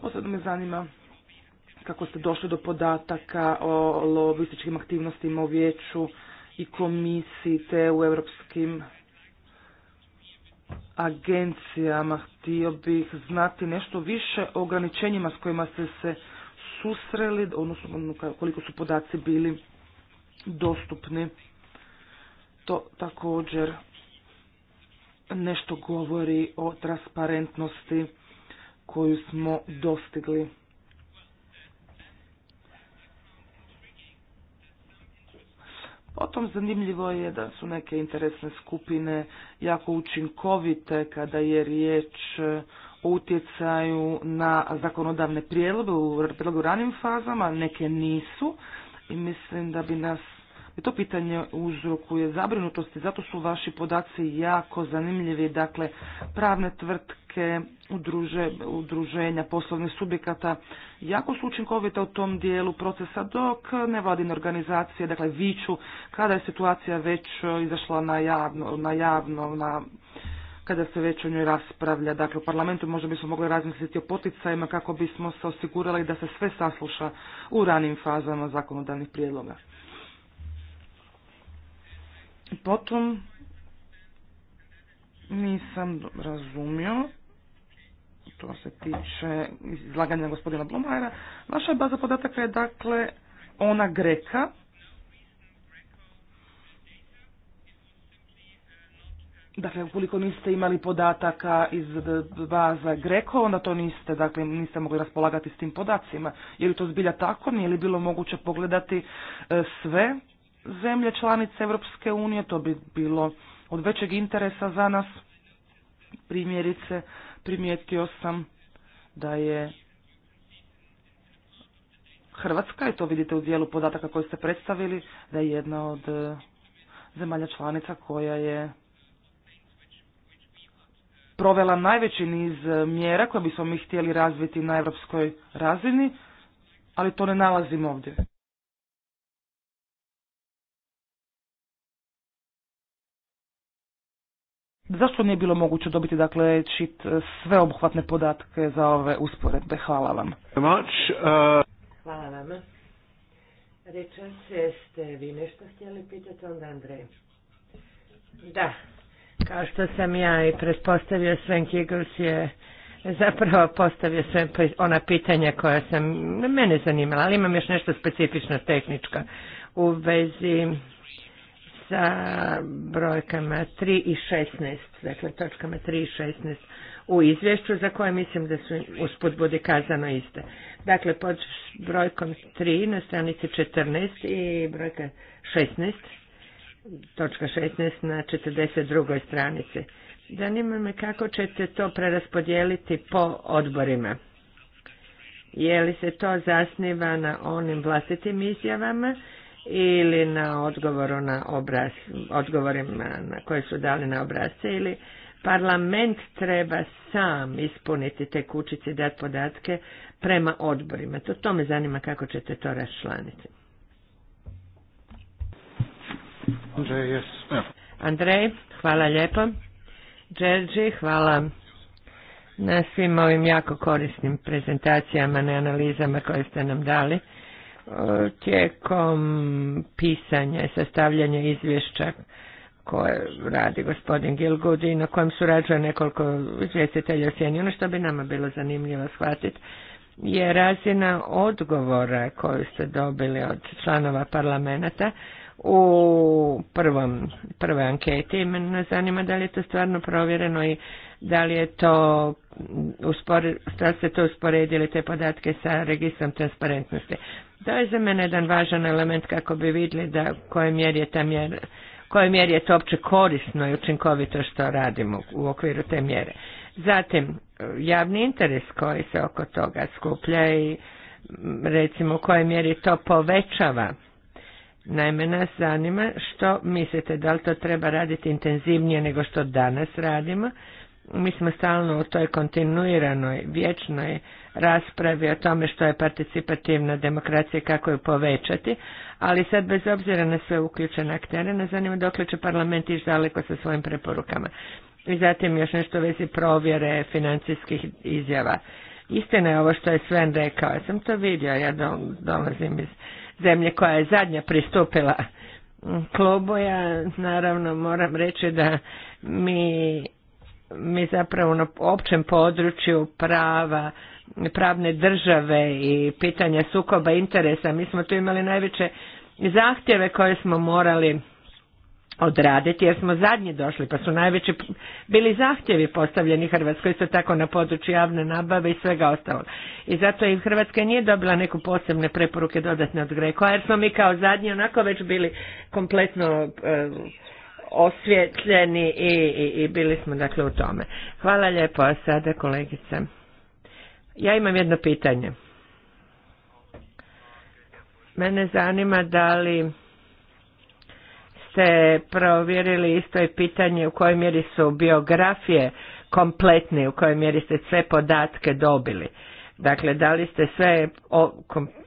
Osobno me zanima kako ste došli do podataka o lobističkim aktivnostima u vijeću i komisiji te u europskim agencijama. Htio bih znati nešto više o ograničenjima s kojima ste se susreli, odnosno koliko su podaci bili dostupni. To također nešto govori o transparentnosti koju smo dostigli. Potom zanimljivo je da su neke interesne skupine jako učinkovite kada je riječ e, o utjecaju na zakonodavne prijedloge u prijedlogu ranim fazama, neke nisu i mislim da bi nas i to pitanje uzrokuje zabrinutosti, zato su vaši podaci jako zanimljivi, dakle pravne tvrtke u udruže, udruženja poslovnih subjekata jako su učinkovite u tom dijelu procesa dok nevladine organizacije, dakle viću kada je situacija već e, izašla na javno, na javno, na kada se već o njoj raspravlja. Dakle, u parlamentu možda bismo mogli razmisliti o poticajima kako bismo se osigurali da se sve sasluša u ranim fazama zakonodavnih prijedloga. Potom nisam razumio što se tiče izlaganja gospodina Blomajera, vaša baza podataka je dakle ona Greka. Dakle, ukoliko niste imali podataka iz baza Greko, onda to niste, dakle, niste mogli raspolagati s tim podacima. Je li to zbilja tako? Nije li bilo moguće pogledati e, sve zemlje članice Europske unije? To bi bilo od većeg interesa za nas. Primjerice, primijetio sam da je Hrvatska, i to vidite u dijelu podataka koje ste predstavili, da je jedna od e, zemalja članica koja je provela najveći niz e, mjera koje bismo mi htjeli razviti na europskoj razini, ali to ne nalazimo ovdje. zašto nije bilo moguće dobiti dakle čit e, sveobuhvatne podatke za ove usporedbe? Hvala vam. Uh, Hvala vam. jeste vi nešto htjeli pitati onda Andrej? Da, kao što sam ja i pretpostavio, Sven Kigels je zapravo postavio sve ona pitanja koja sam mene zanimala, ali imam još nešto specifično tehničko u vezi sa brojkama 3 i 16, dakle točkama 3 i 16 u izvješću za koje mislim da su usput bude kazano iste. Dakle, pod brojkom 3 na stranici 14 i brojka 16, točka 16 na 42. stranici. Zanima me kako ćete to preraspodijeliti po odborima. Je li se to zasniva na onim vlastitim izjavama ili na odgovoru na obraz, odgovorima na koje su dali na obrazce ili parlament treba sam ispuniti te kućice i dati podatke prema odborima. To, to me zanima kako ćete to raščlaniti. Andrej, hvala lijepo. Đerđi, hvala na svim ovim jako korisnim prezentacijama, na analizama koje ste nam dali tijekom pisanja i sastavljanja izvješća koje radi gospodin Gilgud i na kojem surađuje nekoliko izvjestitelja o Ono što bi nama bilo zanimljivo shvatiti je razina odgovora koju ste dobili od članova parlamenta u prvom, prvoj anketi. Mene zanima da li je to stvarno provjereno i da li je to uspore, ste to usporedili te podatke sa registrom transparentnosti. To je za mene jedan važan element kako bi vidjeli da u kojoj mjeri je je to opće korisno i učinkovito što radimo u okviru te mjere. Zatim, javni interes koji se oko toga skuplja i recimo u kojoj mjeri to povećava. Naime, nas zanima što mislite, da li to treba raditi intenzivnije nego što danas radimo. Mi smo stalno u toj kontinuiranoj, vječnoj raspravi o tome što je participativna demokracija i kako ju povećati, ali sad bez obzira na sve uključene aktere, ne zanima dokle će parlament i daleko sa svojim preporukama. I zatim još nešto u vezi provjere financijskih izjava. Istina je ovo što je Sven rekao, ja sam to vidio, ja dolazim iz zemlje koja je zadnja pristupila klubu, ja naravno moram reći da mi mi zapravo na općem području prava pravne države i pitanja sukoba interesa. Mi smo tu imali najveće zahtjeve koje smo morali odraditi jer smo zadnji došli pa su najveći bili zahtjevi postavljeni Hrvatskoj isto tako na području javne nabave i svega ostalog. I zato i Hrvatska nije dobila neku posebne preporuke dodatne od Greko jer smo mi kao zadnji onako već bili kompletno e, osvjetljeni i, i, bili smo dakle u tome. Hvala lijepo, sada kolegice. Ja imam jedno pitanje. Mene zanima da li ste provjerili isto je pitanje u kojoj mjeri su biografije kompletne, u kojoj mjeri ste sve podatke dobili. Dakle, da li ste sve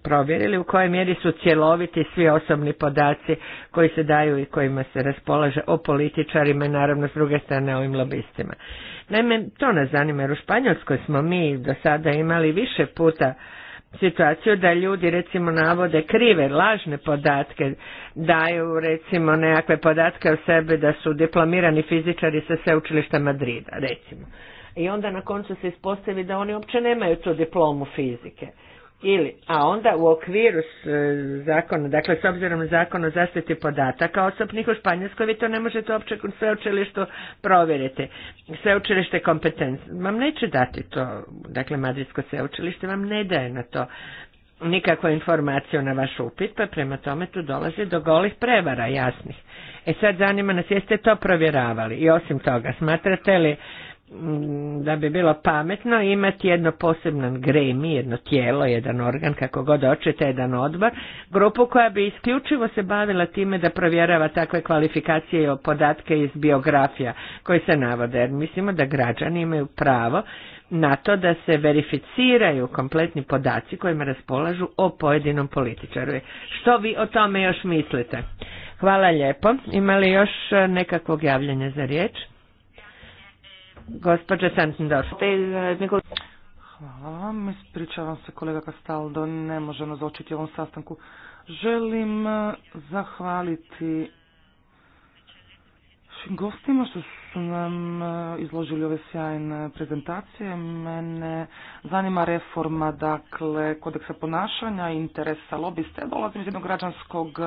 provjerili u kojoj mjeri su cjeloviti svi osobni podaci koji se daju i kojima se raspolaže o političarima i naravno s druge strane ovim lobistima. Naime, to nas zanima, jer u Španjolskoj smo mi do sada imali više puta situaciju da ljudi recimo navode krive, lažne podatke, daju recimo nekakve podatke o sebi da su diplomirani fizičari sa sveučilišta Madrida recimo. I onda na koncu se ispostavi da oni uopće nemaju tu diplomu fizike. Ili, a onda u okviru s, e, zakona, dakle s obzirom na zakon o zaštiti podataka osobnih u Španjolskoj, vi to ne možete uopće u sveučilištu provjeriti. Sveučilište kompetencije. vam neće dati to, dakle Madridsko sveučilište vam ne daje na to nikakvu informaciju na vaš upit, pa prema tome tu dolazi do golih prevara jasnih. E sad zanima nas jeste to provjeravali i osim toga smatrate li Mm, da bi bilo pametno imati jedno posebno gremi, jedno tijelo, jedan organ, kako god očete, jedan odbor, grupu koja bi isključivo se bavila time da provjerava takve kvalifikacije i podatke iz biografija koji se navode, jer mislimo da građani imaju pravo na to da se verificiraju kompletni podaci kojima raspolažu o pojedinom političaru. Što vi o tome još mislite? Hvala lijepo. Imali još e, nekakvog javljanja za riječ? Gospođa Sentendorf. Hvala vam. Ispričavam se kolega Castaldo. ne može nazočiti ovom sastanku. Želim eh, zahvaliti gostima što su nam eh, izložili ove sjajne prezentacije. Mene zanima reforma, dakle, kodeksa ponašanja, interesa lobiste. dolazim iz jednog građanskog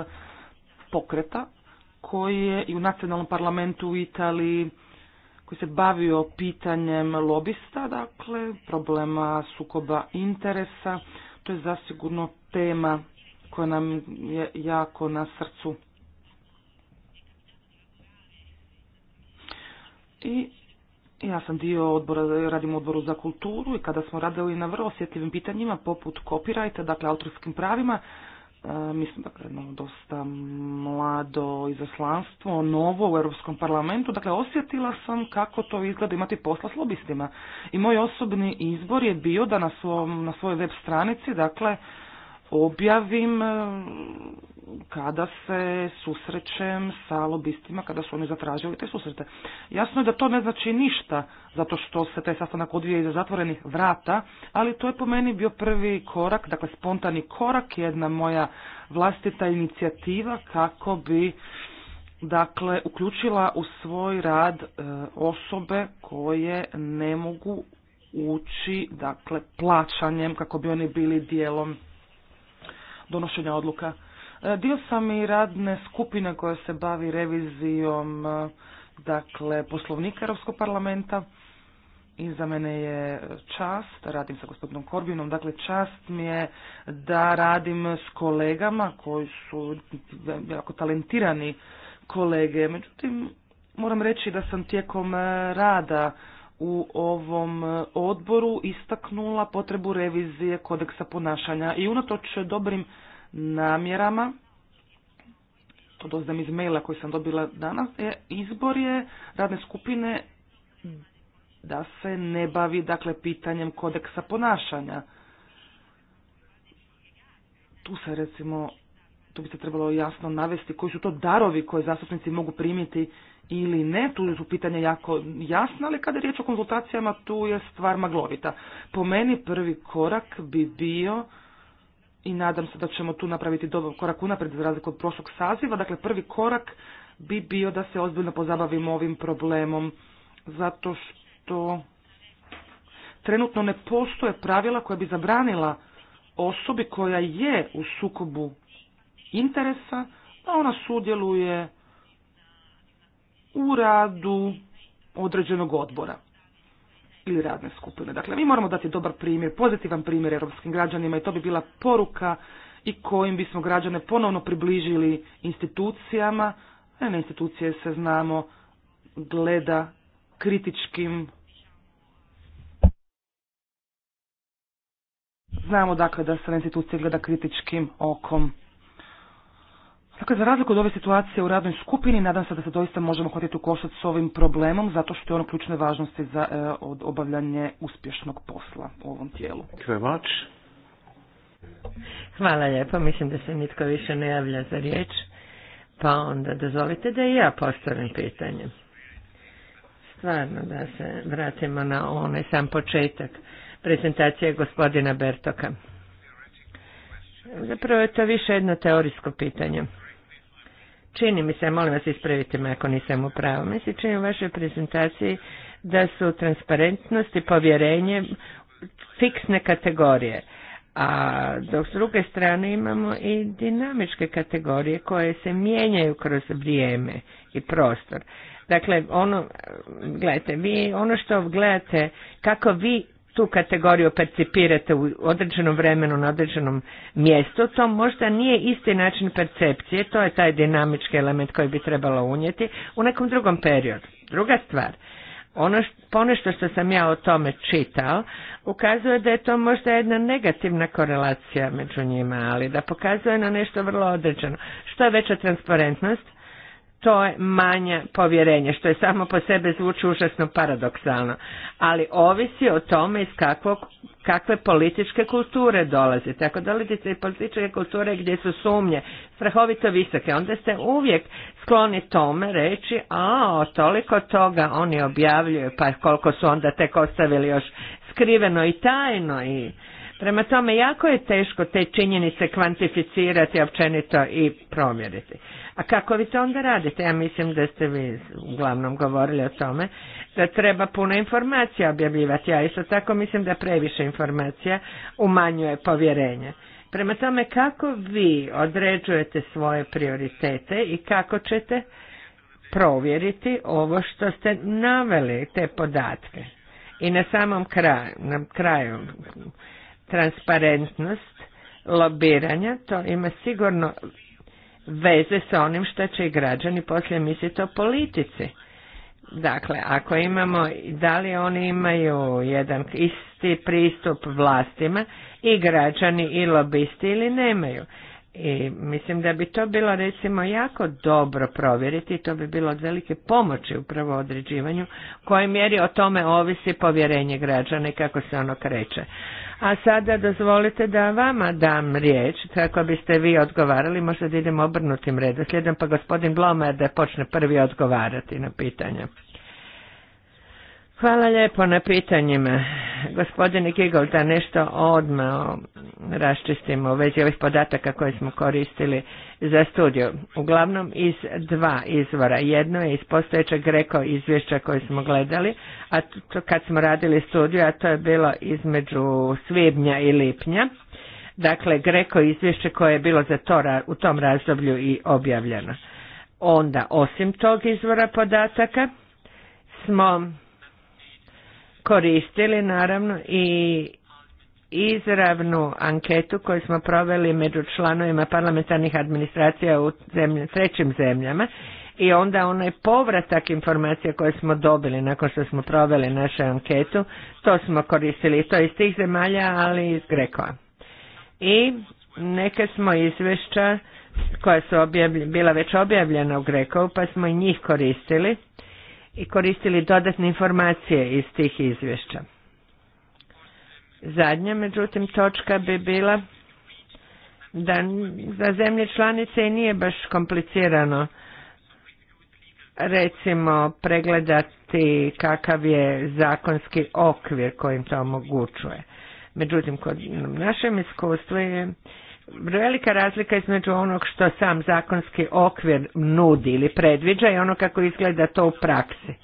pokreta koji je i u nacionalnom parlamentu u Italiji koji se bavio pitanjem lobista, dakle, problema sukoba interesa. To je zasigurno tema koja nam je jako na srcu. I ja sam dio odbora, radim u odboru za kulturu i kada smo radili na vrlo osjetljivim pitanjima poput kopirajta, dakle autorskim pravima, mislim da jedno dosta mlado izaslanstvo, novo u Europskom parlamentu, dakle osjetila sam kako to izgleda imati posla s lobistima. I moj osobni izbor je bio da na, svom, na svojoj web stranici, dakle, objavim e, kada se susrećem sa lobistima, kada su oni zatražili te susrete. Jasno je da to ne znači ništa, zato što se taj sastanak odvija iza zatvorenih vrata, ali to je po meni bio prvi korak, dakle spontani korak, jedna moja vlastita inicijativa kako bi dakle uključila u svoj rad e, osobe koje ne mogu ući dakle plaćanjem kako bi oni bili dijelom donošenja odluka. E, dio sam i radne skupine koja se bavi revizijom e, dakle, poslovnika Europskog parlamenta i za mene je čast, radim sa gospodinom Korbinom, dakle čast mi je da radim s kolegama koji su jako talentirani kolege. Međutim, moram reći da sam tijekom e, rada u ovom e, odboru istaknula potrebu revizije kodeksa ponašanja i unatoč dobrim namjerama, to doznam iz maila koji sam dobila danas, je izbor je radne skupine da se ne bavi dakle pitanjem kodeksa ponašanja. Tu se recimo, tu bi se trebalo jasno navesti koji su to darovi koje zastupnici mogu primiti ili ne, tu su pitanja jako jasna, ali kada je riječ o konzultacijama tu je stvar maglovita. Po meni prvi korak bi bio i nadam se da ćemo tu napraviti dobar korak unaprijed za razliku od prošlog saziva, dakle prvi korak bi bio da se ozbiljno pozabavimo ovim problemom zato što trenutno ne postoje pravila koja bi zabranila osobi koja je u sukobu interesa, a ona sudjeluje u radu određenog odbora ili radne skupine. Dakle, mi moramo dati dobar primjer, pozitivan primjer europskim građanima i to bi bila poruka i kojim bismo građane ponovno približili institucijama, a na institucije se znamo gleda kritičkim Znamo dakle da se na institucije gleda kritičkim okom. Dakle, za razliku od ove situacije u radnoj skupini, nadam se da se doista možemo hvatiti u košac s ovim problemom, zato što je ono ključne važnosti za e, od obavljanje uspješnog posla u ovom tijelu. Hvala lijepo, mislim da se nitko više ne javlja za riječ, pa onda dozvolite da i ja postavim pitanje. Stvarno da se vratimo na onaj sam početak prezentacije gospodina Bertoka. Zapravo je to više jedno teorijsko pitanje čini mi se, molim vas ispravite me ako nisam u pravu, mi se čini u vašoj prezentaciji da su transparentnost i povjerenje fiksne kategorije. A dok s druge strane imamo i dinamičke kategorije koje se mijenjaju kroz vrijeme i prostor. Dakle, ono, gledajte, vi ono što gledate, kako vi tu kategoriju percipirate u određenom vremenu na određenom mjestu, to možda nije isti način percepcije, to je taj dinamički element koji bi trebalo unijeti u nekom drugom periodu. Druga stvar, ono ponešto što sam ja o tome čitao, ukazuje da je to možda jedna negativna korelacija među njima, ali da pokazuje na nešto vrlo određeno. Što je veća transparentnost, to je manje povjerenje, što je samo po sebi zvuči užasno paradoksalno, ali ovisi o tome iz kakvog, kakve političke kulture dolazite. Ako dolazite iz političke kulture gdje su sumnje strahovito visoke, onda ste uvijek skloni tome reći, a toliko toga oni objavljuju, pa koliko su onda tek ostavili još skriveno i tajno i Prema tome, jako je teško te činjenice kvantificirati općenito i promjeriti. A kako vi to onda radite? Ja mislim da ste vi uglavnom govorili o tome da treba puno informacija objavljivati. Ja isto tako mislim da previše informacija umanjuje povjerenje. Prema tome, kako vi određujete svoje prioritete i kako ćete provjeriti ovo što ste naveli, te podatke? I na samom kraju, na kraju transparentnost lobiranja, to ima sigurno veze sa onim što će i građani poslije misliti o politici. Dakle, ako imamo, da li oni imaju jedan isti pristup vlastima i građani i lobisti ili nemaju. I mislim da bi to bilo recimo jako dobro provjeriti i to bi bilo velike pomoći upravo određivanju u kojoj mjeri o tome ovisi povjerenje građana i kako se ono kreće. A sada dozvolite da vama dam riječ, kako biste vi odgovarali, možda da idemo obrnutim redoslijedom, pa gospodin Blomer da počne prvi odgovarati na pitanja. Hvala lijepo na pitanjima. Gospodine Gigol, da nešto odmah raščistimo u vezi ovih podataka koje smo koristili za studiju. Uglavnom iz dva izvora. Jedno je iz postojećeg greko izvješća koje smo gledali, a kad smo radili studiju, a to je bilo između svibnja i lipnja. Dakle, greko izvješće koje je bilo za to, u tom razdoblju i objavljeno. Onda, osim tog izvora podataka, smo koristili naravno i izravnu anketu koju smo proveli među članovima parlamentarnih administracija u trećim zemljama i onda onaj povratak informacija koje smo dobili nakon što smo proveli našu anketu, to smo koristili i to iz tih zemalja, ali i iz Grekova. I neke smo izvješća koja su bila već objavljena u Grekovu, pa smo i njih koristili i koristili dodatne informacije iz tih izvješća. Zadnja, međutim, točka bi bila da za zemlje članice i nije baš komplicirano recimo pregledati kakav je zakonski okvir kojim to omogućuje. Međutim, kod našem iskustvu je velika razlika između onog što sam zakonski okvir nudi ili predviđa i ono kako izgleda to u praksi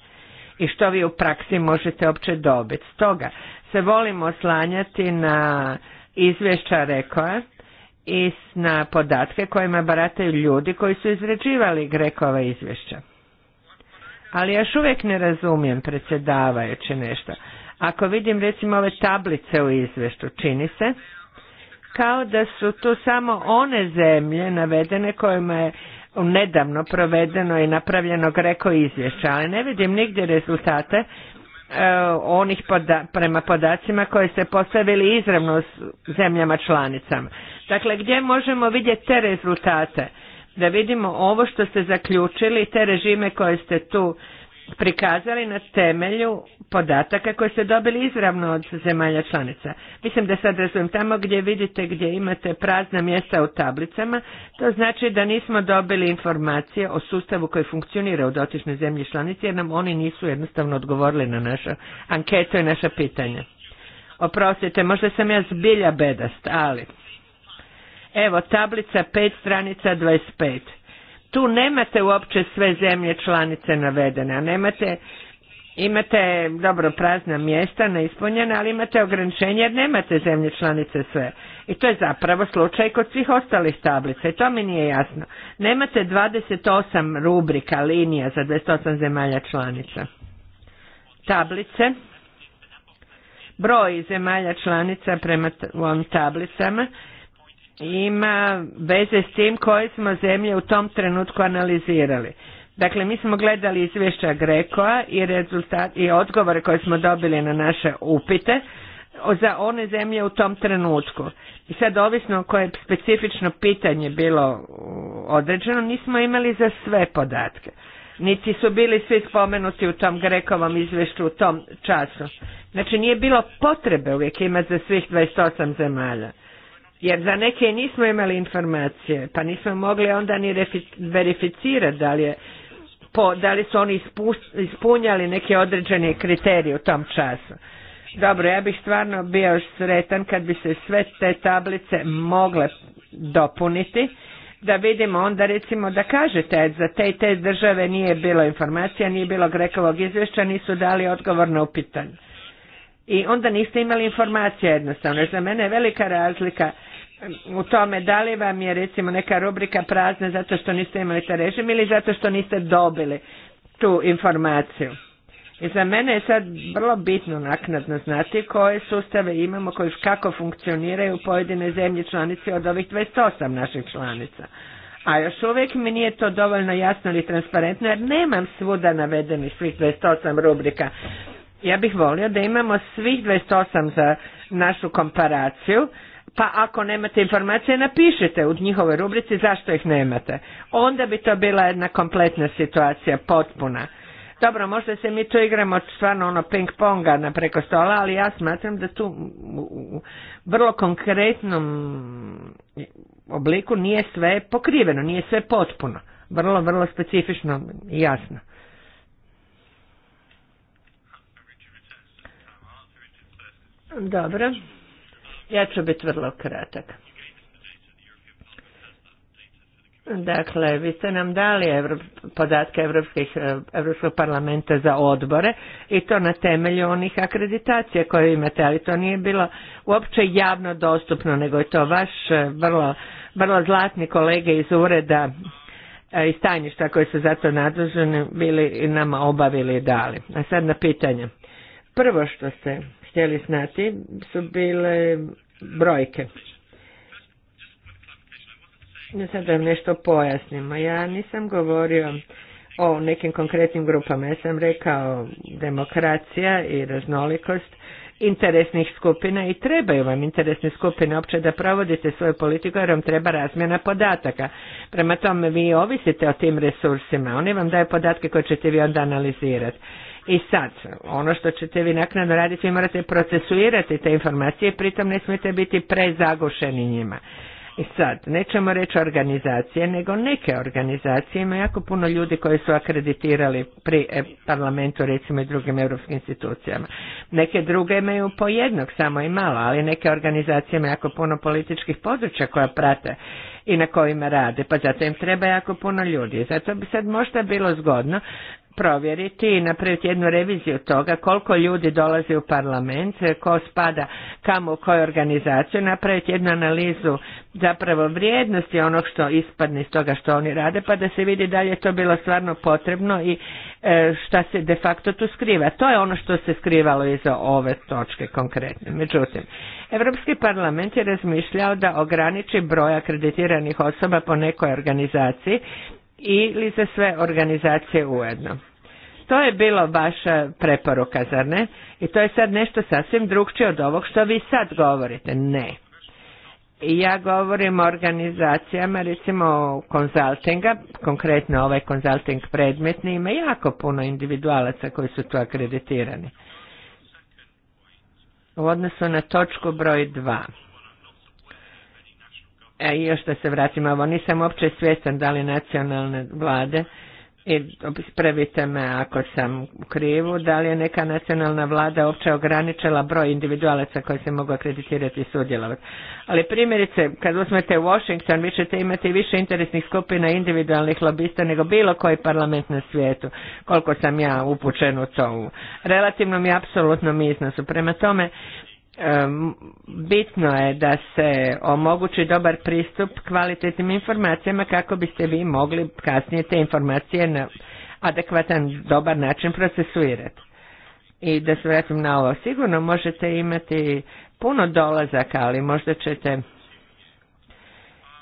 i što vi u praksi možete opće dobiti. Stoga se volimo slanjati na izvješća Rekoa i na podatke kojima barataju ljudi koji su izređivali Grekova izvješća. Ali još uvijek ne razumijem predsjedavajući nešto. Ako vidim recimo ove tablice u izvješću, čini se kao da su tu samo one zemlje navedene kojima je nedavno provedeno i napravljeno greko izvješća, ali ne vidim nigdje rezultate e, onih prema podacima koje ste postavili izravno s zemljama članicama. Dakle, gdje možemo vidjeti te rezultate? Da vidimo ovo što ste zaključili, te režime koje ste tu prikazali na temelju podataka koje ste dobili izravno od zemalja članica. Mislim da sad razumijem, tamo gdje vidite gdje imate prazna mjesta u tablicama, to znači da nismo dobili informacije o sustavu koji funkcionira u dotičnoj zemlji članici, jer nam oni nisu jednostavno odgovorili na našu anketu i naša pitanja. Oprostite, možda sam ja zbilja bedast, ali... Evo, tablica 5, stranica 25 tu nemate uopće sve zemlje članice navedene, a nemate imate dobro prazna mjesta neispunjena, ali imate ograničenje jer nemate zemlje članice sve. I to je zapravo slučaj kod svih ostalih tablica i to mi nije jasno. Nemate 28 rubrika, linija za 28 zemalja članica. Tablice, broj zemalja članica prema ovim tablicama ima veze s tim koje smo zemlje u tom trenutku analizirali. Dakle, mi smo gledali izvješća Grekoa i, rezultat, i odgovore koje smo dobili na naše upite za one zemlje u tom trenutku. I sad, ovisno koje specifično pitanje bilo određeno, nismo imali za sve podatke. Niti su bili svi spomenuti u tom Grekovom izvješću u tom času. Znači, nije bilo potrebe uvijek imati za svih 28 zemalja jer za neke nismo imali informacije, pa nismo mogli onda ni verificirati da li, je, po, da li su oni ispunjali neke određene kriterije u tom času. Dobro, ja bih stvarno bio sretan kad bi se sve te tablice mogle dopuniti, da vidimo onda recimo da kažete za te te države nije bilo informacija, nije bilo grekovog izvješća, nisu dali odgovor na upitanje. I onda niste imali informacije, jednostavno. Za mene je velika razlika u tome da li vam je recimo neka rubrika prazna zato što niste imali taj režim ili zato što niste dobili tu informaciju. I za mene je sad vrlo bitno naknadno znati koje sustave imamo, koji kako funkcioniraju pojedine zemlje članice od ovih 28 naših članica. A još uvijek mi nije to dovoljno jasno ili transparentno jer nemam svuda navedenih svih 28 rubrika. Ja bih volio da imamo svih 28 za našu komparaciju pa ako nemate informacije napišite u njihovoj rubrici zašto ih nemate. Onda bi to bila jedna kompletna situacija, potpuna. Dobro, možda se mi tu igramo stvarno ono ping ponga na preko stola, ali ja smatram da tu u vrlo konkretnom obliku nije sve pokriveno, nije sve potpuno. Vrlo, vrlo specifično i jasno. Dobro. Ja ću biti vrlo kratak. Dakle, vi ste nam dali podatke Evropskih, e, Evropskog parlamenta za odbore i to na temelju onih akreditacija koje imate, ali to nije bilo uopće javno dostupno, nego je to vaš e, vrlo, vrlo zlatni kolege iz ureda e, i tajništa koji su zato nadležni bili i nama obavili i dali. A sad na pitanje. Prvo što ste htjeli znati su bile brojke. Ne sad da vam nešto pojasnimo. Ja nisam govorio o nekim konkretnim grupama. Ja sam rekao demokracija i raznolikost interesnih skupina i trebaju vam interesne skupine opće da provodite svoju politiku jer vam treba razmjena podataka. Prema tome vi ovisite o tim resursima, oni vam daju podatke koje ćete vi onda analizirati. I sad, ono što ćete vi naknadno raditi, vi morate procesuirati te informacije pritom ne smijete biti prezagušeni njima. I sad, nećemo reći organizacije, nego neke organizacije, ima jako puno ljudi koji su akreditirali pri e, parlamentu, recimo i drugim europskim institucijama. Neke druge imaju po jednog, samo i malo, ali neke organizacije imaju jako puno političkih područja koja prate i na kojima rade, pa zato im treba jako puno ljudi. Zato bi sad možda bilo zgodno provjeriti i napraviti jednu reviziju toga koliko ljudi dolazi u parlament, ko spada kamo u koju organizaciju, napraviti jednu analizu zapravo vrijednosti onog što ispadne iz toga što oni rade pa da se vidi da li je to bilo stvarno potrebno i e, šta se de facto tu skriva. To je ono što se skrivalo iza ove točke konkretne. Međutim, Europski parlament je razmišljao da ograniči broj akreditiranih osoba po nekoj organizaciji ili za sve organizacije ujedno. To je bilo vaša preporuka, zar ne? I to je sad nešto sasvim drugčije od ovog što vi sad govorite. Ne. ja govorim o organizacijama, recimo konzultinga, konkretno ovaj konzulting predmetni, ima jako puno individualaca koji su tu akreditirani. U odnosu na točku broj dva. E, I još da se vratim, ovo nisam uopće svjestan da li nacionalne vlade, i ispravite me ako sam u krivu, da li je neka nacionalna vlada uopće ograničila broj individualaca koji se mogu akreditirati i sudjelovati. Ali primjerice, kad uzmete Washington, vi ćete imati više interesnih skupina individualnih lobista nego bilo koji parlament na svijetu, koliko sam ja upućen u to u relativnom i apsolutnom iznosu. Prema tome, bitno je da se omogući dobar pristup kvalitetnim informacijama kako biste vi mogli kasnije te informacije na adekvatan, dobar način procesuirati. I da se vratim na ovo, sigurno možete imati puno dolazaka, ali možda ćete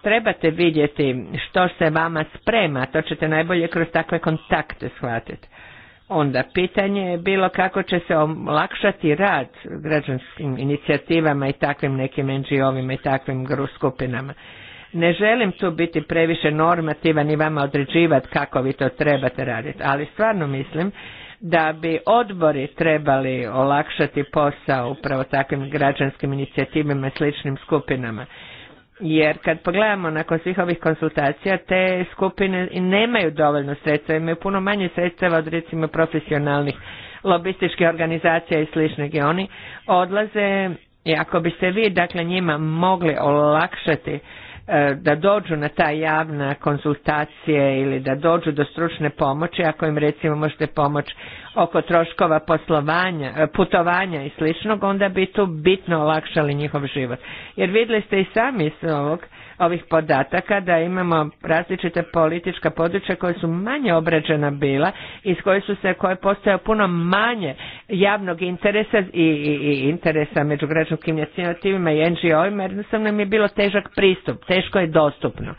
trebate vidjeti što se vama sprema, to ćete najbolje kroz takve kontakte shvatiti. Onda pitanje je bilo kako će se olakšati rad građanskim inicijativama i takvim nekim NGO-vima i takvim skupinama. Ne želim tu biti previše normativan i vama određivati kako vi to trebate raditi, ali stvarno mislim da bi odbori trebali olakšati posao upravo takvim građanskim inicijativama i sličnim skupinama jer kad pogledamo nakon svih ovih konsultacija te skupine nemaju dovoljno sredstva, imaju puno manje sredstava od recimo profesionalnih lobističkih organizacija i sličnih i oni odlaze i ako biste vi dakle njima mogli olakšati E, da dođu na ta javna konsultacije ili da dođu do stručne pomoći, ako im recimo možete pomoć oko troškova poslovanja, e, putovanja i sličnog, onda bi tu bitno olakšali njihov život. Jer vidjeli ste i sami iz ovog ovih podataka da imamo različite politička područja koja su manje obrađena bila iz koje su se koje postoje puno manje javnog interesa i, i, interesa među građanskim inicijativima i NGO-ima jer jednostavno nam je bilo težak pristup, teško je dostupno.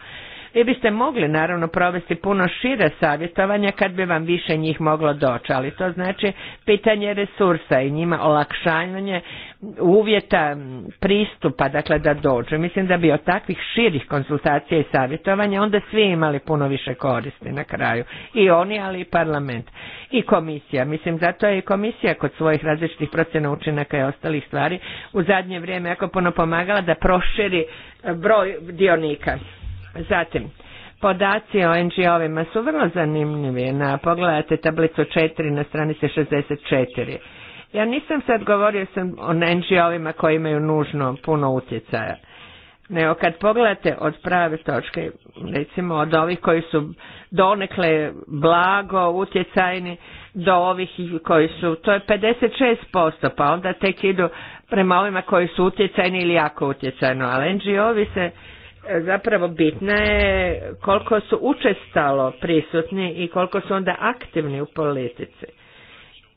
Vi biste mogli naravno provesti puno šire savjetovanja kad bi vam više njih moglo doći, ali to znači pitanje resursa i njima olakšanje uvjeta pristupa, dakle da dođu. Mislim da bi od takvih širih konsultacija i savjetovanja onda svi imali puno više koristi na kraju. I oni, ali i parlament. I komisija. Mislim, zato je i komisija kod svojih različitih procjena učinaka i ostalih stvari u zadnje vrijeme jako puno pomagala da proširi e, broj dionika. Zatim, podaci o NGO-vima su vrlo zanimljivi. Na, pogledajte tablicu 4 na stranici 64. Ja nisam sad govorio sam o NGO-vima koji imaju nužno puno utjecaja. Nego kad pogledate od prave točke, recimo od ovih koji su donekle blago utjecajni do ovih koji su, to je 56%, pa onda tek idu prema ovima koji su utjecajni ili jako utjecajno, ali NGO-vi se E, zapravo bitna je koliko su učestalo prisutni i koliko su onda aktivni u politici.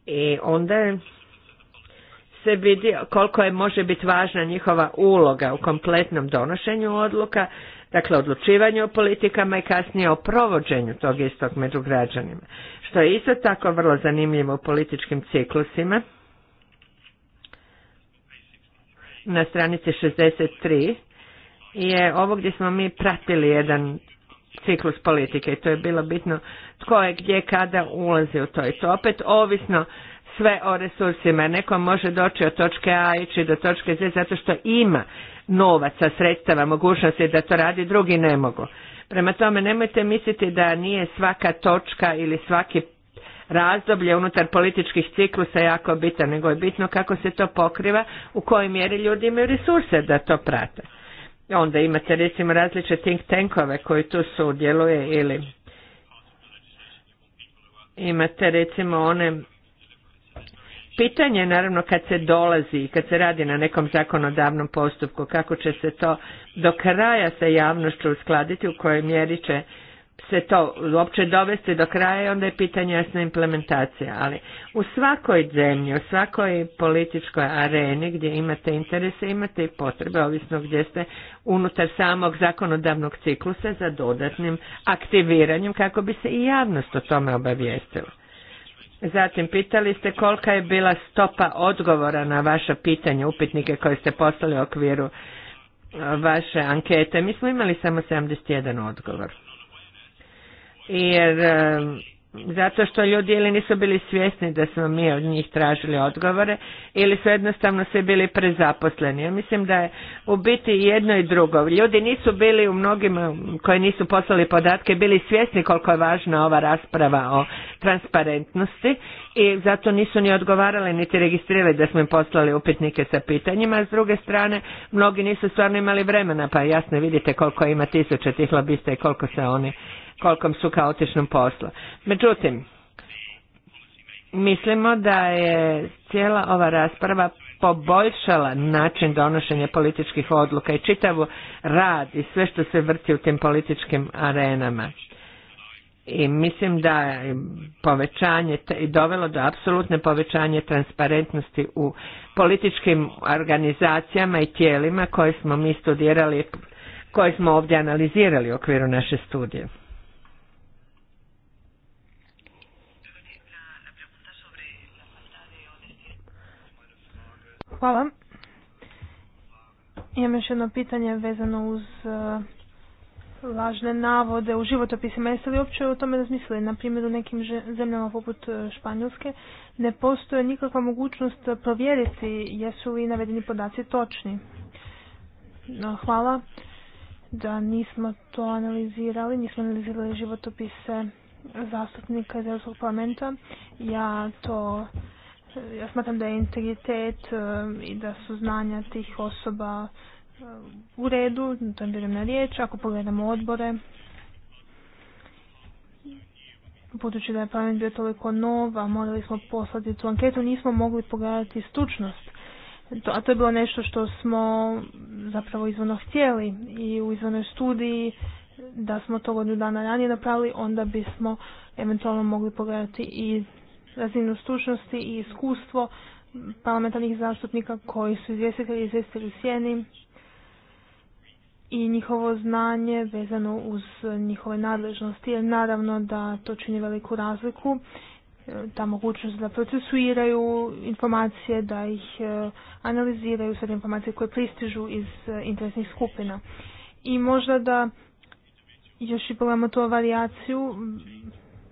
I onda se vidi koliko je može biti važna njihova uloga u kompletnom donošenju odluka, dakle odlučivanju o politikama i kasnije o provođenju tog istog među građanima. Što je isto tako vrlo zanimljivo u političkim ciklusima. Na stranici 63 je ovo gdje smo mi pratili jedan ciklus politike i to je bilo bitno tko je gdje kada ulazi u to i to opet ovisno sve o resursima. Neko može doći od točke A ići do točke Z zato što ima novaca, sredstava, mogućnosti da to radi, drugi ne mogu. Prema tome nemojte misliti da nije svaka točka ili svaki razdoblje unutar političkih ciklusa jako bitan, nego je bitno kako se to pokriva, u kojoj mjeri ljudi imaju resurse da to prate. Onda imate recimo različite think tankove koji tu sudjeluje ili imate recimo one pitanje naravno kad se dolazi i kad se radi na nekom zakonodavnom postupku kako će se to do kraja sa javnošću uskladiti u kojoj mjeri će se to uopće dovesti do kraja, onda je pitanje jasna implementacija. Ali u svakoj zemlji, u svakoj političkoj areni gdje imate interese, imate i potrebe, ovisno gdje ste unutar samog zakonodavnog ciklusa za dodatnim aktiviranjem kako bi se i javnost o tome obavijestila. Zatim, pitali ste kolika je bila stopa odgovora na vaša pitanja, upitnike koje ste poslali u okviru vaše ankete. Mi smo imali samo 71 odgovor jer e, zato što ljudi ili nisu bili svjesni da smo mi od njih tražili odgovore ili su jednostavno svi bili prezaposleni. Ja mislim da je u biti jedno i drugo. Ljudi nisu bili u mnogima koji nisu poslali podatke bili svjesni koliko je važna ova rasprava o transparentnosti i zato nisu ni odgovarali niti registrirali da smo im poslali upitnike sa pitanjima. s druge strane, mnogi nisu stvarno imali vremena, pa jasno vidite koliko ima tisuća tih lobista i koliko se oni kolikom su kaotičnom poslu. Međutim, mislimo da je cijela ova rasprava poboljšala način donošenja političkih odluka i čitavu rad i sve što se vrti u tim političkim arenama. I mislim da je povećanje i dovelo do apsolutne povećanje transparentnosti u političkim organizacijama i tijelima koje smo mi studirali, koje smo ovdje analizirali u okviru naše studije. Hvala. Imam još jedno pitanje vezano uz e, lažne navode u životopisima. Jeste li uopće o tome razmislili? Na primjer u nekim zemljama poput e, Španjolske ne postoje nikakva mogućnost provjeriti jesu li navedeni podaci točni. No, hvala da nismo to analizirali, nismo analizirali životopise zastupnika iz Europskog parlamenta. Ja to ja smatram da je integritet e, i da su znanja tih osoba e, u redu, to je vjerujem na riječ, ako pogledamo odbore, budući da je parlament bio toliko nova, morali smo poslati tu anketu, nismo mogli pogledati stručnost. To, a to je bilo nešto što smo zapravo izvorno htjeli i u izvornoj studiji da smo to godinu dana ranije napravili, onda bismo eventualno mogli pogledati i razinu stručnosti i iskustvo parlamentarnih zastupnika koji su izvjestitelji i izvjestitelji sjeni i njihovo znanje vezano uz njihove nadležnosti, naravno da to čini veliku razliku, e, ta mogućnost da procesuiraju informacije, da ih e, analiziraju, sve informacije koje pristižu iz e, interesnih skupina. I možda da još i pogledamo tu varijaciju,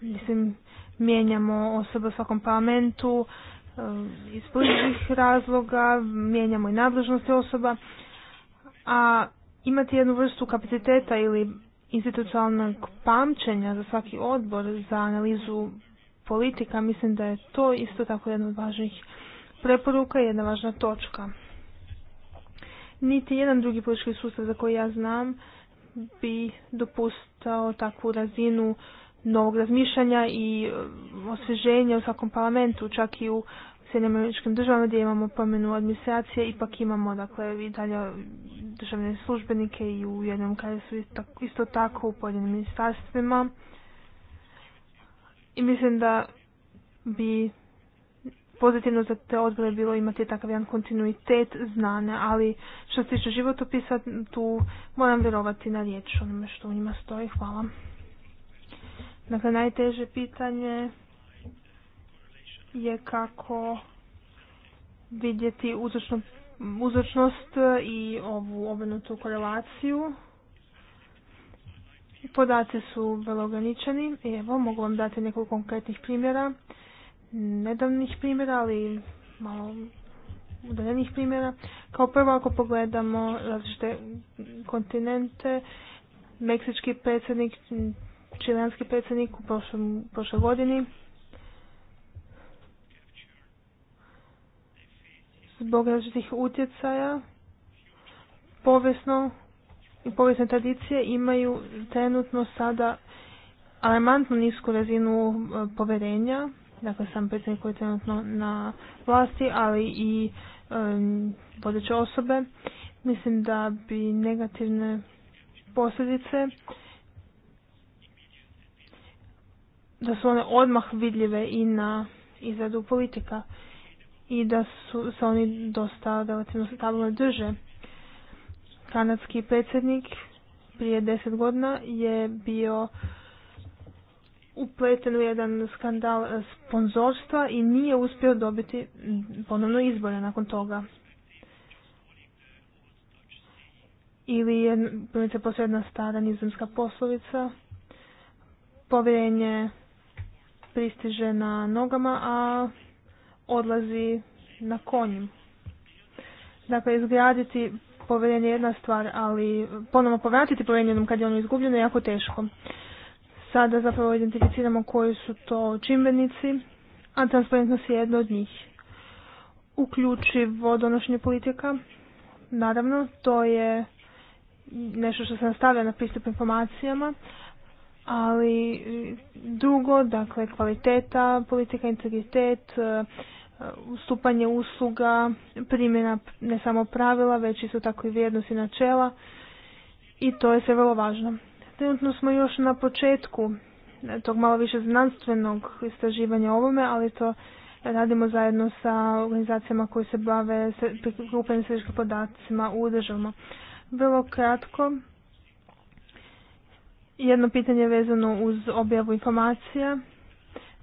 mislim, mijenjamo osobe u svakom parlamentu eh, iz političkih razloga, mijenjamo i nadležnosti osoba, a imati jednu vrstu kapaciteta ili institucionalnog pamćenja za svaki odbor za analizu politika, mislim da je to isto tako jedna od važnih preporuka i jedna važna točka. Niti jedan drugi politički sustav za koji ja znam bi dopustao takvu razinu novog razmišljanja i e, osvježenja u svakom parlamentu, čak i u Sjedinim američkim državama gdje imamo promjenu administracije, ipak imamo dakle i dalje državne službenike i u jednom kraju su isto, tako u pojedinim ministarstvima. I mislim da bi pozitivno za te odbore bilo imati takav jedan kontinuitet znane ali što se tiče životopisa, tu moram vjerovati na riječ onome što u njima stoji. Hvala. Dakle, najteže pitanje je kako vidjeti uzročno, uzročnost i ovu obrnutu korelaciju. Podaci su vrlo ograničeni evo mogu vam dati nekoliko konkretnih primjera, nedavnih primjera, ali malo udaljenih primjera. Kao prvo ako pogledamo različite kontinente, meksički predsjednik čilenski predsjednik u prošlom, prošloj godini zbog različitih utjecaja povijesno i povijesne tradicije imaju trenutno sada alarmantno nisku razinu e, povjerenja, dakle sam predsjednik koji je trenutno na vlasti, ali i e, vodeće osobe. Mislim da bi negativne posljedice da su one odmah vidljive i na izradu politika i da su se oni dosta relativno stabilno drže. Kanadski predsjednik prije deset godina je bio upleten u jedan skandal sponzorstva i nije uspio dobiti ponovno izbore nakon toga. Ili je primjerice posljedna stara nizozemska poslovica, povjerenje pristiže na nogama, a odlazi na konjim. Dakle, izgraditi povjerenje jedna stvar, ali ponovno povratiti povjerenje kad je ono izgubljeno je jako teško. Sada zapravo identificiramo koji su to čimbenici, a transparentnost je jedna od njih. Uključivo donošenje politika, naravno, to je nešto što se nastavlja na pristup informacijama, ali drugo, dakle kvaliteta, politika, integritet, e, ustupanje usluga, primjena ne samo pravila, već isto tako i vrijednosti načela i to je sve vrlo važno. Trenutno smo još na početku tog malo više znanstvenog istraživanja ovome, ali to radimo zajedno sa organizacijama koje se bave prikupljenim sredičkim podacima u državama. Vrlo kratko, jedno pitanje vezano uz objavu informacija.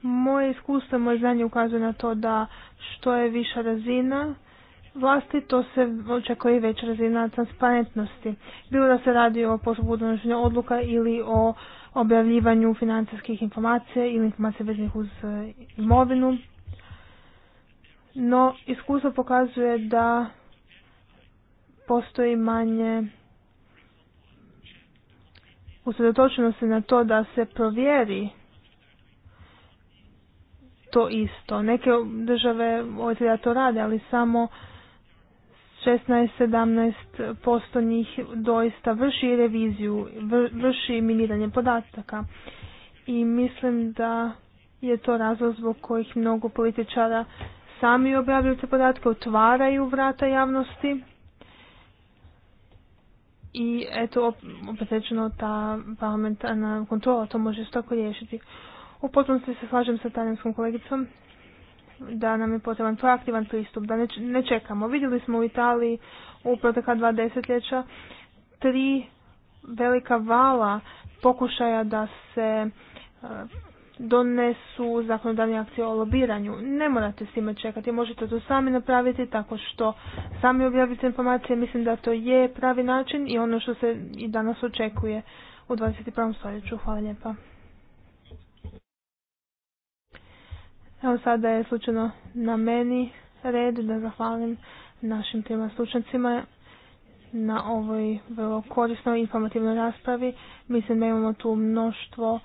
Moje iskustvo, moje znanje ukazuje na to da što je viša razina vlasti, to se očekuje i veća razina transparentnosti. Bilo da se radi o poslu donošenja odluka ili o objavljivanju financijskih informacija ili informacija vezanih uz e, imovinu. No, iskustvo pokazuje da postoji manje usredotočeno se na to da se provjeri to isto. Neke države OECD to rade, ali samo 16-17% njih doista vrši reviziju, vrši miniranje podataka. I mislim da je to razlog zbog kojih mnogo političara sami objavljuju te podatke, otvaraju vrata javnosti i eto opet rečeno ta parlamentarna kontrola to može stoko riješiti. U potpunosti se slažem sa talijanskom kolegicom da nam je potreban proaktivan pristup, da ne čekamo. Vidjeli smo u Italiji u proteka dva desetljeća tri velika vala pokušaja da se donesu zakonodavne akcije o lobiranju. Ne morate s time čekati, možete to sami napraviti tako što sami objavite informacije. Mislim da to je pravi način i ono što se i danas očekuje u 21. stoljeću. Hvala lijepa. Evo sada je slučajno na meni red da zahvalim našim trima stručnjacima na ovoj vrlo korisnoj informativnoj raspravi. Mislim da imamo tu mnoštvo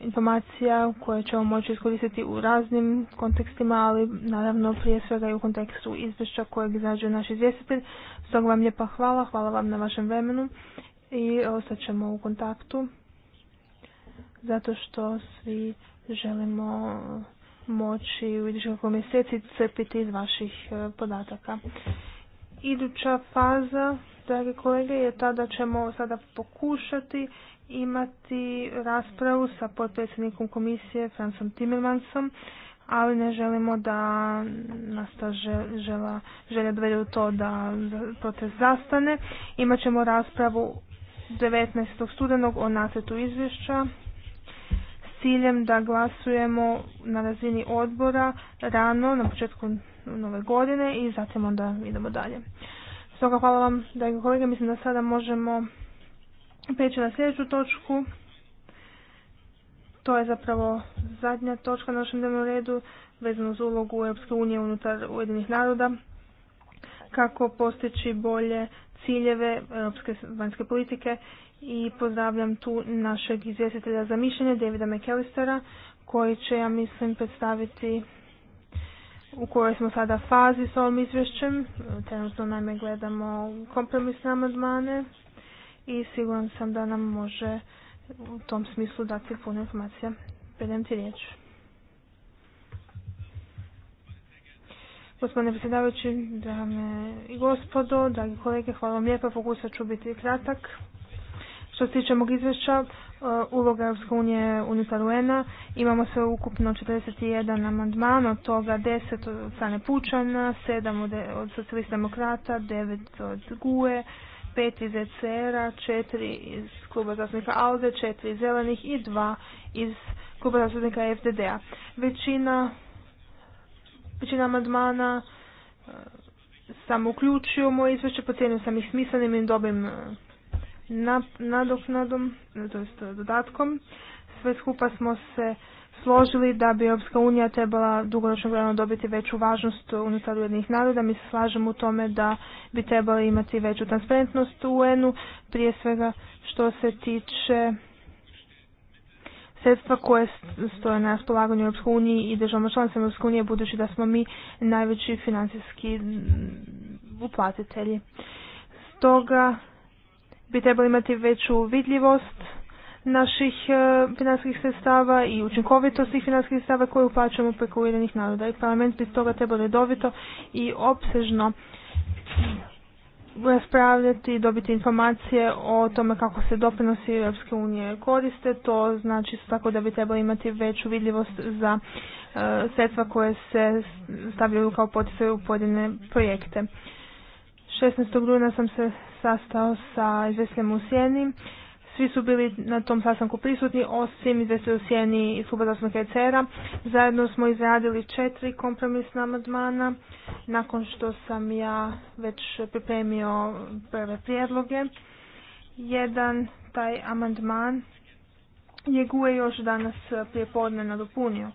informacija koje ćemo moći iskoristiti u raznim kontekstima, ali naravno prije svega i u kontekstu izvješća kojeg izrađuje naš izvjestitelj. Stoga vam lijepa hvala, hvala vam na vašem vremenu i ostat ćemo u kontaktu zato što svi želimo moći u idućih mjeseci crpiti iz vaših e, podataka. Iduća faza, dragi kolege, je ta da ćemo sada pokušati imati raspravu sa potpredsjednikom komisije Fransom Timmermansom, ali ne želimo da nas ta želja dovede u to da proces zastane. Imaćemo raspravu 19. studenog o nacrtu izvješća s ciljem da glasujemo na razini odbora rano na početku nove godine i zatim onda idemo dalje. Stoga hvala vam, dragi kolege, mislim da sada možemo preći na sljedeću točku. To je zapravo zadnja točka na našem dnevnom redu vezano uz ulogu Europske unije unutar Ujedinih naroda. Kako postići bolje ciljeve europske vanjske politike i pozdravljam tu našeg izvjestitelja za mišljenje Davida McAllistera koji će, ja mislim, predstaviti u kojoj smo sada fazi s ovim izvješćem. Trenutno najme gledamo kompromisne amandmane i siguran sam da nam može u tom smislu dati puno informacija. Predajem ti riječ. Gospodine predsjedavajući, dame i gospodo, dragi kolege, hvala vam lijepa, pokusat ću biti kratak. Što se tiče mog izvješća, e, uloga Europske unije unutar un imamo sve ukupno 41 amandman, od toga 10 od strane Pučana, 7 od socijalista demokrata, 9 od GUE, pet iz ECR-a, četiri iz kluba zastupnika ALDE, četiri iz Zelenih i dva iz kluba zastupnika FDD-a. Većina, većina amandmana e, sam uključio moje izvješće, pocijenio sam ih smislenim i dobim e, nadoknadom, to dodatkom. Sve skupa smo se složili da bi Europska unija trebala dugoročno gledano dobiti veću važnost unutar ujednih naroda. Mi se slažemo u tome da bi trebali imati veću transparentnost u UN-u, prije svega što se tiče sredstva koje stoje na raspolaganju Europske unije i državama članicama Europske unije, budući da smo mi najveći financijski uplatitelji. Stoga bi trebali imati veću vidljivost naših e, financijskih sredstava i učinkovitosti financijskih sredstava koje uplaćujemo preko Ujedinjenih naroda. I parlament bi toga trebao redovito i opsežno raspravljati i dobiti informacije o tome kako se doprinosi Europske unije koriste. To znači tako da bi trebalo imati veću vidljivost za e, sredstva koje se stavljaju kao poticaj u pojedine projekte. 16. rujna sam se sastao sa izvjesljem u Sjeni svi su bili na tom sastanku prisutni, osim izvesti u sjeni iz kluba zastupnika Zajedno smo izradili četiri kompromisna amandmana, nakon što sam ja već pripremio prve prijedloge. Jedan taj amandman je još danas prije podne nadopunio.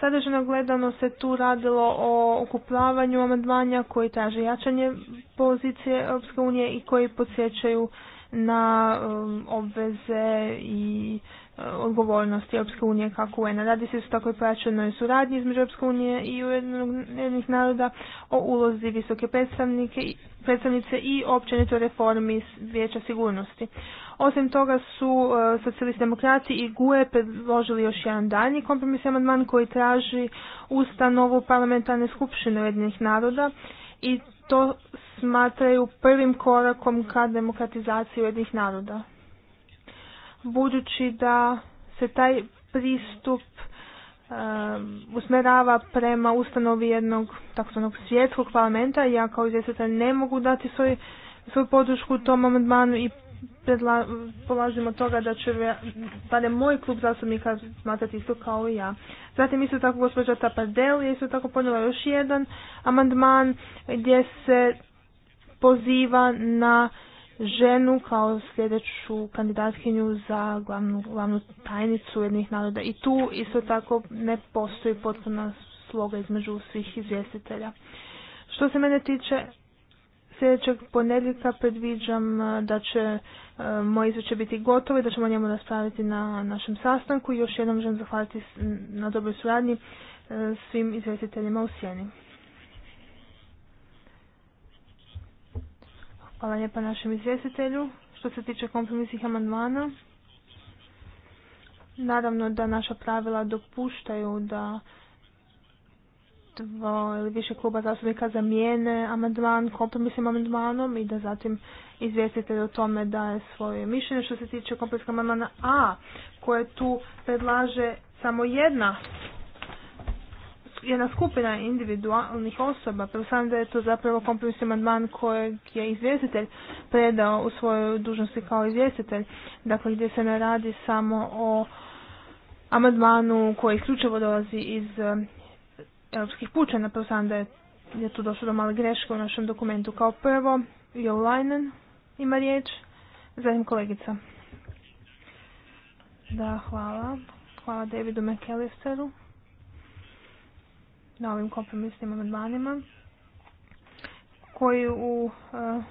Sadržano gledano se tu radilo o okuplavanju amandmana koji traže jačanje pozicije Europske unije i koji podsjećaju na um, obveze i uh, odgovornosti Europske unije kako UN. Radi se o takoj pojačanoj suradnji između Europske unije i Ujedinjenih naroda o ulozi visoke predstavnike, predstavnice i općenito reformi vijeća sigurnosti. Osim toga su uh, socijalisti demokrati i GUE predložili još jedan daljnji kompromis amandman koji traži ustanovu parlamentarne skupštine Ujedinjenih naroda i to smatraju prvim korakom ka demokratizaciji jednih naroda. Budući da se taj pristup usmerava prema ustanovi jednog takozvanog svjetskog parlamenta, ja kao izvjestitelj ne mogu dati svoj, svoju podršku tom amandmanu i predla, polažim od toga da će barem moj klub zastupnika smatrati isto kao i ja. Zatim isto tako gospođa Tapadel je isto tako podnijela još jedan amandman gdje se poziva na ženu kao sljedeću kandidatkinju za glavnu, glavnu tajnicu jednih naroda. I tu isto tako ne postoji potpuna sloga između svih izvjestitelja. Što se mene tiče, sljedećeg ponedjeljka predviđam e, da će e, moje izvješće biti gotovo i da ćemo o njemu raspraviti na našem sastanku. Još jednom želim zahvaliti na dobroj suradnji e, svim izvjestiteljima u Sjeni. Hvala lijepa našem izvjestitelju. Što se tiče kompromisnih amandmana, naravno da naša pravila dopuštaju da dva ili više kluba zastupnika zamijene amandman kompromisnim amandmanom i da zatim izvjestitelj o tome daje svoje mišljenje što se tiče kompromisnog amandmana A koje tu predlaže samo jedna jedna skupina individualnih osoba, sam da je to zapravo kompromisni amandman kojeg je izvjestitelj predao u svojoj dužnosti kao izvjestitelj, dakle gdje se ne radi samo o amandmanu koji isključivo dolazi iz europskih puća, to sam da je, tu došlo do male greške u našem dokumentu. Kao prvo, Leinen ima riječ, zatim kolegica. Da, hvala. Hvala Davidu McAllisteru na ovim kompromisnim amandmanima koji u eh,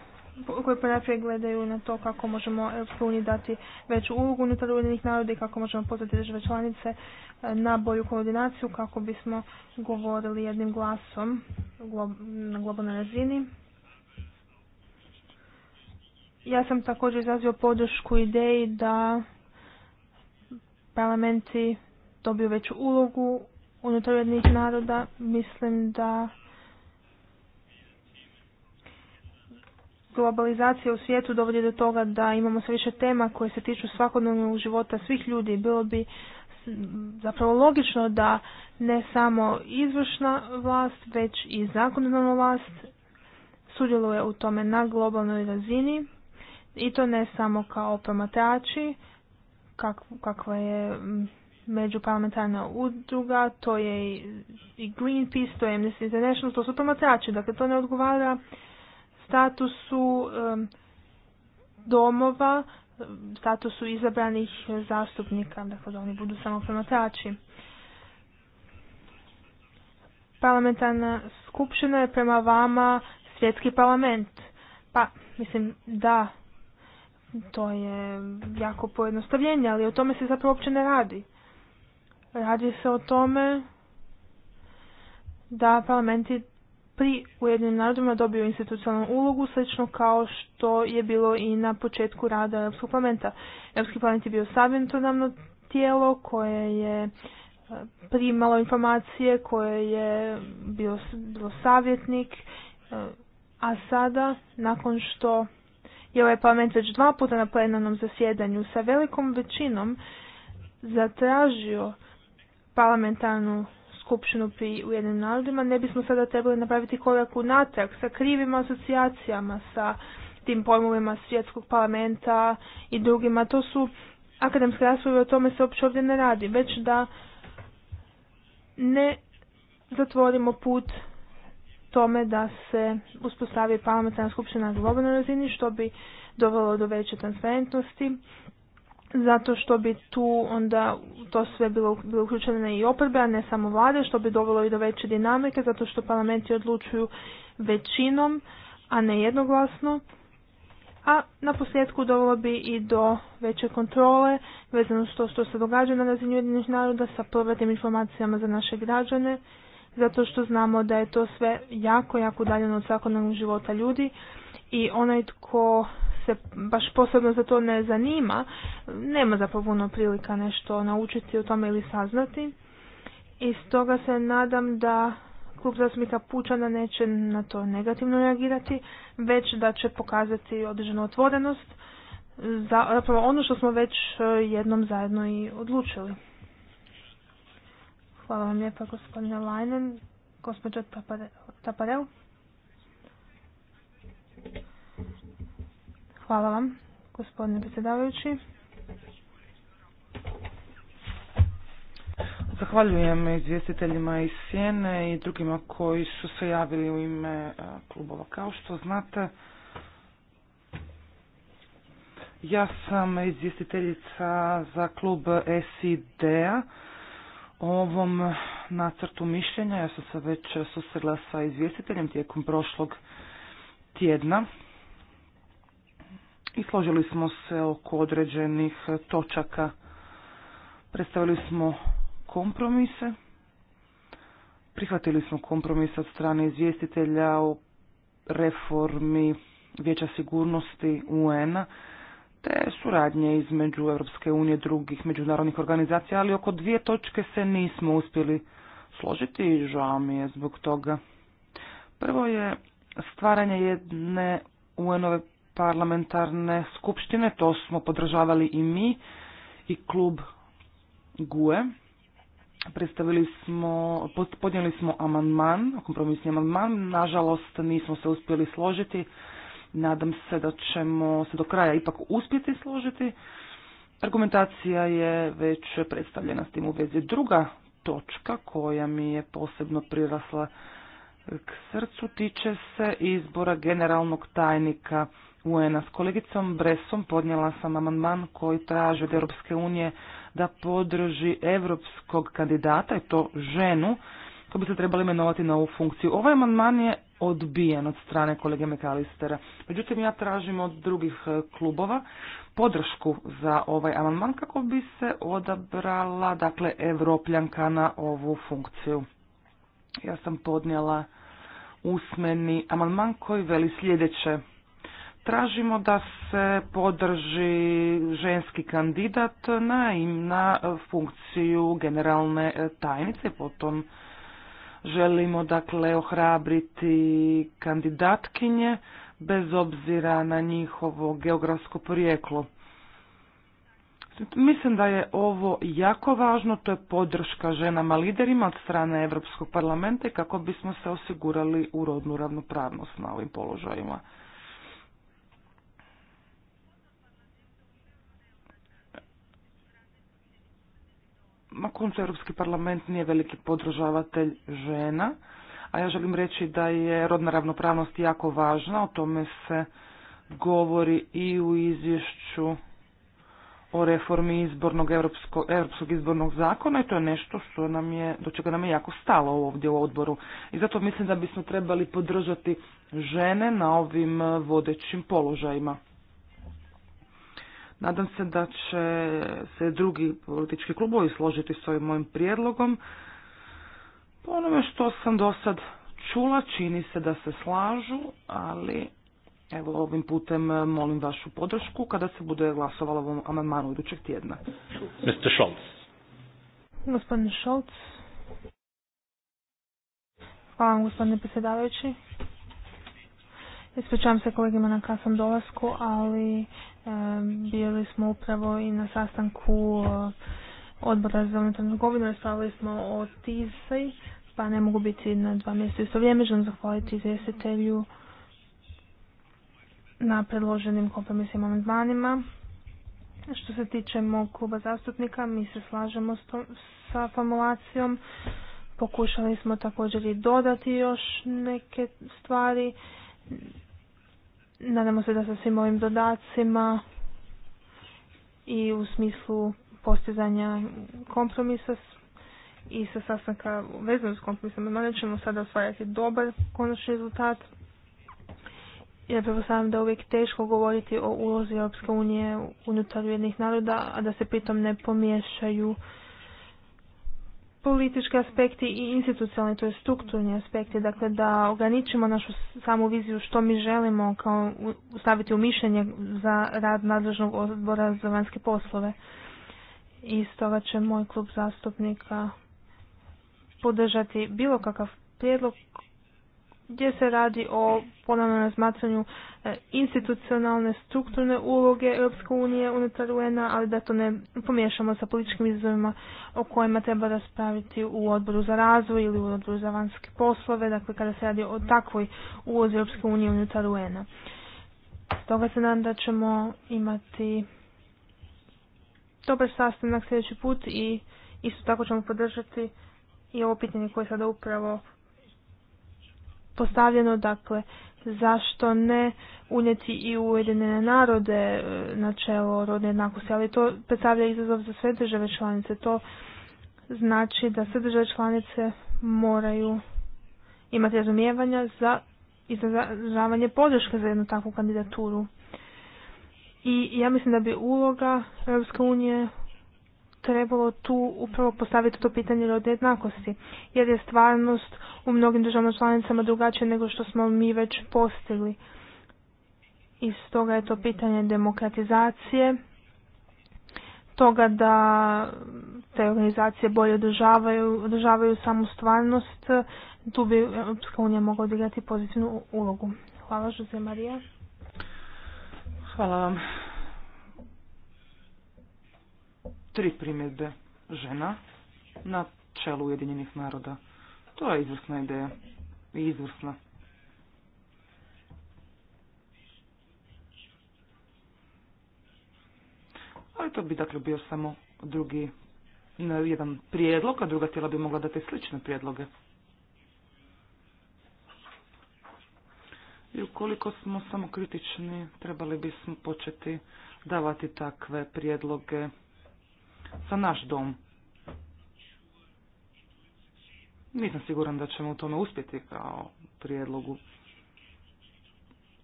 koje ponajprije gledaju na to kako možemo EU dati veću ulogu unutar naroda i kako možemo pozvati države članice eh, na bolju koordinaciju kako bismo govorili jednim glasom na globalnoj razini. Ja sam također izrazio podršku ideji da parlamenti dobiju veću ulogu unutar naroda. Mislim da globalizacija u svijetu dovodi do toga da imamo sve više tema koje se tiču svakodnevnog života svih ljudi. Bilo bi zapravo logično da ne samo izvršna vlast, već i zakonodavna vlast sudjeluje u tome na globalnoj razini i to ne samo kao promatrači, kakva je međuparlamentarna udruga, to je i Greenpeace, to je Amnesty International, to su promatrači, dakle to ne odgovara statusu domova, statusu izabranih zastupnika, dakle da oni budu samo promatrači. Parlamentarna skupština je prema vama svjetski parlament. Pa, mislim, da, to je jako pojednostavljenje, ali o tome se zapravo uopće ne radi. Radi se o tome da parlamenti pri Ujedinim narodima dobio institucionalnu ulogu, slično kao što je bilo i na početku rada Europskog parlamenta. Europski parlament je bio savjetodavno tijelo koje je e, primalo informacije, koje je bio, savjetnik, e, a sada, nakon što je ovaj parlament već dva puta na plenarnom zasjedanju sa velikom većinom zatražio parlamentarnu skupštinu pri Ujedinim narodima, ne bismo sada trebali napraviti korak u natrag sa krivim asocijacijama, sa tim pojmovima svjetskog parlamenta i drugima. To su akademske rasprave, o tome se uopće ovdje ne radi, već da ne zatvorimo put tome da se uspostavi parlamentarna skupština na globalnoj razini, što bi dovelo do veće transparentnosti zato što bi tu onda to sve bilo, bilo i oporbe, a ne samo vlade, što bi dovelo i do veće dinamike, zato što parlamenti odlučuju većinom, a ne jednoglasno. A na posljedku dovelo bi i do veće kontrole, vezano s to što se događa na razini jedinih naroda sa povratnim informacijama za naše građane, zato što znamo da je to sve jako, jako udaljeno od svakodnevnog života ljudi i onaj tko se baš posebno za to ne zanima, nema zapravo puno prilika nešto naučiti o tome ili saznati. I stoga se nadam da klub zastupnika Pučana neće na to negativno reagirati, već da će pokazati određenu otvorenost za zapravo ono što smo već e, jednom zajedno i odlučili. Hvala vam lijepa gospodine Lajnen, gospođa Taparel. Hvala vam, gospodine predsjedavajući. Zahvaljujem izvjestiteljima iz Sjene i drugima koji su se javili u ime e, klubova. Kao što znate, ja sam izvjestiteljica za klub SID-a ovom nacrtu mišljenja. Ja sam se već susrela sa izvjestiteljem tijekom prošlog tjedna i složili smo se oko određenih točaka. Predstavili smo kompromise. Prihvatili smo kompromis od strane izvjestitelja o reformi Vijeća sigurnosti UN-a te suradnje između Europske unije i drugih međunarodnih organizacija, ali oko dvije točke se nismo uspjeli složiti i žao mi je zbog toga. Prvo je stvaranje jedne UN-ove parlamentarne skupštine, to smo podržavali i mi i klub GUE. Predstavili smo, podnijeli smo amandman, kompromisni amandman, nažalost nismo se uspjeli složiti, nadam se da ćemo se do kraja ipak uspjeti složiti. Argumentacija je već predstavljena s tim u vezi. Druga točka koja mi je posebno prirasla k srcu tiče se izbora generalnog tajnika UN-a. S kolegicom Bresom podnijela sam amandman koji traži od Europske unije da podrži europskog kandidata, i to ženu, to bi se trebalo imenovati na ovu funkciju. Ovaj amandman je odbijen od strane kolege Mekalistera. Međutim, ja tražim od drugih e, klubova podršku za ovaj amandman kako bi se odabrala, dakle, Evropljanka na ovu funkciju. Ja sam podnijela usmeni amandman koji veli sljedeće tražimo da se podrži ženski kandidat na im na funkciju generalne e, tajnice, potom želimo dakle ohrabriti kandidatkinje bez obzira na njihovo geografsko porijeklo. Mislim da je ovo jako važno, to je podrška ženama liderima od strane Europskog parlamenta kako bismo se osigurali u rodnu ravnopravnost na ovim položajima. na koncu Europski parlament nije veliki podržavatelj žena, a ja želim reći da je rodna ravnopravnost jako važna, o tome se govori i u izvješću o reformi izbornog europskog izbornog zakona i to je nešto što nam je, do čega nam je jako stalo ovdje u odboru. I zato mislim da bismo trebali podržati žene na ovim vodećim položajima. Nadam se da će se drugi politički klubovi složiti s ovim mojim prijedlogom. Po onome što sam do sad čula, čini se da se slažu, ali evo ovim putem e, molim vašu podršku kada se bude glasovalo ovom amandmanu idućeg tjedna. Mr. Scholz. Gospodin Scholz. Hvala vam, gospodine predsjedavajući. Ispričavam se kolegima na kasnom dolasku, ali e, bili smo upravo i na sastanku e, odbora za unutarnju trgovinu, raspravili smo o TISAJ, pa ne mogu biti na dva mjesta isto vrijeme. Želim zahvaliti izvjestitelju na predloženim kompromisnim amandmanima. Što se tiče mog kluba zastupnika, mi se slažemo sa formulacijom. Pokušali smo također i dodati još neke stvari Nadamo se da sa svim ovim dodacima i u smislu postizanja kompromisa i sa sastanka vezano s kompromisom mada ćemo sada osvajati dobar konačni rezultat. Ja prepostavljam da je uvijek teško govoriti o ulozi Europske unije unutar jednih naroda, a da se pritom ne pomiješaju politički aspekti i institucionalni, to je strukturni aspekti, dakle da ograničimo našu samu viziju što mi želimo kao staviti u mišljenje za rad nadležnog odbora za vanjske poslove. I stoga će moj klub zastupnika podržati bilo kakav prijedlog gdje se radi o ponovnom razmatranju e, institucionalne strukturne uloge Europske unije unutar un ali da to ne pomiješamo sa političkim izazovima o kojima treba raspraviti u odboru za razvoj ili u odboru za vanjske poslove, dakle kada se radi o takvoj ulozi Europske unije unutar un Stoga se nadam da ćemo imati dobar sastanak sljedeći put i isto tako ćemo podržati i ovo pitanje koje sada upravo postavljeno, dakle, zašto ne unijeti i u Ujedinjene narode e, načelo rodne jednakosti, ali to predstavlja izazov za sve države članice. To znači da sve države članice moraju imati razumijevanja za izražavanje podrške za jednu takvu kandidaturu. I ja mislim da bi uloga Europske unije trebalo tu upravo postaviti to pitanje od jednakosti, jer je stvarnost u mnogim državama članicama drugačija nego što smo mi već postigli. I stoga je to pitanje demokratizacije, toga da te organizacije bolje održavaju, održavaju samu stvarnost, tu bi Europska unija mogla odigrati pozitivnu ulogu. Hvala, Jose Marija. Hvala vam. tri primjedbe žena na čelu Ujedinjenih naroda. To je izvrsna ideja. I izvrsna. Ali to bi dakle bio samo drugi jedan prijedlog, a druga tijela bi mogla dati slične prijedloge. I ukoliko smo samo kritični, trebali bismo početi davati takve prijedloge za naš dom. Nisam siguran da ćemo u tome uspjeti kao prijedlogu.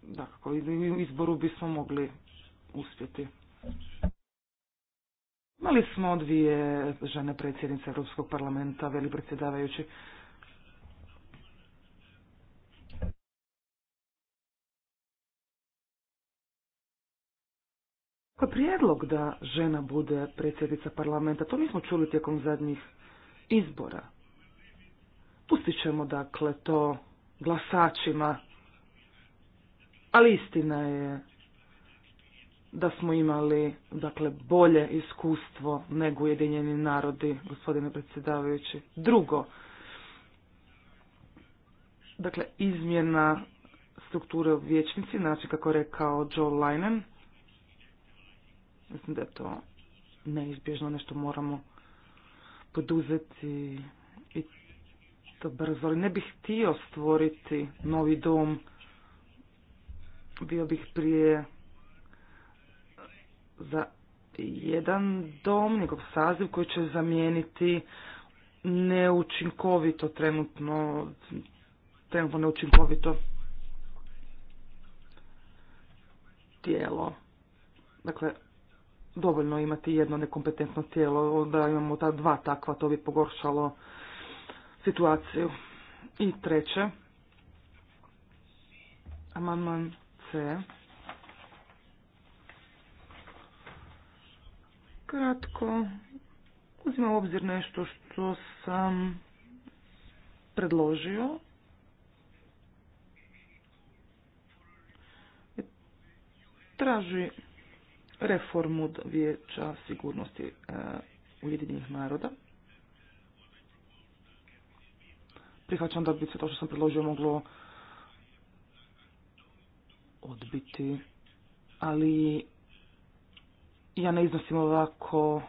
Dakako, u izboru bismo mogli uspjeti. Imali smo dvije žene predsjednice Europskog parlamenta, veli predsjedavajući. prijedlog da žena bude predsjednica parlamenta, to nismo čuli tijekom zadnjih izbora. Pustit ćemo dakle to glasačima, ali istina je da smo imali dakle bolje iskustvo nego Ujedinjeni narodi, gospodine predsjedavajući. Drugo, dakle izmjena strukture u vijećnici, znači kako je rekao Joe Linen, Mislim da je to neizbježno nešto moramo poduzeti i to brzo. ne bih htio stvoriti novi dom. Bio bih prije za jedan dom, njegov saziv koji će zamijeniti neučinkovito trenutno trenutno neučinkovito tijelo. Dakle, dovoljno imati jedno nekompetentno tijelo, da imamo ta dva takva, to bi pogoršalo situaciju. I treće, amandman C. Kratko, uzimam u obzir nešto što sam predložio. Traži reformu vijeća sigurnosti e, Ujedinjenih naroda. Prihvaćam da bi se to što sam predložio moglo odbiti, ali ja ne iznosim ovako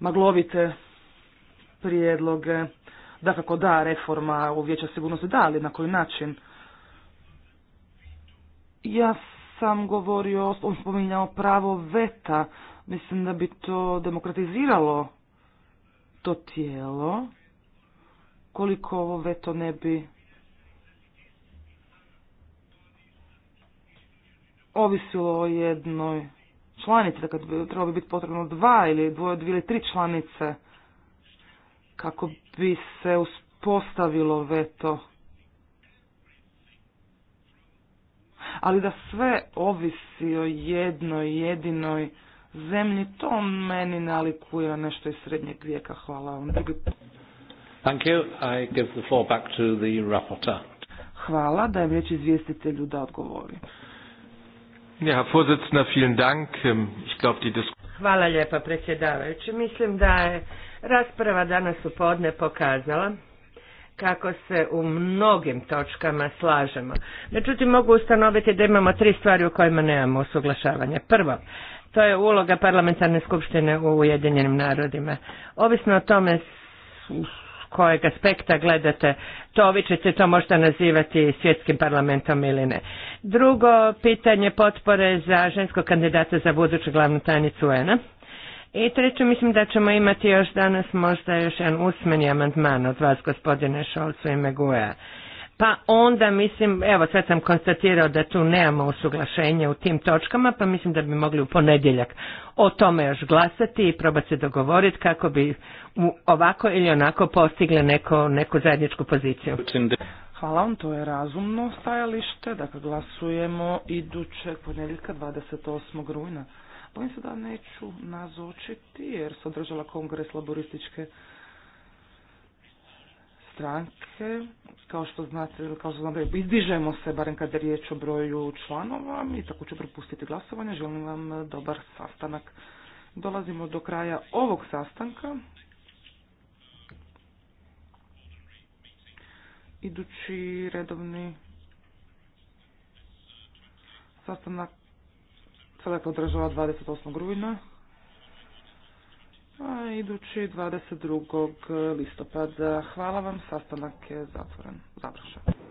maglovite prijedloge. kako da, reforma u vijeća sigurnosti da, ali na koji način? Ja sam govorio, on spominjao pravo veta. Mislim da bi to demokratiziralo to tijelo. Koliko ovo veto ne bi ovisilo o jednoj članici, dakle trebalo bi biti potrebno dva ili dvoje, dvije ili tri članice kako bi se uspostavilo veto. ali da sve ovisi o jednoj jedinoj zemlji, to meni nalikuje nešto iz srednjeg vijeka. Hvala vam. Thank you. I give the floor back to the rapporteur. Hvala, je već izvjestitelju da odgovori. Ja, Vorsitzender, vielen Dank. Ähm, ich glaube, die Hvala lijepa predsjedavajući. Mislim da je rasprava danas u podne pokazala kako se u mnogim točkama slažemo. Međutim, mogu ustanoviti da imamo tri stvari u kojima nemamo usuglašavanje. Prvo, to je uloga parlamentarne skupštine u Ujedinjenim narodima. Ovisno o tome kojeg aspekta gledate, to vi ćete to možda nazivati svjetskim parlamentom ili ne. Drugo, pitanje potpore za ženskog kandidata za buduću glavnu tajnicu UN-a. I treće, mislim da ćemo imati još danas možda još jedan usmeni amandman od vas, gospodine Šolcu i Meguja. Pa onda mislim, evo sad sam konstatirao da tu nemamo usuglašenja u tim točkama, pa mislim da bi mogli u ponedjeljak o tome još glasati i probati se dogovoriti kako bi ovako ili onako postigle neko, neku zajedničku poziciju. Hvala vam, to je razumno stajalište, dakle glasujemo idućeg ponedjeljka 28. rujna. Bojim pa se da neću nazočiti jer se održala kongres laborističke stranke. Kao što znate, kao što znate, izdižemo se, barem kada je riječ o broju članova i tako ću propustiti glasovanje. Želim vam dobar sastanak. Dolazimo do kraja ovog sastanka. Idući redovni sastanak Sada to održava 28. rujna, a idući 22. listopada. Hvala vam, sastanak je zatvoren. Završen.